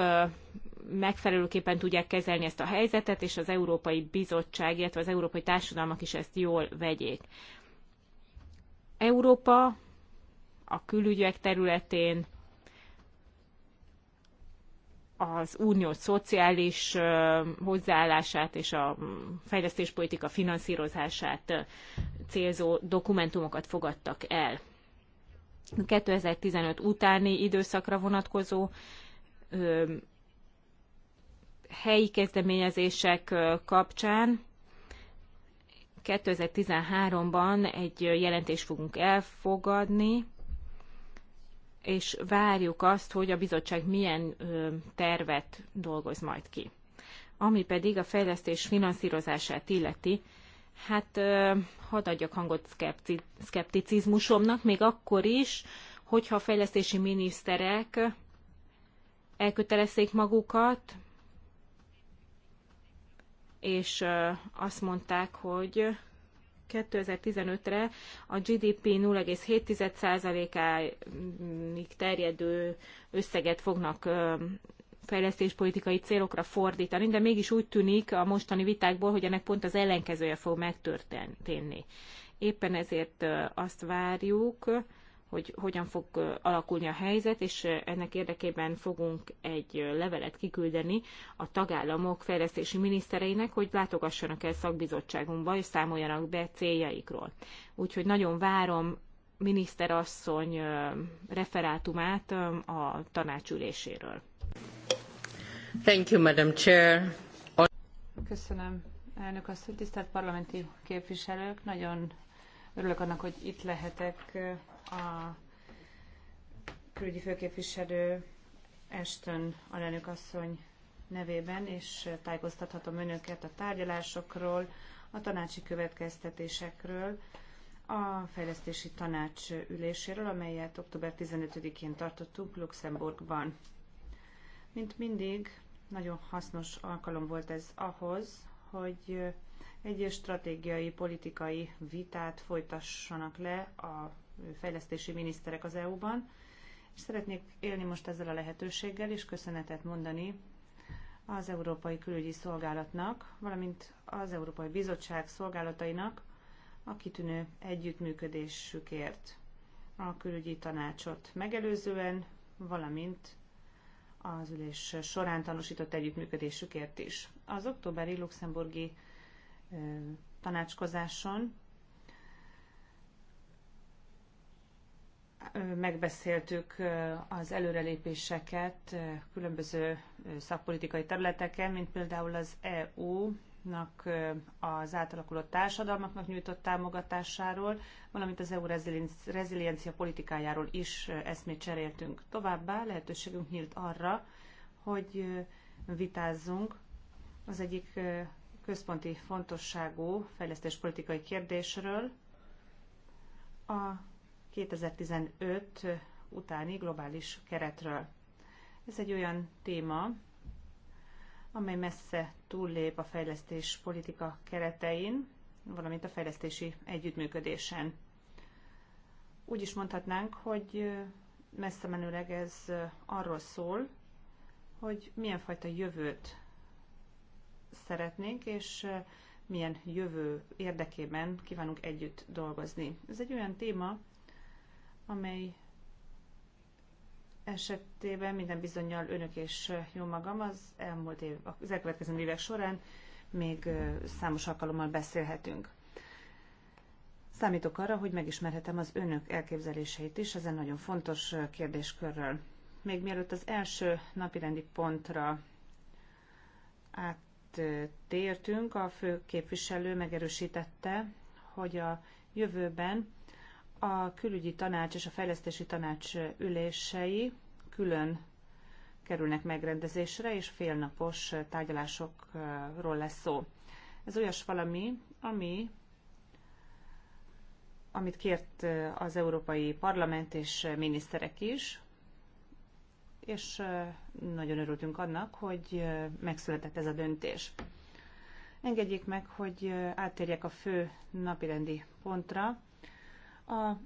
megfelelőképpen tudják kezelni ezt a helyzetet, és az Európai Bizottság, illetve az európai társadalmak is ezt jól vegyék. Európa a külügyek területén az unió szociális hozzáállását és a fejlesztéspolitika finanszírozását célzó dokumentumokat fogadtak el. 2015 utáni időszakra vonatkozó ö, helyi kezdeményezések kapcsán 2013-ban egy jelentést fogunk elfogadni, és várjuk azt, hogy a bizottság milyen ö, tervet dolgoz majd ki. Ami pedig a fejlesztés finanszírozását illeti, hát hadd adjak hangot szkepti, szkepticizmusomnak, még akkor is, hogyha a fejlesztési miniszterek elkötelezték magukat, és azt mondták, hogy 2015-re a GDP 0,7%-áig terjedő összeget fognak fejlesztéspolitikai célokra fordítani, de mégis úgy tűnik a mostani vitákból, hogy ennek pont az ellenkezője fog megtörténni. Éppen ezért azt várjuk, hogy hogyan fog alakulni a helyzet, és ennek érdekében fogunk egy levelet kiküldeni a tagállamok fejlesztési minisztereinek, hogy látogassanak el szakbizottságunkba, és számoljanak be céljaikról. Úgyhogy nagyon várom miniszterasszony referátumát a tanácsüléséről. Köszönöm, elnök asszony, tisztelt parlamenti képviselők. Nagyon örülök annak, hogy itt lehetek eh, a külügyi főképviselő Ashton alelnök asszony nevében, és tájékoztathatom önöket a tárgyalásokról, a tanácsi következtetésekről, a fejlesztési tanács üléséről, amelyet október 15-én tartottunk Luxemburgban. Mint mindig, nagyon hasznos alkalom volt ez ahhoz, hogy egy stratégiai, politikai vitát folytassanak le a fejlesztési miniszterek az EU-ban. És szeretnék élni most ezzel a lehetőséggel, és köszönetet mondani az Európai Külügyi Szolgálatnak, valamint az Európai Bizottság szolgálatainak a kitűnő együttműködésükért a külügyi tanácsot megelőzően, valamint az ülés során tanúsított együttműködésükért is. Az októberi luxemburgi tanácskozáson megbeszéltük az előrelépéseket különböző szakpolitikai területeken, mint például az EU nak az átalakulott társadalmaknak nyújtott támogatásáról, valamint az EU reziliencia politikájáról is eszmét cseréltünk. Továbbá lehetőségünk nyílt arra, hogy vitázzunk az egyik központi fontosságú fejlesztéspolitikai kérdésről, a 2015 utáni globális keretről. Ez egy olyan téma, amely messze túllép a fejlesztés politika keretein, valamint a fejlesztési együttműködésen. Úgy is mondhatnánk, hogy messze menőleg ez arról szól, hogy milyen fajta jövőt szeretnénk, és milyen jövő érdekében kívánunk együtt dolgozni. Ez egy olyan téma, amely esetében minden bizonyal önök és jó magam az elmúlt év, az elkövetkező évek során még számos alkalommal beszélhetünk. Számítok arra, hogy megismerhetem az önök elképzeléseit is ezen nagyon fontos kérdéskörről. Még mielőtt az első napirendi pontra áttértünk, a fő képviselő megerősítette, hogy a jövőben a külügyi tanács és a fejlesztési tanács ülései külön kerülnek megrendezésre, és félnapos tárgyalásokról lesz szó. Ez olyas valami, ami amit kért az Európai Parlament és miniszterek is, és nagyon örültünk annak, hogy megszületett ez a döntés. Engedjék meg, hogy áttérjek a fő napirendi pontra, a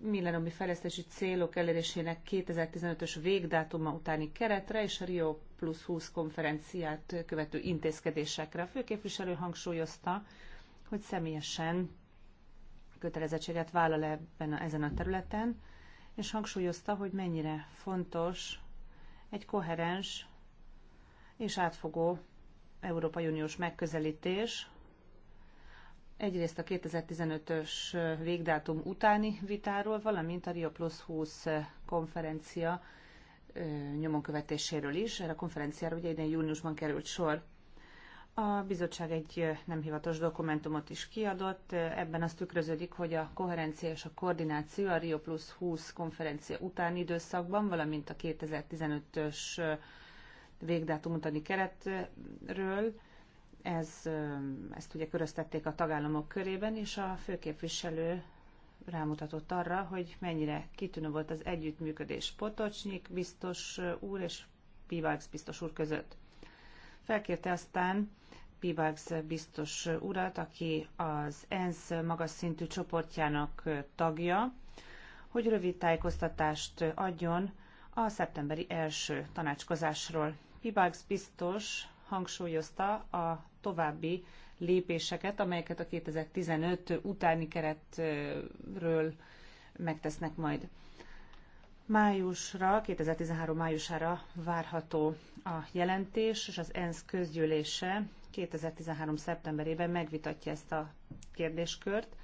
millenomi fejlesztési célok elérésének 2015-ös végdátuma utáni keretre és a Rio plusz 20 konferenciát követő intézkedésekre. A főképviselő hangsúlyozta, hogy személyesen kötelezettséget vállal ebben a, ezen a területen, és hangsúlyozta, hogy mennyire fontos egy koherens és átfogó Európai Uniós megközelítés, Egyrészt a 2015-ös végdátum utáni vitáról, valamint a Rio Plus 20 konferencia nyomon követéséről is. Erre a konferenciára ugye idén júniusban került sor. A bizottság egy nem hivatos dokumentumot is kiadott, ebben azt tükröződik, hogy a koherencia és a koordináció a Rio Plus 20 konferencia utáni időszakban, valamint a 2015-ös végdátum utáni keretről ez, ezt ugye köröztették a tagállamok körében, és a főképviselő rámutatott arra, hogy mennyire kitűnő volt az együttműködés Potocsnyik biztos úr és Pivax biztos úr között. Felkérte aztán Pivax biztos urat, aki az ENSZ magas szintű csoportjának tagja, hogy rövid tájékoztatást adjon a szeptemberi első tanácskozásról. Pibax biztos hangsúlyozta a további lépéseket, amelyeket a 2015 utáni keretről megtesznek majd. Májusra, 2013 májusára várható a jelentés, és az ENSZ közgyűlése 2013 szeptemberében megvitatja ezt a kérdéskört,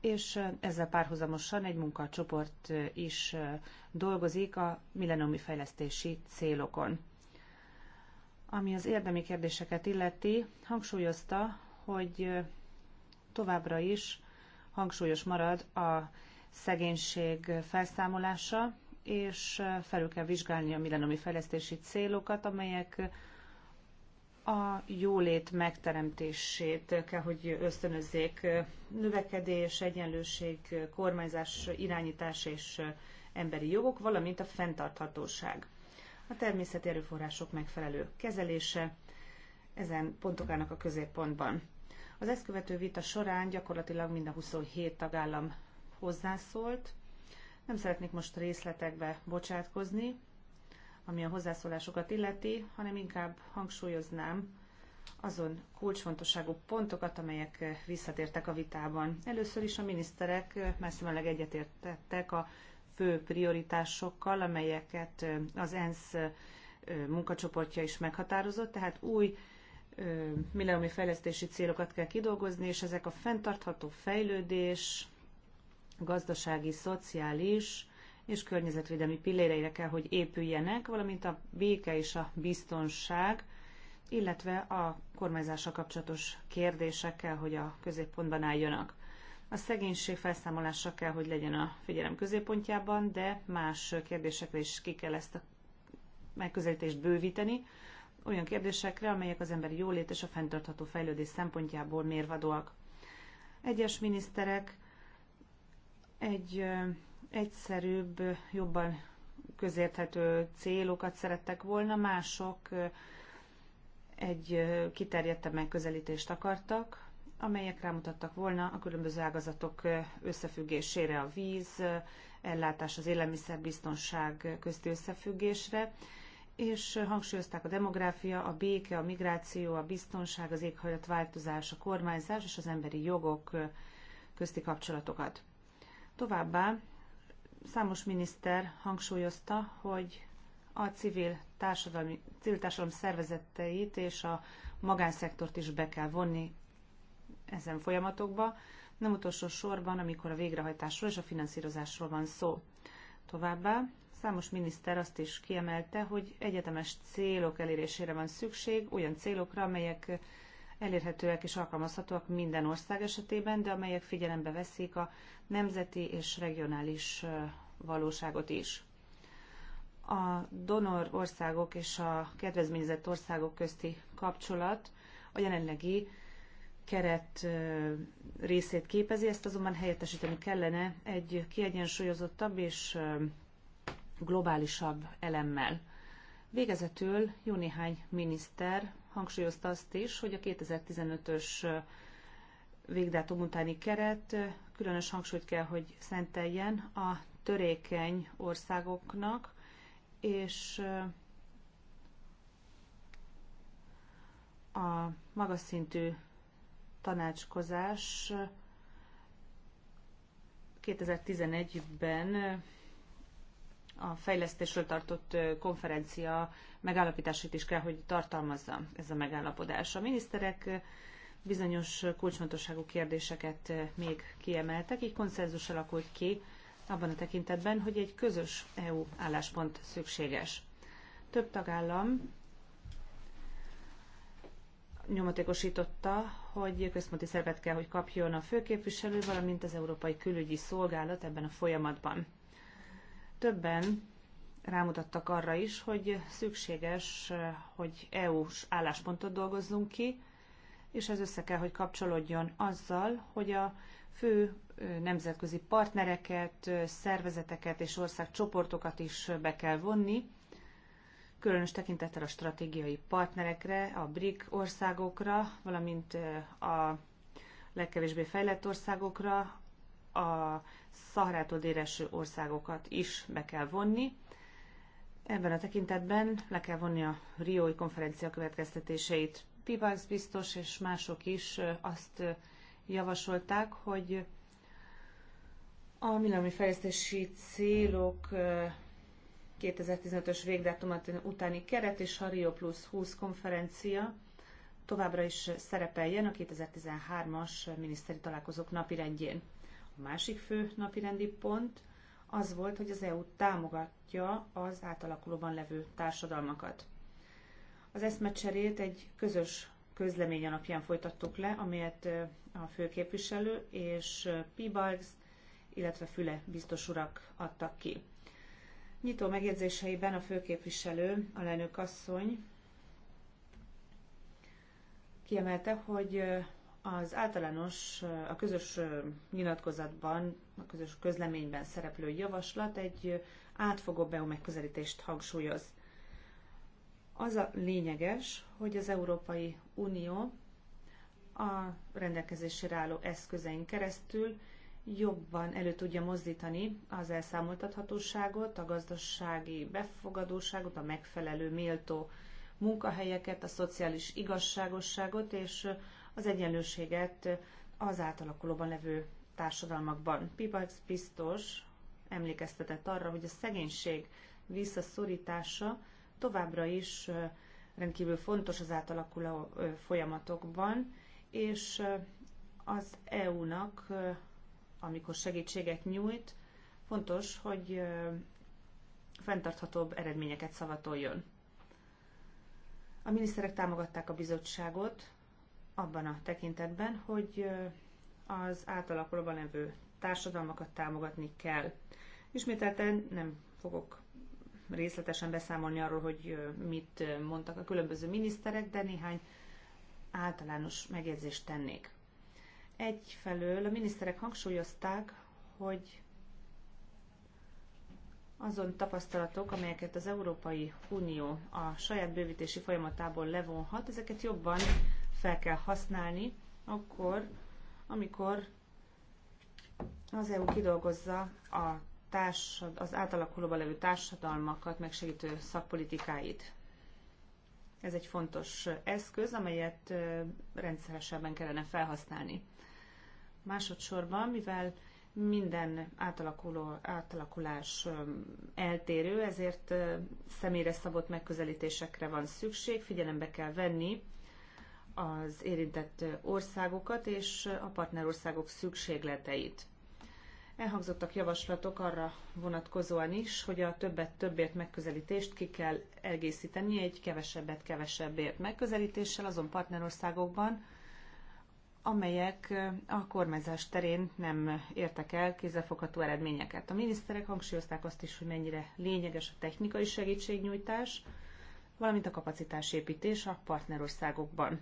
és ezzel párhuzamosan egy munkacsoport is dolgozik a millenómi fejlesztési célokon ami az érdemi kérdéseket illeti, hangsúlyozta, hogy továbbra is hangsúlyos marad a szegénység felszámolása, és felül kell vizsgálni a millenomi fejlesztési célokat, amelyek a jólét megteremtését kell, hogy ösztönözzék növekedés, egyenlőség, kormányzás, irányítás és emberi jogok, valamint a fenntarthatóság a természeti erőforrások megfelelő kezelése ezen pontokának a középpontban. Az ezt követő vita során gyakorlatilag mind a 27 tagállam hozzászólt. Nem szeretnék most részletekbe bocsátkozni, ami a hozzászólásokat illeti, hanem inkább hangsúlyoznám azon kulcsfontosságú pontokat, amelyek visszatértek a vitában. Először is a miniszterek eh, messzemeleg egyetértettek a fő prioritásokkal, amelyeket az ENSZ munkacsoportja is meghatározott, tehát új milleniumi fejlesztési célokat kell kidolgozni, és ezek a fenntartható fejlődés, gazdasági, szociális és környezetvédelmi pilléreire kell, hogy épüljenek, valamint a béke és a biztonság, illetve a kormányzással kapcsolatos kérdésekkel, hogy a középpontban álljanak. A szegénység felszámolása kell, hogy legyen a figyelem középpontjában, de más kérdésekre is ki kell ezt a megközelítést bővíteni, olyan kérdésekre, amelyek az emberi jólét és a fenntartható fejlődés szempontjából mérvadóak. Egyes miniszterek egy egyszerűbb, jobban közérthető célokat szerettek volna, mások egy kiterjedtebb megközelítést akartak, amelyek rámutattak volna a különböző ágazatok összefüggésére, a víz, ellátás, az élelmiszerbiztonság közti összefüggésre, és hangsúlyozták a demográfia, a béke, a migráció, a biztonság, az éghajlatváltozás, a kormányzás és az emberi jogok közti kapcsolatokat. Továbbá számos miniszter hangsúlyozta, hogy a civil, társadalmi, civil társadalom szervezeteit és a magánszektort is be kell vonni ezen folyamatokba, nem utolsó sorban, amikor a végrehajtásról és a finanszírozásról van szó. Továbbá számos miniszter azt is kiemelte, hogy egyetemes célok elérésére van szükség, olyan célokra, amelyek elérhetőek és alkalmazhatóak minden ország esetében, de amelyek figyelembe veszik a nemzeti és regionális valóságot is. A donor országok és a kedvezményezett országok közti kapcsolat a jelenlegi keret részét képezi, ezt azonban helyettesíteni kellene egy kiegyensúlyozottabb és globálisabb elemmel. Végezetül jó néhány miniszter hangsúlyozta azt is, hogy a 2015-ös végdátum utáni keret különös hangsúlyt kell, hogy szenteljen a törékeny országoknak, és a magas szintű tanácskozás 2011-ben a fejlesztésről tartott konferencia megállapításait is kell, hogy tartalmazza ez a megállapodás. A miniszterek bizonyos kulcsfontosságú kérdéseket még kiemeltek, így konszenzus alakult ki abban a tekintetben, hogy egy közös EU álláspont szükséges. Több tagállam nyomatékosította, hogy központi szerepet kell, hogy kapjon a főképviselő, valamint az Európai Külügyi Szolgálat ebben a folyamatban. Többen rámutattak arra is, hogy szükséges, hogy EU-s álláspontot dolgozzunk ki, és ez össze kell, hogy kapcsolódjon azzal, hogy a fő nemzetközi partnereket, szervezeteket és országcsoportokat is be kell vonni, különös tekintettel a stratégiai partnerekre, a BRIC országokra, valamint eh, a legkevésbé fejlett országokra, a szahrától déreső országokat is be kell vonni. Ebben a tekintetben le kell vonni a Riói konferencia következtetéseit. Pivax biztos és mások is eh, azt eh, javasolták, hogy a millami fejlesztési célok 2015-ös végdátumat utáni keret és a Rio Plus 20 konferencia továbbra is szerepeljen a 2013-as miniszteri találkozók napirendjén. A másik fő napirendi pont az volt, hogy az EU támogatja az átalakulóban levő társadalmakat. Az eszmecserét egy közös közlemény alapján folytattuk le, amelyet a főképviselő és Pibalgs, illetve Füle biztos urak adtak ki. Nyitó megjegyzéseiben a főképviselő, alelnök asszony kiemelte, hogy az általános, a közös nyilatkozatban, a közös közleményben szereplő javaslat egy átfogó EU megközelítést hangsúlyoz. Az a lényeges, hogy az Európai Unió a rendelkezésre álló eszközein keresztül jobban elő tudja mozdítani az elszámoltathatóságot, a gazdasági befogadóságot, a megfelelő méltó munkahelyeket, a szociális igazságosságot és az egyenlőséget az átalakulóban levő társadalmakban. Pibax biztos emlékeztetett arra, hogy a szegénység visszaszorítása továbbra is rendkívül fontos az átalakuló folyamatokban, és az EU-nak amikor segítséget nyújt, fontos, hogy fenntarthatóbb eredményeket szavatoljon. A miniszterek támogatták a bizottságot abban a tekintetben, hogy az átalakulóban levő társadalmakat támogatni kell. Ismételten nem fogok részletesen beszámolni arról, hogy mit mondtak a különböző miniszterek, de néhány általános megjegyzést tennék. Egyfelől a miniszterek hangsúlyozták, hogy azon tapasztalatok, amelyeket az Európai Unió a saját bővítési folyamatából levonhat, ezeket jobban fel kell használni, akkor, amikor az EU kidolgozza a társad, az átalakulóban levő társadalmakat megsegítő szakpolitikáit. Ez egy fontos eszköz, amelyet rendszeresebben kellene felhasználni. Másodszorban, mivel minden átalakuló, átalakulás eltérő, ezért személyre szabott megközelítésekre van szükség, figyelembe kell venni az érintett országokat és a partnerországok szükségleteit. Elhangzottak javaslatok arra vonatkozóan is, hogy a többet többért megközelítést ki kell egészíteni egy kevesebbet kevesebbért megközelítéssel azon partnerországokban, amelyek a kormányzás terén nem értek el kézzelfogható eredményeket. A miniszterek hangsúlyozták azt is, hogy mennyire lényeges a technikai segítségnyújtás, valamint a kapacitásépítés a partnerországokban.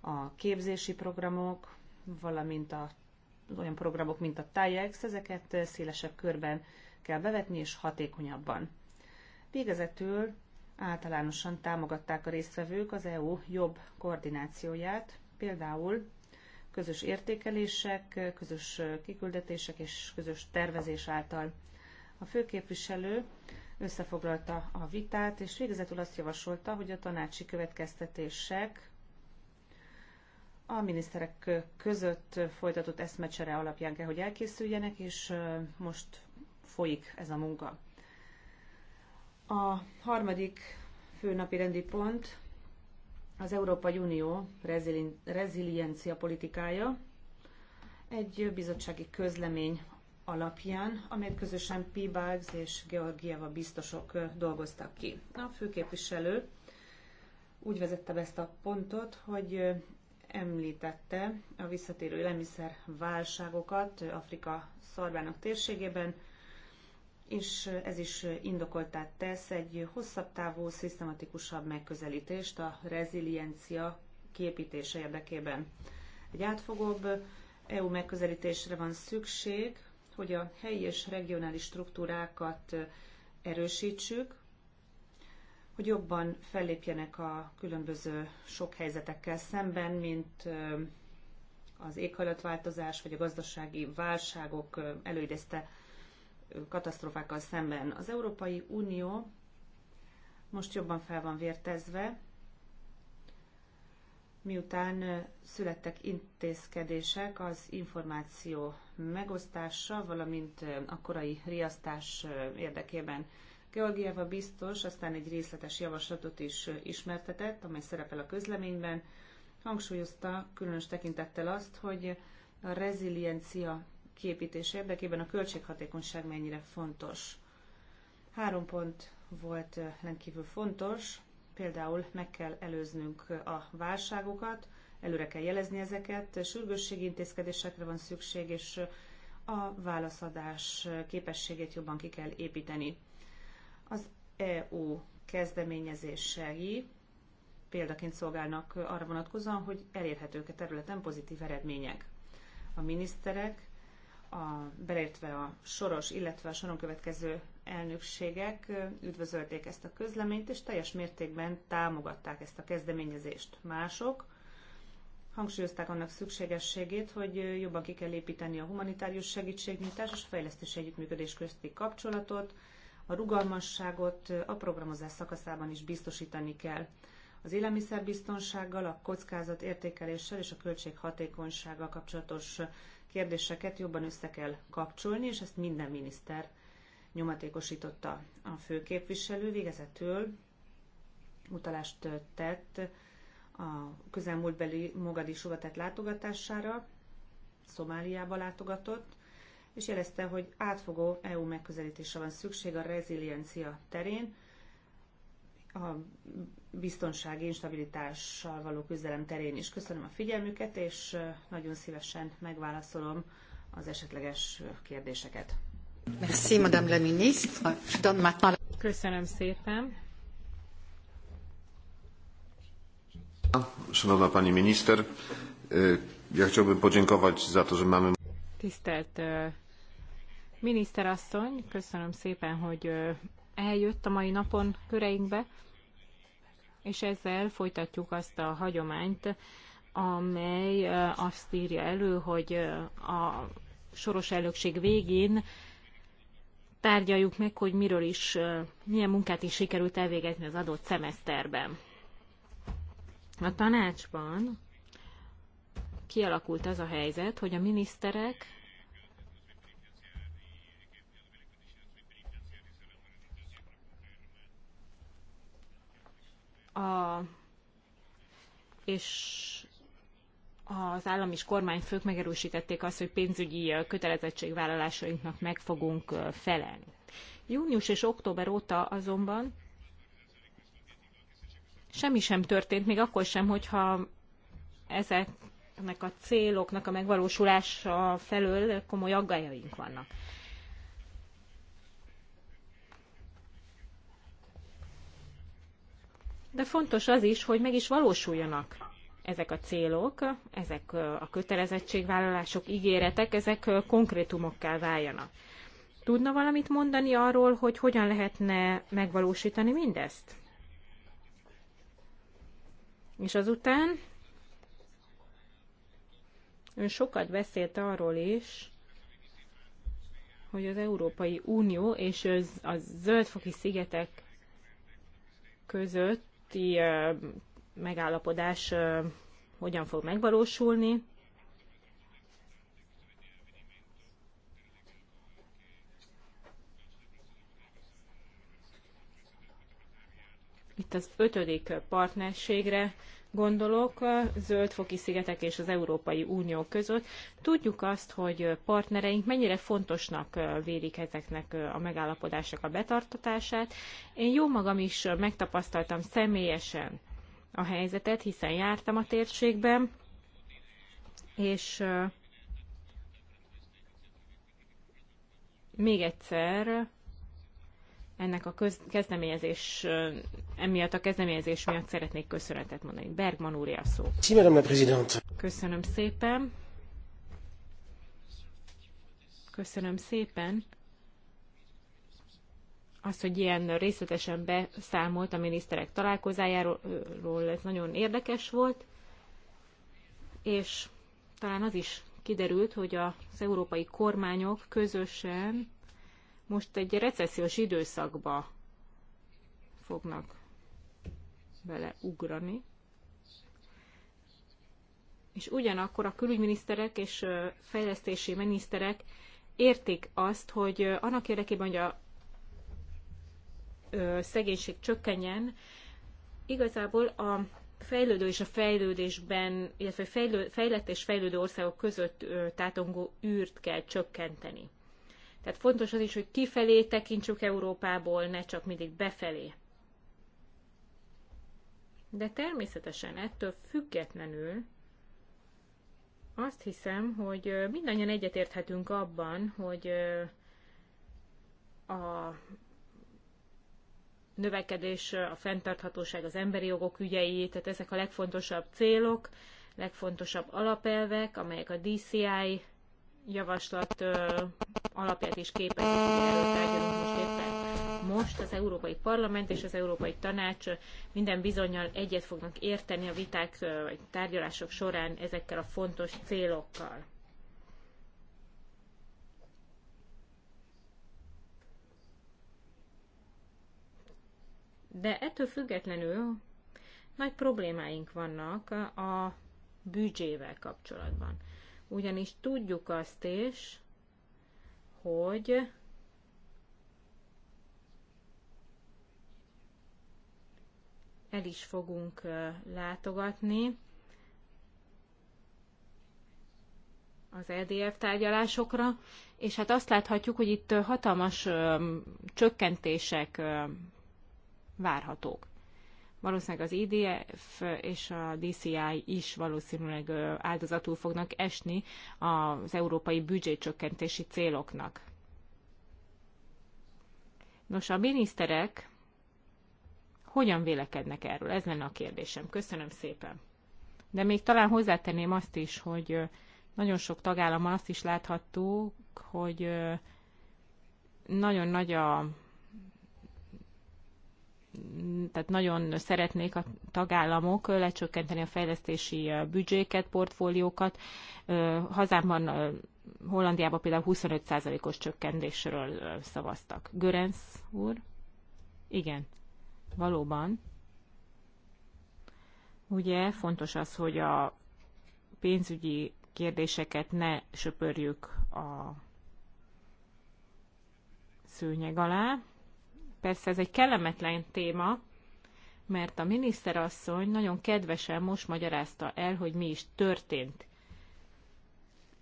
A képzési programok, valamint a, olyan programok, mint a TAIEX, ezeket szélesebb körben kell bevetni és hatékonyabban. Végezetül általánosan támogatták a résztvevők az EU jobb koordinációját, például közös értékelések, közös kiküldetések és közös tervezés által. A főképviselő összefoglalta a vitát, és végezetül azt javasolta, hogy a tanácsi következtetések a miniszterek között folytatott eszmecsere alapján kell, hogy elkészüljenek, és most folyik ez a munka. A harmadik főnapi rendi pont az Európai Unió rezili reziliencia politikája egy bizottsági közlemény alapján, amelyet közösen Pibags és Georgieva biztosok dolgoztak ki. A főképviselő úgy vezette be ezt a pontot, hogy említette a visszatérő élelmiszer válságokat Afrika szarvának térségében, és ez is indokoltát tesz egy hosszabb távú, szisztematikusabb megközelítést a reziliencia képítése érdekében. Egy átfogóbb EU megközelítésre van szükség, hogy a helyi és regionális struktúrákat erősítsük, hogy jobban fellépjenek a különböző sok helyzetekkel szemben, mint az éghajlatváltozás vagy a gazdasági válságok előidézte katasztrófákkal szemben. Az Európai Unió most jobban fel van vértezve, miután születtek intézkedések az információ megosztása, valamint a korai riasztás érdekében. Georgieva biztos aztán egy részletes javaslatot is ismertetett, amely szerepel a közleményben. Hangsúlyozta különös tekintettel azt, hogy a reziliencia kiépítése érdekében a költséghatékonyság mennyire fontos. Három pont volt rendkívül fontos, például meg kell előznünk a válságokat, előre kell jelezni ezeket, sürgősségi intézkedésekre van szükség, és a válaszadás képességét jobban ki kell építeni. Az EU kezdeményezései példaként szolgálnak arra vonatkozóan, hogy elérhetők a területen pozitív eredmények. A miniszterek a, beleértve a soros, illetve a soron következő elnökségek üdvözölték ezt a közleményt, és teljes mértékben támogatták ezt a kezdeményezést. Mások hangsúlyozták annak szükségességét, hogy jobban ki kell építeni a humanitárius segítségnyújtás és fejlesztési együttműködés közti kapcsolatot, a rugalmasságot a programozás szakaszában is biztosítani kell. Az élelmiszerbiztonsággal, a kockázat értékeléssel és a költséghatékonysággal kapcsolatos kérdéseket jobban össze kell kapcsolni, és ezt minden miniszter nyomatékosította a főképviselő. Végezetül utalást tett a közelmúltbeli Mogadisúba tett látogatására, Szomáliába látogatott, és jelezte, hogy átfogó EU megközelítésre van szükség a reziliencia terén, a biztonsági instabilitással való küzdelem terén is. Köszönöm a figyelmüket, és nagyon szívesen megválaszolom az esetleges kérdéseket. Merci, Madame la Ministre. Köszönöm szépen. Szanowna Pani Minister, ja chciałbym podziękować za to, że mamy... Tisztelt miniszterasszony, köszönöm szépen, hogy eljött a mai napon köreinkbe és ezzel folytatjuk azt a hagyományt, amely azt írja elő, hogy a soros elnökség végén tárgyaljuk meg, hogy miről is, milyen munkát is sikerült elvégezni az adott szemeszterben. A tanácsban kialakult az a helyzet, hogy a miniszterek a, és az állam és kormányfők megerősítették azt, hogy pénzügyi kötelezettségvállalásainknak meg fogunk felelni. Június és október óta azonban semmi sem történt, még akkor sem, hogyha ezeknek a céloknak a megvalósulása felől komoly aggájaink vannak. de fontos az is, hogy meg is valósuljanak ezek a célok, ezek a kötelezettségvállalások, ígéretek, ezek konkrétumokká váljanak. Tudna valamit mondani arról, hogy hogyan lehetne megvalósítani mindezt? És azután ön sokat beszélt arról is, hogy az Európai Unió és a Zöldfoki szigetek között közötti megállapodás hogyan fog megvalósulni. Itt az ötödik partnerségre gondolok, zöldfoki szigetek és az Európai Unió között. Tudjuk azt, hogy partnereink mennyire fontosnak vélik ezeknek a megállapodások a betartatását. Én jó magam is megtapasztaltam személyesen a helyzetet, hiszen jártam a térségben, és még egyszer ennek a köz- kezdeményezés, emiatt a kezdeményezés miatt szeretnék köszönetet mondani. Bergman úr, a szó. Köszönöm szépen. Köszönöm szépen az, hogy ilyen részletesen beszámolt a miniszterek találkozájáról, ez nagyon érdekes volt, és talán az is kiderült, hogy az európai kormányok közösen most egy recessziós időszakba fognak vele ugrani. És ugyanakkor a külügyminiszterek és fejlesztési miniszterek értik azt, hogy annak érdekében, hogy a szegénység csökkenjen, igazából a fejlődő és a fejlődésben, illetve fejlő, fejlett és fejlődő országok között tátongó űrt kell csökkenteni. Tehát fontos az is, hogy kifelé tekintsük Európából, ne csak mindig befelé. De természetesen ettől függetlenül azt hiszem, hogy mindannyian egyetérthetünk abban, hogy a növekedés, a fenntarthatóság, az emberi jogok ügyei, tehát ezek a legfontosabb célok, legfontosabb alapelvek, amelyek a DCI javaslat alapját is képezi, erről most éppen. Most az Európai Parlament és az Európai Tanács minden bizonyal egyet fognak érteni a viták vagy tárgyalások során ezekkel a fontos célokkal. De ettől függetlenül nagy problémáink vannak a büdzsével kapcsolatban ugyanis tudjuk azt is, hogy el is fogunk látogatni az EDF tárgyalásokra, és hát azt láthatjuk, hogy itt hatalmas csökkentések várhatók valószínűleg az IDF e és a DCI is valószínűleg áldozatul fognak esni az európai büdzsécsökkentési céloknak. Nos, a miniszterek hogyan vélekednek erről? Ez lenne a kérdésem. Köszönöm szépen. De még talán hozzátenném azt is, hogy nagyon sok tagállammal azt is láthattuk, hogy nagyon nagy a tehát nagyon szeretnék a tagállamok lecsökkenteni a fejlesztési büdzséket, portfóliókat. Hazámban, Hollandiában például 25%-os csökkentésről szavaztak. Görenc úr? Igen, valóban. Ugye fontos az, hogy a pénzügyi kérdéseket ne söpörjük a szőnyeg alá, Persze ez egy kellemetlen téma, mert a miniszterasszony nagyon kedvesen most magyarázta el, hogy mi is történt.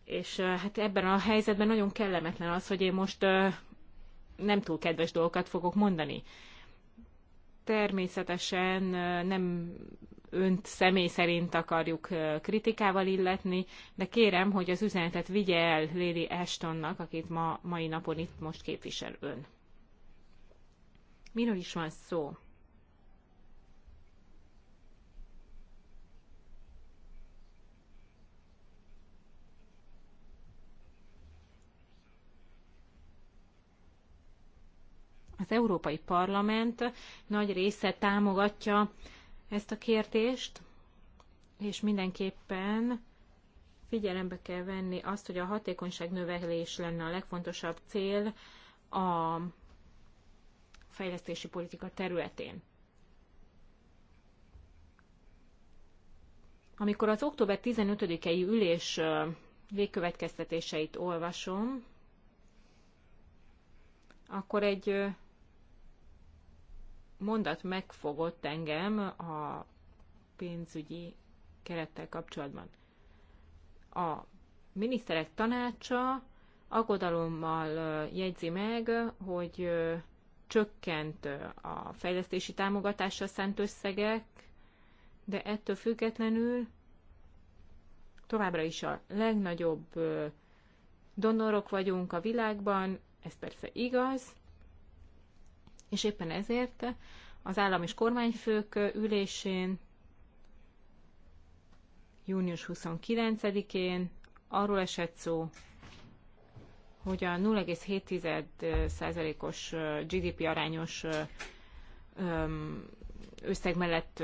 És hát ebben a helyzetben nagyon kellemetlen az, hogy én most nem túl kedves dolgokat fogok mondani. Természetesen nem önt személy szerint akarjuk kritikával illetni, de kérem, hogy az üzenetet vigye el Lady Ashtonnak, akit ma, mai napon itt most képvisel ön. Miről is van szó? Az Európai Parlament nagy része támogatja ezt a kérdést, és mindenképpen figyelembe kell venni azt, hogy a hatékonyság növelés lenne a legfontosabb cél a fejlesztési politika területén. Amikor az október 15-i ülés végkövetkeztetéseit olvasom, akkor egy mondat megfogott engem a pénzügyi kerettel kapcsolatban. A miniszterek tanácsa aggodalommal jegyzi meg, hogy csökkent a fejlesztési támogatásra szánt összegek, de ettől függetlenül továbbra is a legnagyobb donorok vagyunk a világban, ez persze igaz, és éppen ezért az állam és kormányfők ülésén június 29-én arról esett szó, hogy a 0,7%-os GDP arányos összeg mellett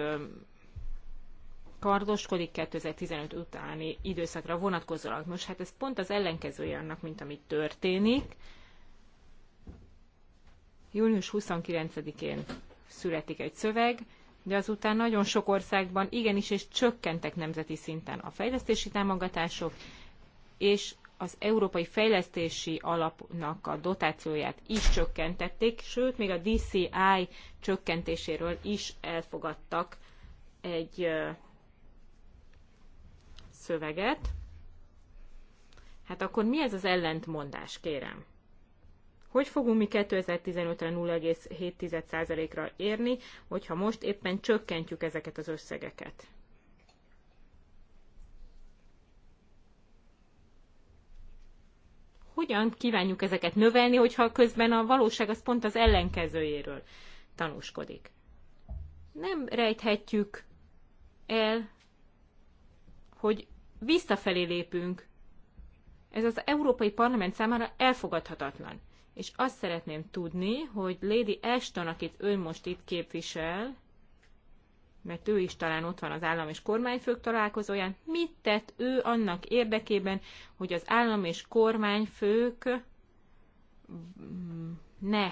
kardoskodik 2015 utáni időszakra vonatkozólag. Most hát ez pont az ellenkezője annak, mint amit történik. Június 29-én születik egy szöveg, de azután nagyon sok országban igenis és csökkentek nemzeti szinten a fejlesztési támogatások, és az Európai Fejlesztési Alapnak a dotációját is csökkentették, sőt, még a DCI csökkentéséről is elfogadtak egy szöveget. Hát akkor mi ez az ellentmondás, kérem? Hogy fogunk mi 2015-re 0,7%-ra érni, hogyha most éppen csökkentjük ezeket az összegeket? hogyan kívánjuk ezeket növelni, hogyha közben a valóság az pont az ellenkezőjéről tanúskodik. Nem rejthetjük el, hogy visszafelé lépünk. Ez az Európai Parlament számára elfogadhatatlan. És azt szeretném tudni, hogy Lady Ashton, akit ön most itt képvisel, mert ő is talán ott van az állam és kormányfők találkozóján, mit tett ő annak érdekében, hogy az állam és kormányfők mm, ne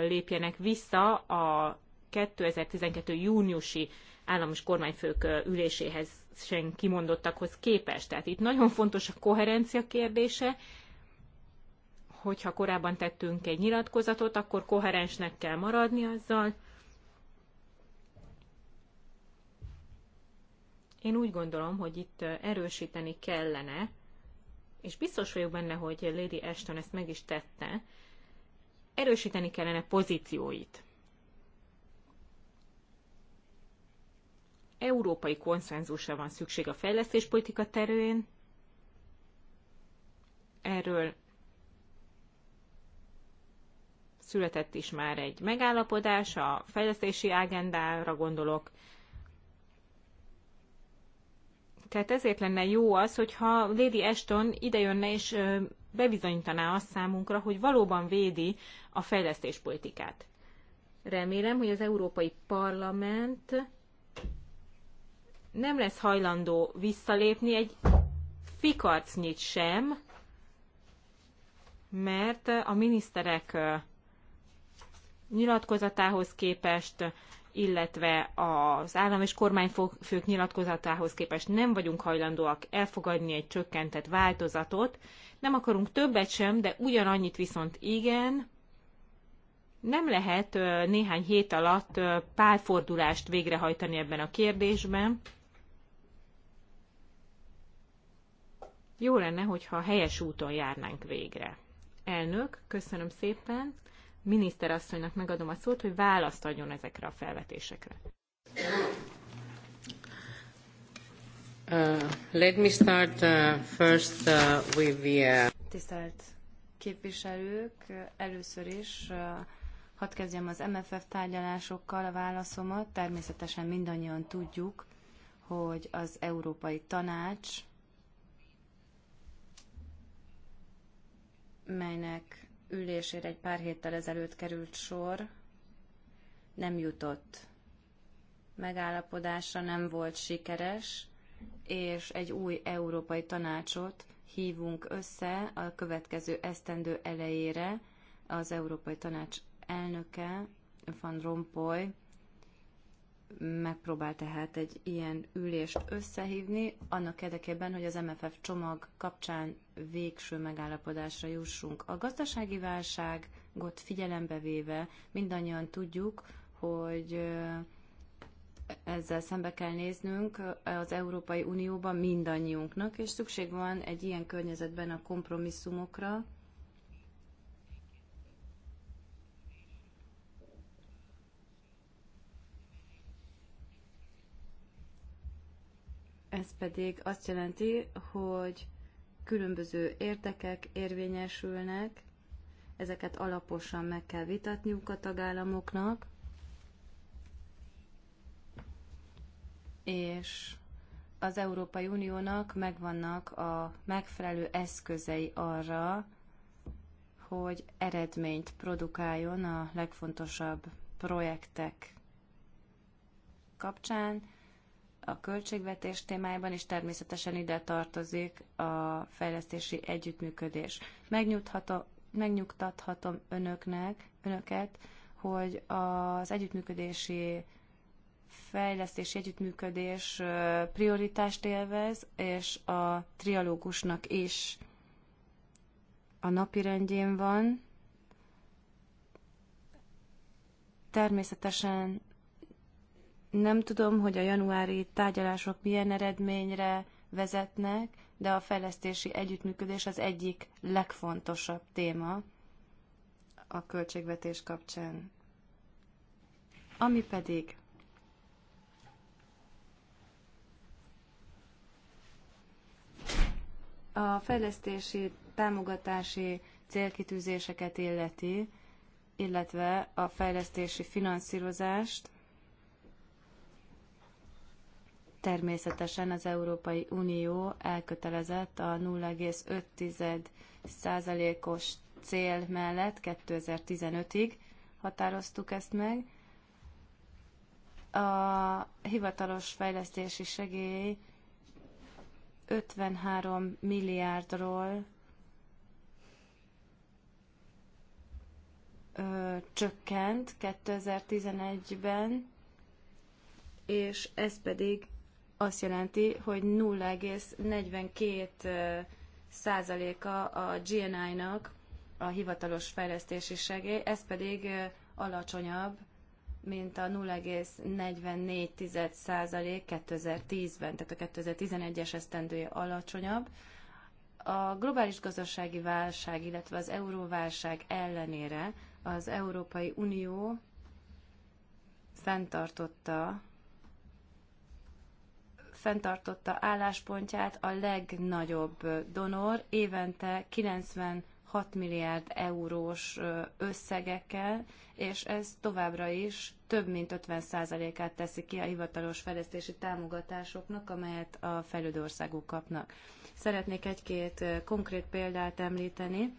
lépjenek vissza a 2012. júniusi állam és kormányfők üléséhez sen kimondottakhoz képest. Tehát itt nagyon fontos a koherencia kérdése, hogyha korábban tettünk egy nyilatkozatot, akkor koherensnek kell maradni azzal, Én úgy gondolom, hogy itt erősíteni kellene, és biztos vagyok benne, hogy Lady Ashton ezt meg is tette, erősíteni kellene pozícióit. Európai konszenzusra van szükség a fejlesztéspolitika terén. Erről született is már egy megállapodás, a fejlesztési agendára gondolok, tehát ezért lenne jó az, hogyha Lady Ashton idejönne és bebizonyítaná azt számunkra, hogy valóban védi a fejlesztéspolitikát. Remélem, hogy az Európai Parlament nem lesz hajlandó visszalépni egy fikarcnyit sem, mert a miniszterek nyilatkozatához képest illetve az állam és kormányfők nyilatkozatához képest nem vagyunk hajlandóak elfogadni egy csökkentett változatot, nem akarunk többet sem, de ugyanannyit viszont igen, nem lehet néhány hét alatt párfordulást végrehajtani ebben a kérdésben. Jó lenne, hogyha helyes úton járnánk végre. Elnök, köszönöm szépen miniszterasszonynak megadom a szót, hogy választ adjon ezekre a felvetésekre. Uh, let me start uh, first uh, with the... Uh... Tisztelt képviselők, először is uh, hadd kezdjem az MFF tárgyalásokkal a válaszomat. Természetesen mindannyian tudjuk, hogy az Európai Tanács, melynek ülésére egy pár héttel ezelőtt került sor, nem jutott megállapodásra, nem volt sikeres, és egy új európai tanácsot hívunk össze a következő esztendő elejére az Európai Tanács elnöke, Van Rompuy megpróbál tehát egy ilyen ülést összehívni, annak érdekében, hogy az MFF csomag kapcsán végső megállapodásra jussunk. A gazdasági válságot figyelembe véve mindannyian tudjuk, hogy ezzel szembe kell néznünk az Európai Unióban mindannyiunknak, és szükség van egy ilyen környezetben a kompromisszumokra, Ez pedig azt jelenti, hogy különböző érdekek érvényesülnek, ezeket alaposan meg kell vitatniuk a tagállamoknak, és az Európai Uniónak megvannak a megfelelő eszközei arra, hogy eredményt produkáljon a legfontosabb projektek kapcsán a költségvetés témájában, is természetesen ide tartozik a fejlesztési együttműködés. Megnyugtathatom önöknek, önöket, hogy az együttműködési fejlesztési együttműködés prioritást élvez, és a trialógusnak is a napi rendjén van. Természetesen nem tudom, hogy a januári tárgyalások milyen eredményre vezetnek, de a fejlesztési együttműködés az egyik legfontosabb téma a költségvetés kapcsán. Ami pedig a fejlesztési támogatási célkitűzéseket illeti, illetve a fejlesztési finanszírozást, Természetesen az Európai Unió elkötelezett a 0,5%-os cél mellett 2015-ig határoztuk ezt meg. A hivatalos fejlesztési segély 53 milliárdról ö, csökkent 2011-ben, és ez pedig azt jelenti, hogy 0,42 százaléka a GNI-nak a hivatalos fejlesztési segély, ez pedig alacsonyabb, mint a 0,44 százalék 2010-ben, tehát a 2011-es esztendője alacsonyabb. A globális gazdasági válság, illetve az euróválság ellenére az Európai Unió fenntartotta fenntartotta álláspontját a legnagyobb donor, évente 96 milliárd eurós összegekkel, és ez továbbra is több mint 50%-át teszi ki a hivatalos fejlesztési támogatásoknak, amelyet a fejlődő országok kapnak. Szeretnék egy-két konkrét példát említeni.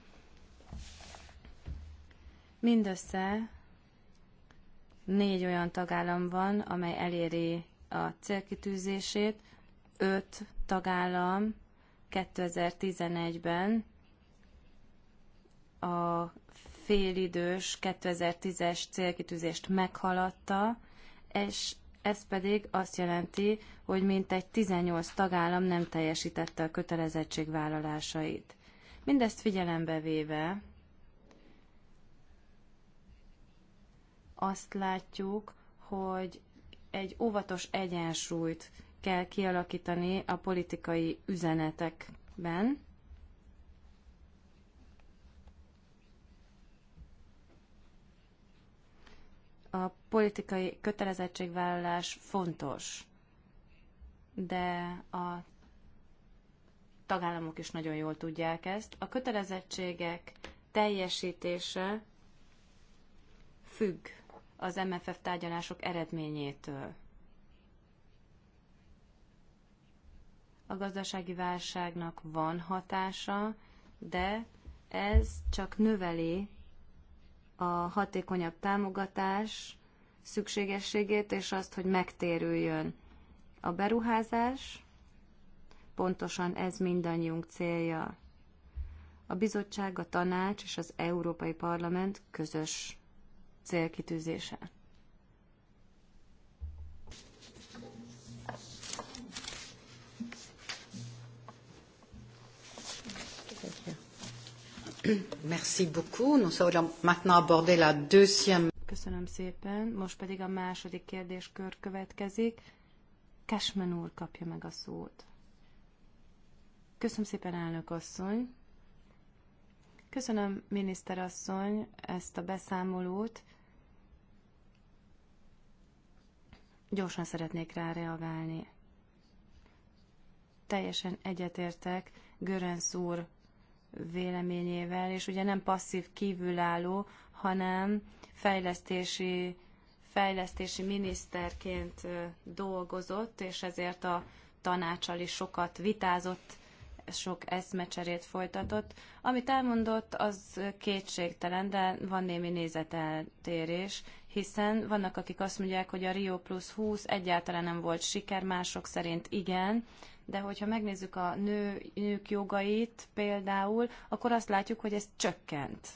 Mindössze négy olyan tagállam van, amely eléri a célkitűzését. Öt tagállam 2011-ben a félidős 2010-es célkitűzést meghaladta, és ez pedig azt jelenti, hogy mintegy 18 tagállam nem teljesítette a kötelezettségvállalásait. Mindezt figyelembe véve azt látjuk, hogy egy óvatos egyensúlyt kell kialakítani a politikai üzenetekben. A politikai kötelezettségvállalás fontos, de a tagállamok is nagyon jól tudják ezt. A kötelezettségek teljesítése függ az MFF tárgyalások eredményétől. A gazdasági válságnak van hatása, de ez csak növeli a hatékonyabb támogatás szükségességét, és azt, hogy megtérüljön a beruházás. Pontosan ez mindannyiunk célja. A bizottság, a tanács és az Európai Parlament közös célkitűzése. Merci beaucoup. Nous allons maintenant aborder la deuxième. Köszönöm szépen. Most pedig a második kérdéskör következik. Cashman úr kapja meg a szót. Köszönöm szépen, elnök asszony. Köszönöm, miniszterasszony, ezt a beszámolót. Gyorsan szeretnék rá reagálni. Teljesen egyetértek Görönsz úr véleményével, és ugye nem passzív kívülálló, hanem fejlesztési, fejlesztési miniszterként dolgozott, és ezért a tanácsal is sokat vitázott sok eszmecserét folytatott. Amit elmondott, az kétségtelen, de van némi nézeteltérés, hiszen vannak, akik azt mondják, hogy a Rio Plus 20 egyáltalán nem volt siker, mások szerint igen, de hogyha megnézzük a nő, nők jogait például, akkor azt látjuk, hogy ez csökkent.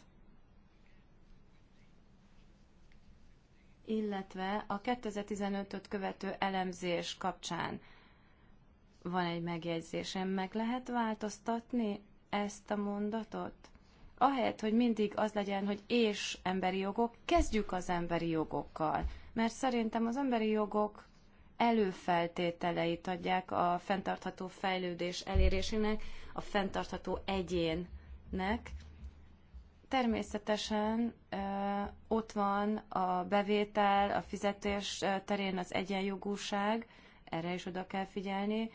Illetve a 2015-öt követő elemzés kapcsán van egy megjegyzésem, meg lehet változtatni ezt a mondatot? Ahelyett, hogy mindig az legyen, hogy és emberi jogok, kezdjük az emberi jogokkal. Mert szerintem az emberi jogok előfeltételeit adják a fenntartható fejlődés elérésének, a fenntartható egyénnek. Természetesen ott van a bevétel, a fizetés terén az egyenjogúság, erre is oda kell figyelni,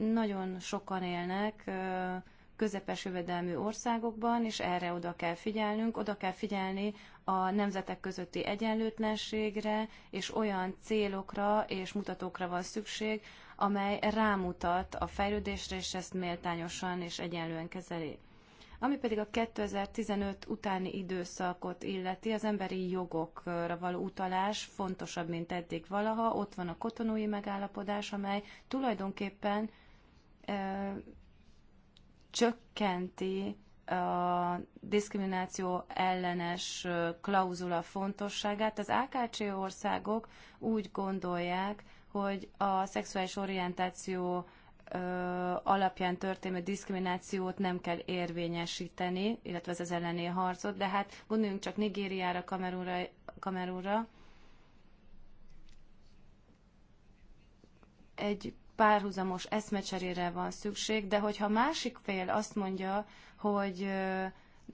nagyon sokan élnek közepes jövedelmű országokban, és erre oda kell figyelnünk, oda kell figyelni a nemzetek közötti egyenlőtlenségre, és olyan célokra és mutatókra van szükség, amely rámutat a fejlődésre, és ezt méltányosan és egyenlően kezeli. Ami pedig a 2015 utáni időszakot illeti, az emberi jogokra való utalás fontosabb, mint eddig valaha. Ott van a kotonói megállapodás, amely tulajdonképpen csökkenti a diszkrimináció ellenes klauzula fontosságát. Az AKC országok úgy gondolják, hogy a szexuális orientáció alapján történő diszkriminációt nem kell érvényesíteni, illetve az elleni harcot, de hát gondoljunk csak Nigériára, Kamerúra, Kamerúra. Egy párhuzamos eszmecserére van szükség, de hogyha másik fél azt mondja, hogy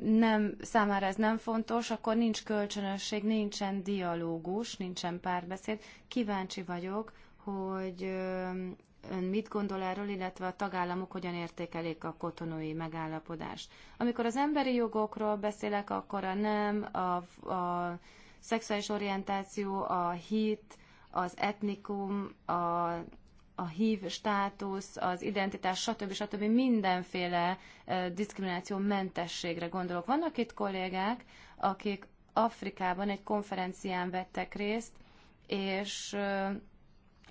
nem, számára ez nem fontos, akkor nincs kölcsönösség, nincsen dialógus, nincsen párbeszéd. Kíváncsi vagyok, hogy ön mit gondol erről, illetve a tagállamok hogyan értékelik a kotonói megállapodást. Amikor az emberi jogokról beszélek, akkor a nem, a, a szexuális orientáció, a hit, az etnikum, a a hív státusz, az identitás, stb. stb. mindenféle diszkrimináció mentességre gondolok. Vannak itt kollégák, akik Afrikában egy konferencián vettek részt, és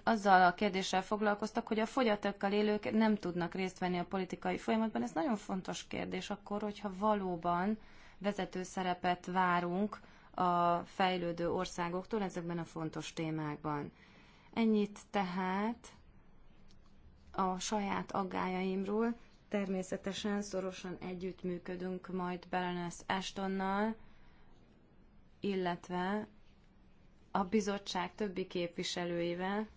azzal a kérdéssel foglalkoztak, hogy a fogyatékkal élők nem tudnak részt venni a politikai folyamatban. Ez nagyon fontos kérdés akkor, hogyha valóban vezető szerepet várunk a fejlődő országoktól ezekben a fontos témákban. Ennyit tehát a saját aggájaimról. Természetesen szorosan együttműködünk majd Baroness Ashtonnal, illetve a bizottság többi képviselőivel,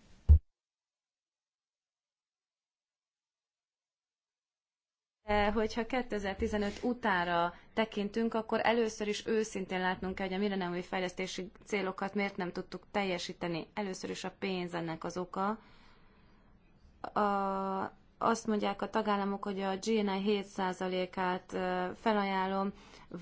hogyha 2015 utára tekintünk, akkor először is őszintén látnunk kell, hogy a millenniumi fejlesztési célokat miért nem tudtuk teljesíteni. Először is a pénz ennek az oka, a, azt mondják a tagállamok, hogy a GNI 7%-át felajánlom,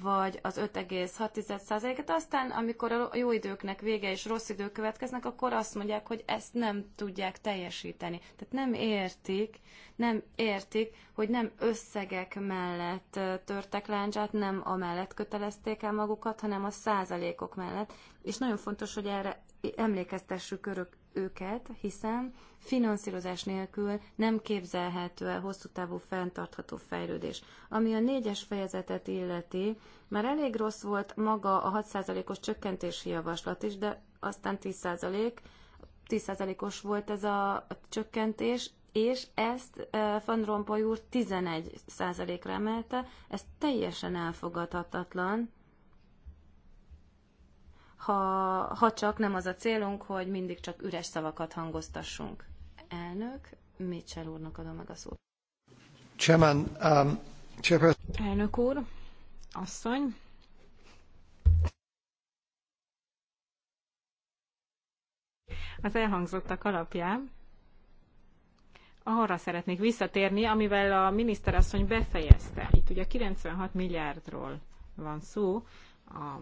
vagy az 5,6%-et. Aztán, amikor a jó időknek vége és rossz idők következnek, akkor azt mondják, hogy ezt nem tudják teljesíteni. Tehát nem értik, nem értik, hogy nem összegek mellett törtek láncsát, nem amellett kötelezték el magukat, hanem a százalékok mellett. És nagyon fontos, hogy erre emlékeztessük örök, őket, hiszen finanszírozás nélkül nem képzelhető el hosszú távú fenntartható fejlődés. Ami a négyes fejezetet illeti, már elég rossz volt maga a 6%-os csökkentési javaslat is, de aztán 10%, 10%-os volt ez a csökkentés, és ezt e, Van Rompuy úr 11%-ra emelte, ez teljesen elfogadhatatlan, ha, ha csak nem az a célunk, hogy mindig csak üres szavakat hangoztassunk. Elnök, Mitchell úrnak adom meg a szót. Chairman, um, Chairman. Elnök úr, asszony, az elhangzottak alapján arra szeretnék visszatérni, amivel a miniszterasszony befejezte. Itt ugye 96 milliárdról van szó a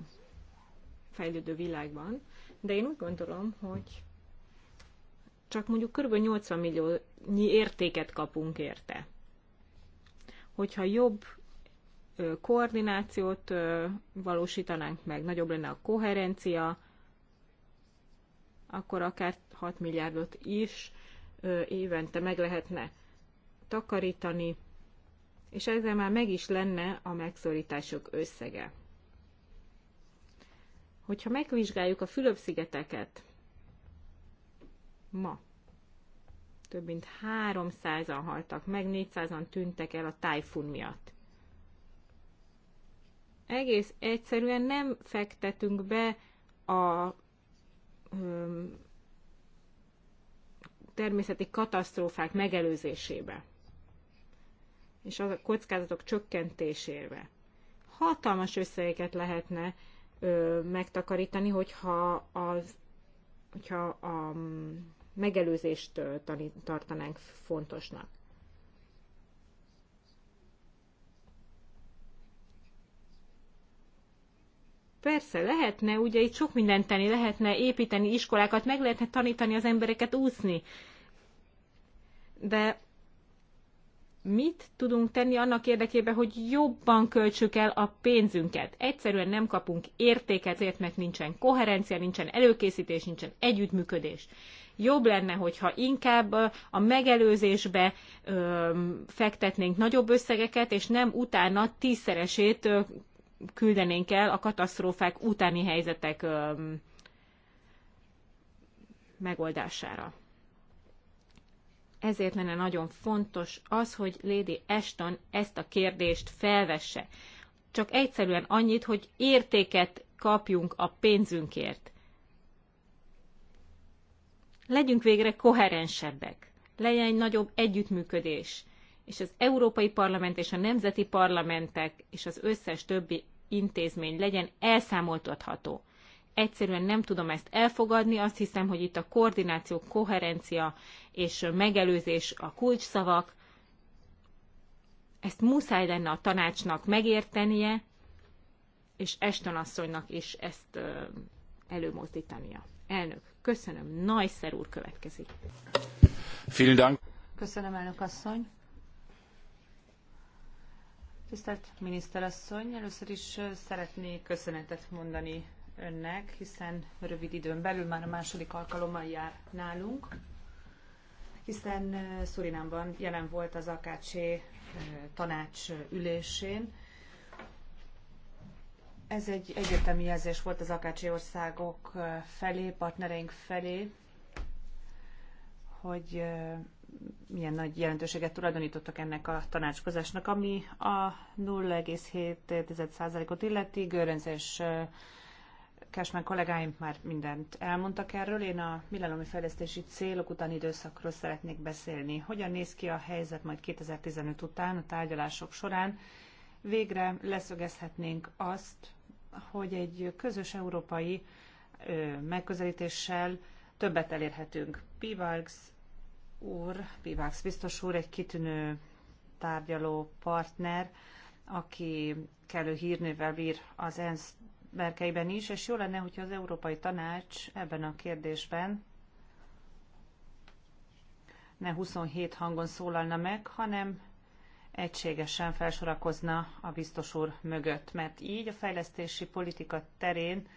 fejlődő világban, de én úgy gondolom, hogy csak mondjuk kb. 80 milliónyi értéket kapunk érte. Hogyha jobb koordinációt valósítanánk meg, nagyobb lenne a koherencia, akkor akár 6 milliárdot is évente meg lehetne takarítani, és ezzel már meg is lenne a megszorítások összege. Hogyha megvizsgáljuk a Fülöp-szigeteket ma, több mint 300-an haltak meg, 400-an tűntek el a tájfun miatt. Egész egyszerűen nem fektetünk be a um, természeti katasztrófák megelőzésébe és a kockázatok csökkentésébe. Hatalmas összegeket lehetne ö, megtakarítani, hogyha, az, hogyha a mm, megelőzést tartanánk fontosnak. persze lehetne, ugye itt sok mindent tenni, lehetne építeni iskolákat, meg lehetne tanítani az embereket úszni. De mit tudunk tenni annak érdekében, hogy jobban költsük el a pénzünket. Egyszerűen nem kapunk értéket, azért, mert nincsen koherencia, nincsen előkészítés, nincsen együttműködés. Jobb lenne, hogyha inkább a megelőzésbe ö, fektetnénk nagyobb összegeket, és nem utána tízszeresét ö, küldenénk el a katasztrófák utáni helyzetek ö, megoldására ezért lenne nagyon fontos az, hogy Lady Ashton ezt a kérdést felvesse. Csak egyszerűen annyit, hogy értéket kapjunk a pénzünkért. Legyünk végre koherensebbek, legyen egy nagyobb együttműködés, és az Európai Parlament és a nemzeti parlamentek és az összes többi intézmény legyen elszámoltatható egyszerűen nem tudom ezt elfogadni, azt hiszem, hogy itt a koordináció, koherencia és megelőzés a kulcsszavak, ezt muszáj lenne a tanácsnak megértenie, és Eston asszonynak is ezt előmozdítania. Elnök, köszönöm. Najszer úr következik. Vielen Dank. Köszönöm, elnök asszony. Tisztelt miniszterasszony, először is szeretnék köszönetet mondani önnek, hiszen rövid időn belül már a második alkalommal jár nálunk, hiszen Szurinámban jelen volt az AKC tanács ülésén. Ez egy egyetemi jelzés volt az AKC országok felé, partnereink felé, hogy milyen nagy jelentőséget tulajdonítottak ennek a tanácskozásnak, ami a 0,7%-ot illeti, Görönz és Cashman kollégáim már mindent elmondtak erről. Én a millenomi fejlesztési célok utáni időszakról szeretnék beszélni. Hogyan néz ki a helyzet majd 2015 után a tárgyalások során? Végre leszögezhetnénk azt, hogy egy közös európai megközelítéssel többet elérhetünk. Pivarks úr, Pivarks biztos úr egy kitűnő tárgyaló partner, aki kellő hírnével bír az ENSZ berkeiben is, és jó lenne, hogyha az Európai Tanács ebben a kérdésben ne 27 hangon szólalna meg, hanem egységesen felsorakozna a biztos úr mögött, mert így a fejlesztési politika terén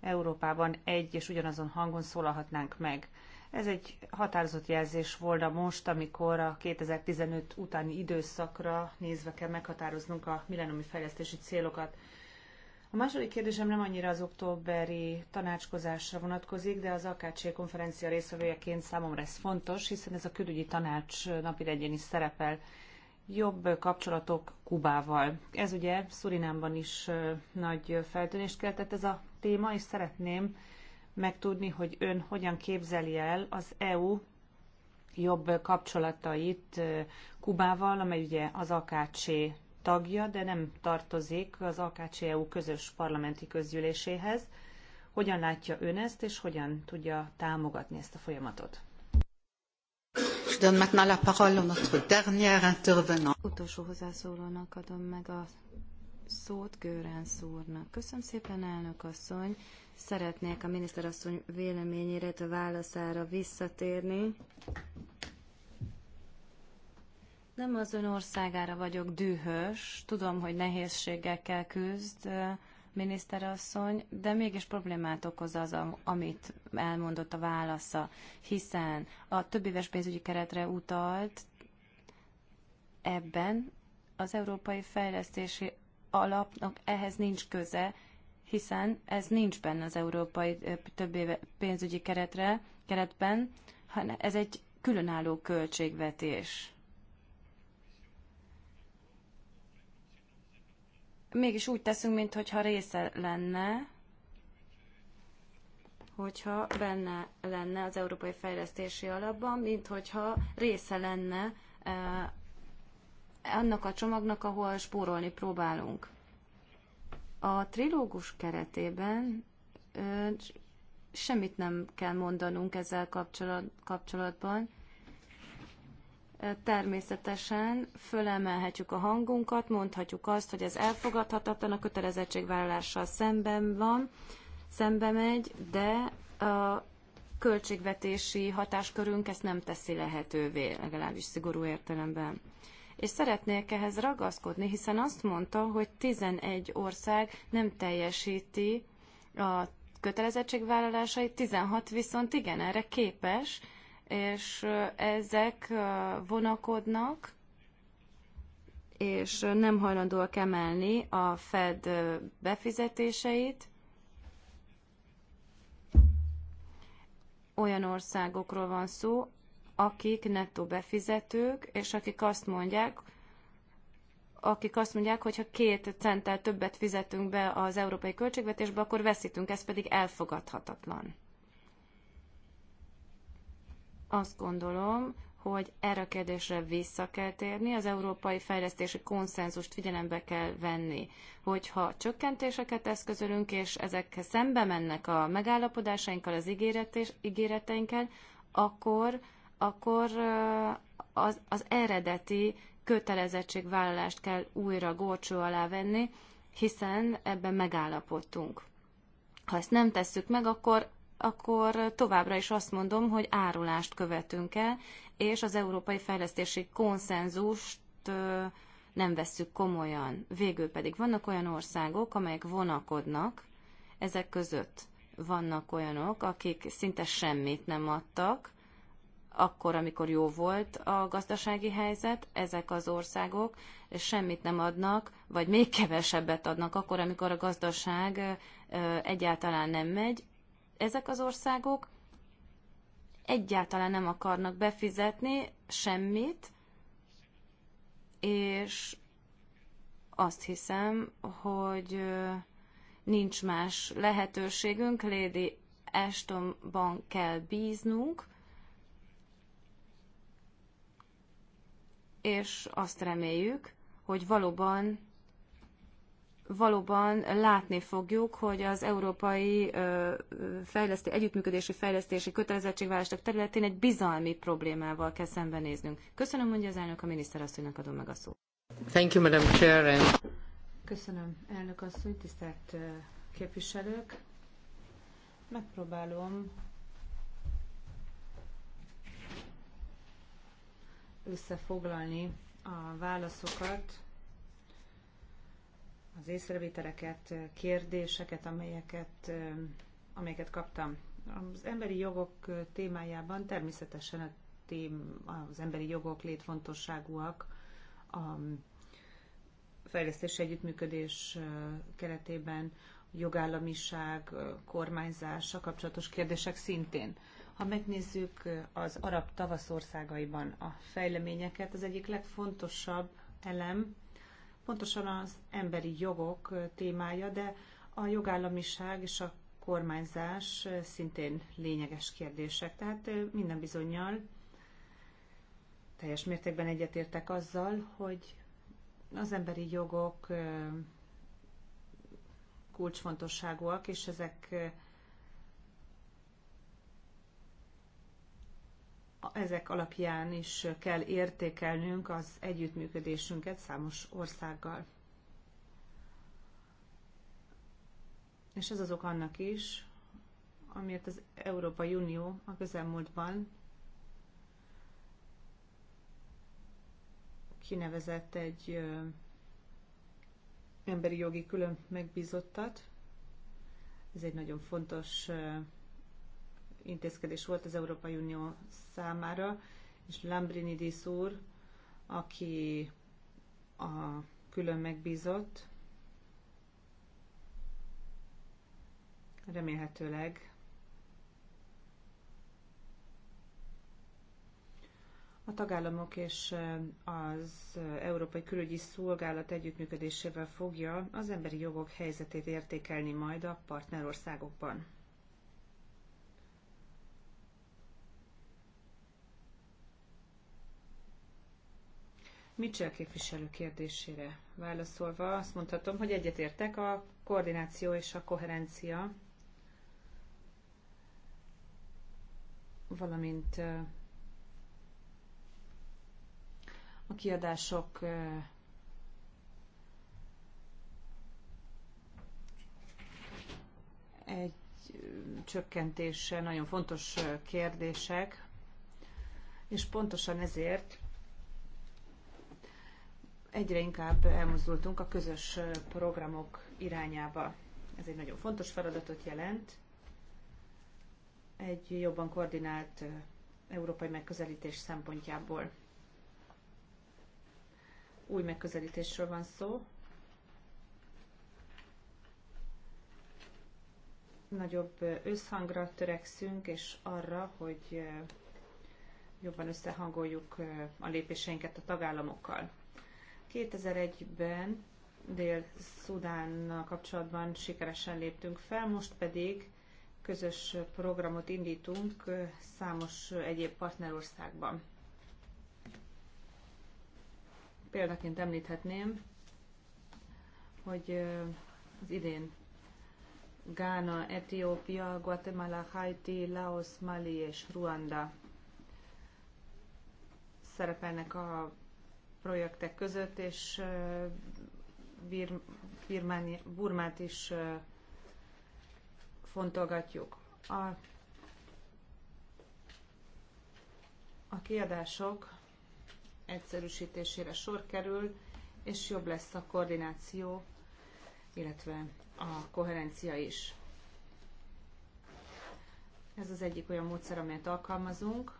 Európában egy és ugyanazon hangon szólalhatnánk meg. Ez egy határozott jelzés volna most, amikor a 2015 utáni időszakra nézve kell meghatároznunk a millenniumi fejlesztési célokat. A második kérdésem nem annyira az októberi tanácskozásra vonatkozik, de az AKC konferencia részvevőjeként számomra ez fontos, hiszen ez a külügyi tanács napirendjén is szerepel jobb kapcsolatok Kubával. Ez ugye Szurinámban is nagy feltűnést keltett ez a téma, és szeretném megtudni, hogy ön hogyan képzeli el az EU jobb kapcsolatait Kubával, amely ugye az AKC tagja, de nem tartozik az AKC-EU közös parlamenti közgyűléséhez. Hogyan látja ön ezt, és hogyan tudja támogatni ezt a folyamatot? Utolsó hozzászólónak adom meg a szót Gőren szúrnak. Köszönöm szépen, elnök asszony. Szeretnék a miniszterasszony véleményére, a válaszára visszatérni. Nem az ön országára vagyok dühös, tudom, hogy nehézségekkel küzd, miniszterasszony, de mégis problémát okoz az, amit elmondott a válasza, hiszen a többéves pénzügyi keretre utalt ebben az Európai Fejlesztési Alapnak ehhez nincs köze, hiszen ez nincs benne az Európai Többéve pénzügyi keretre, keretben, hanem ez egy különálló költségvetés. mégis úgy teszünk, mintha része lenne, hogyha benne lenne az Európai Fejlesztési Alapban, mint hogyha része lenne eh, annak a csomagnak, ahol spórolni próbálunk. A trilógus keretében eh, semmit nem kell mondanunk ezzel kapcsolat, kapcsolatban, természetesen fölemelhetjük a hangunkat, mondhatjuk azt, hogy ez elfogadhatatlan, a kötelezettségvállalással szemben van, szembe megy, de a költségvetési hatáskörünk ezt nem teszi lehetővé, legalábbis szigorú értelemben. És szeretnék ehhez ragaszkodni, hiszen azt mondta, hogy 11 ország nem teljesíti a kötelezettségvállalásait, 16 viszont igen, erre képes, és ezek vonakodnak, és nem hajlandóak emelni a Fed befizetéseit. Olyan országokról van szó, akik nettó befizetők, és akik azt mondják, akik azt mondják, hogy ha két centtel többet fizetünk be az európai költségvetésbe, akkor veszítünk, ez pedig elfogadhatatlan. Azt gondolom, hogy erre a kérdésre vissza kell térni, az európai fejlesztési konszenzust figyelembe kell venni, hogyha csökkentéseket eszközölünk, és ezek szembe mennek a megállapodásainkkal, az ígéreteinkkel, akkor, akkor az, az eredeti kötelezettségvállalást kell újra górcső alá venni, hiszen ebben megállapodtunk. Ha ezt nem tesszük meg, akkor akkor továbbra is azt mondom, hogy árulást követünk el, és az európai fejlesztési konszenzust nem vesszük komolyan. Végül pedig vannak olyan országok, amelyek vonakodnak, ezek között vannak olyanok, akik szinte semmit nem adtak, akkor, amikor jó volt a gazdasági helyzet, ezek az országok semmit nem adnak, vagy még kevesebbet adnak akkor, amikor a gazdaság egyáltalán nem megy, ezek az országok egyáltalán nem akarnak befizetni semmit, és azt hiszem, hogy nincs más lehetőségünk, Lady Ashtonban kell bíznunk, és azt reméljük, hogy valóban valóban látni fogjuk, hogy az európai fejleszté, együttműködési fejlesztési kötelezettségvállalások területén egy bizalmi problémával kell szembenéznünk. Köszönöm, mondja az elnök, a miniszter asszonynak adom meg a szót. Thank you, Madam Chair. Köszönöm, elnök asszony, tisztelt képviselők. Megpróbálom összefoglalni a válaszokat az észrevételeket, kérdéseket, amelyeket, amelyeket kaptam. Az emberi jogok témájában természetesen a tém, az emberi jogok létfontosságúak a fejlesztési együttműködés keretében jogállamiság, kormányzása kapcsolatos kérdések szintén. Ha megnézzük az arab tavasz országaiban a fejleményeket, az egyik legfontosabb elem pontosan az emberi jogok témája, de a jogállamiság és a kormányzás szintén lényeges kérdések. Tehát minden bizonyal teljes mértékben egyetértek azzal, hogy az emberi jogok kulcsfontosságúak, és ezek ezek alapján is kell értékelnünk az együttműködésünket számos országgal. És ez az ok annak is, amiért az Európai Unió a közelmúltban kinevezett egy emberi jogi külön megbízottat. Ez egy nagyon fontos intézkedés volt az Európai Unió számára, és Lambrinidis úr, aki a külön megbízott, remélhetőleg a tagállamok és az Európai Külügyi Szolgálat együttműködésével fogja az emberi jogok helyzetét értékelni majd a partnerországokban. Mitchell képviselő kérdésére válaszolva azt mondhatom, hogy egyetértek a koordináció és a koherencia, valamint a kiadások egy csökkentése nagyon fontos kérdések, és pontosan ezért egyre inkább elmozdultunk a közös programok irányába. Ez egy nagyon fontos feladatot jelent. Egy jobban koordinált európai megközelítés szempontjából. Új megközelítésről van szó. Nagyobb összhangra törekszünk, és arra, hogy jobban összehangoljuk a lépéseinket a tagállamokkal 2001-ben Dél-Szudánnal kapcsolatban sikeresen léptünk fel, most pedig közös programot indítunk számos egyéb partnerországban. Példaként említhetném, hogy az idén Gána, Etiópia, Guatemala, Haiti, Laos, Mali és Ruanda szerepelnek a projektek között, és Birmáni, Burmát is fontolgatjuk. A, a kiadások egyszerűsítésére sor kerül, és jobb lesz a koordináció, illetve a koherencia is. Ez az egyik olyan módszer, amelyet alkalmazunk.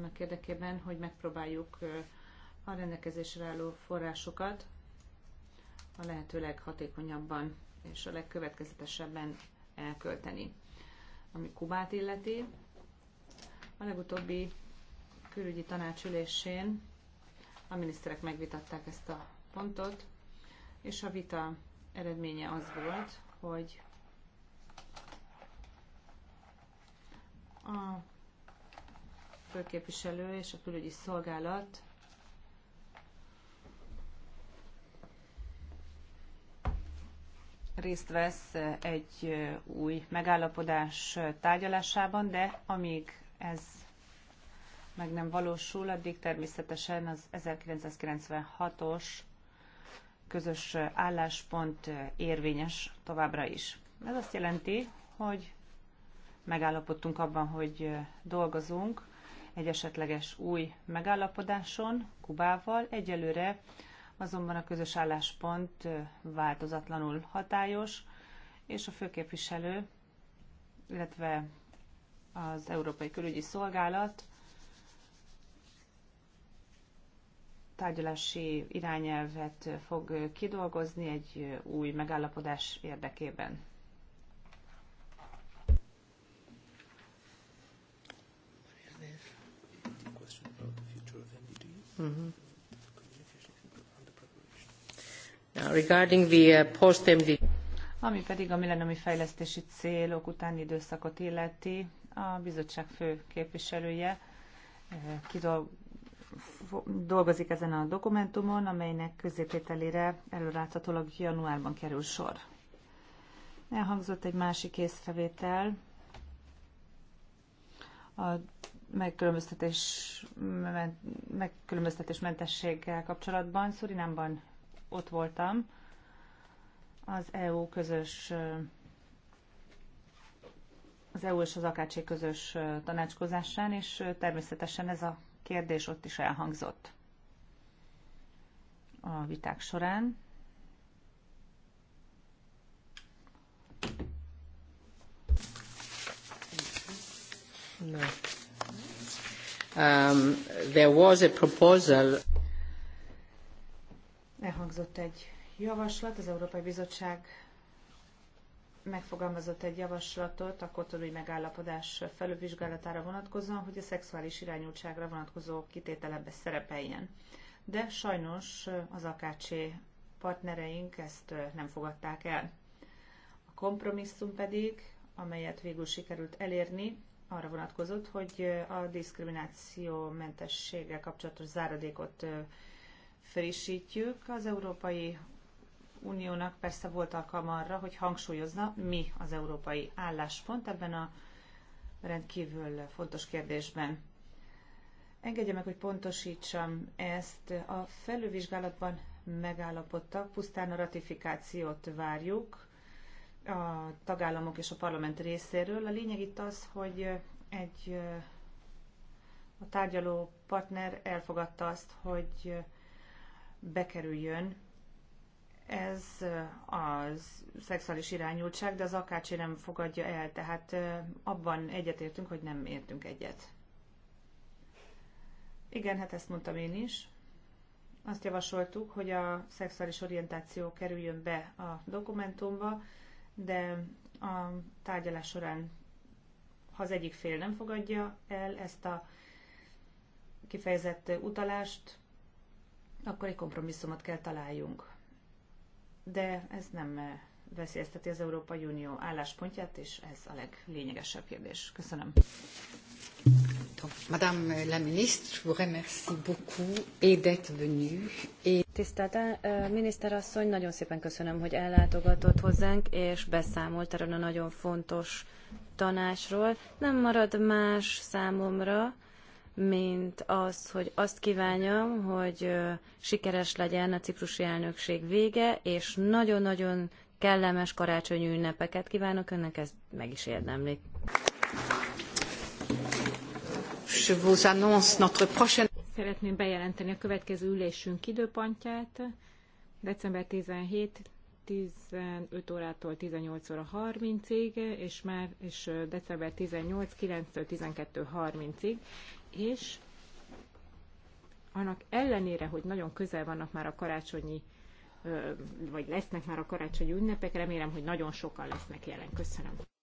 annak érdekében, hogy megpróbáljuk a rendelkezésre álló forrásokat a lehető leghatékonyabban és a legkövetkezetesebben elkölteni. Ami Kubát illeti, a legutóbbi külügyi tanácsülésén a miniszterek megvitatták ezt a pontot, és a vita eredménye az volt, hogy a főképviselő és a külügyi szolgálat részt vesz egy új megállapodás tárgyalásában, de amíg ez meg nem valósul, addig természetesen az 1996-os közös álláspont érvényes továbbra is. Ez azt jelenti, hogy megállapodtunk abban, hogy dolgozunk, egy esetleges új megállapodáson Kubával. Egyelőre azonban a közös álláspont változatlanul hatályos, és a főképviselő, illetve az Európai Külügyi Szolgálat tárgyalási irányelvet fog kidolgozni egy új megállapodás érdekében. regarding the uh, post-MD... Ami pedig a millenniumi fejlesztési célok utáni időszakot illeti, a bizottság fő képviselője eh, dolgozik ezen a dokumentumon, amelynek középételére előráthatólag januárban kerül sor. Elhangzott egy másik észrevétel a megkülönböztetés, mentességgel kapcsolatban. Szurinámban ott voltam az EU közös az EU és az Akácsi közös tanácskozásán, és természetesen ez a kérdés ott is elhangzott a viták során. No um, there was a proposal Elhangzott egy javaslat, az Európai Bizottság megfogalmazott egy javaslatot a kotonui megállapodás felülvizsgálatára vonatkozóan, hogy a szexuális irányultságra vonatkozó kitétel ebbe szerepeljen. De sajnos az akácsi partnereink ezt nem fogadták el. A kompromisszum pedig, amelyet végül sikerült elérni, arra vonatkozott, hogy a diszkrimináció mentességgel kapcsolatos záradékot frissítjük. Az Európai Uniónak persze volt alkalma arra, hogy hangsúlyozna, mi az európai álláspont ebben a rendkívül fontos kérdésben. Engedje meg, hogy pontosítsam ezt. A felülvizsgálatban megállapodtak, pusztán a ratifikációt várjuk, a tagállamok és a parlament részéről. A lényeg itt az, hogy egy a tárgyaló partner elfogadta azt, hogy bekerüljön ez a szexuális irányultság, de az akácsi nem fogadja el, tehát abban egyetértünk, hogy nem értünk egyet. Igen, hát ezt mondtam én is. Azt javasoltuk, hogy a szexuális orientáció kerüljön be a dokumentumba, de a tárgyalás során, ha az egyik fél nem fogadja el ezt a kifejezett utalást, akkor egy kompromisszumot kell találjunk. De ez nem eh, veszélyezteti az Európai Unió álláspontját, és ez a leglényegesebb kérdés. Köszönöm longtemps. Madame la ministre, je vous remercie beaucoup et d'être venue. Et... Tisztelt miniszterasszony, nagyon szépen köszönöm, hogy ellátogatott hozzánk, és beszámolt erről a nagyon fontos tanácsról. Nem marad más számomra, mint az, hogy azt kívánjam, hogy sikeres legyen a ciprusi elnökség vége, és nagyon-nagyon kellemes karácsonyi ünnepeket kívánok önnek, ez meg is érdemlik. Szeretném bejelenteni a következő ülésünk időpontját. December 17, 15 órától 18 óra 30-ig, és már és december 18, 9-től 12.30-ig, és annak ellenére, hogy nagyon közel vannak már a karácsonyi, vagy lesznek már a karácsonyi ünnepek, remélem, hogy nagyon sokan lesznek jelen. Köszönöm.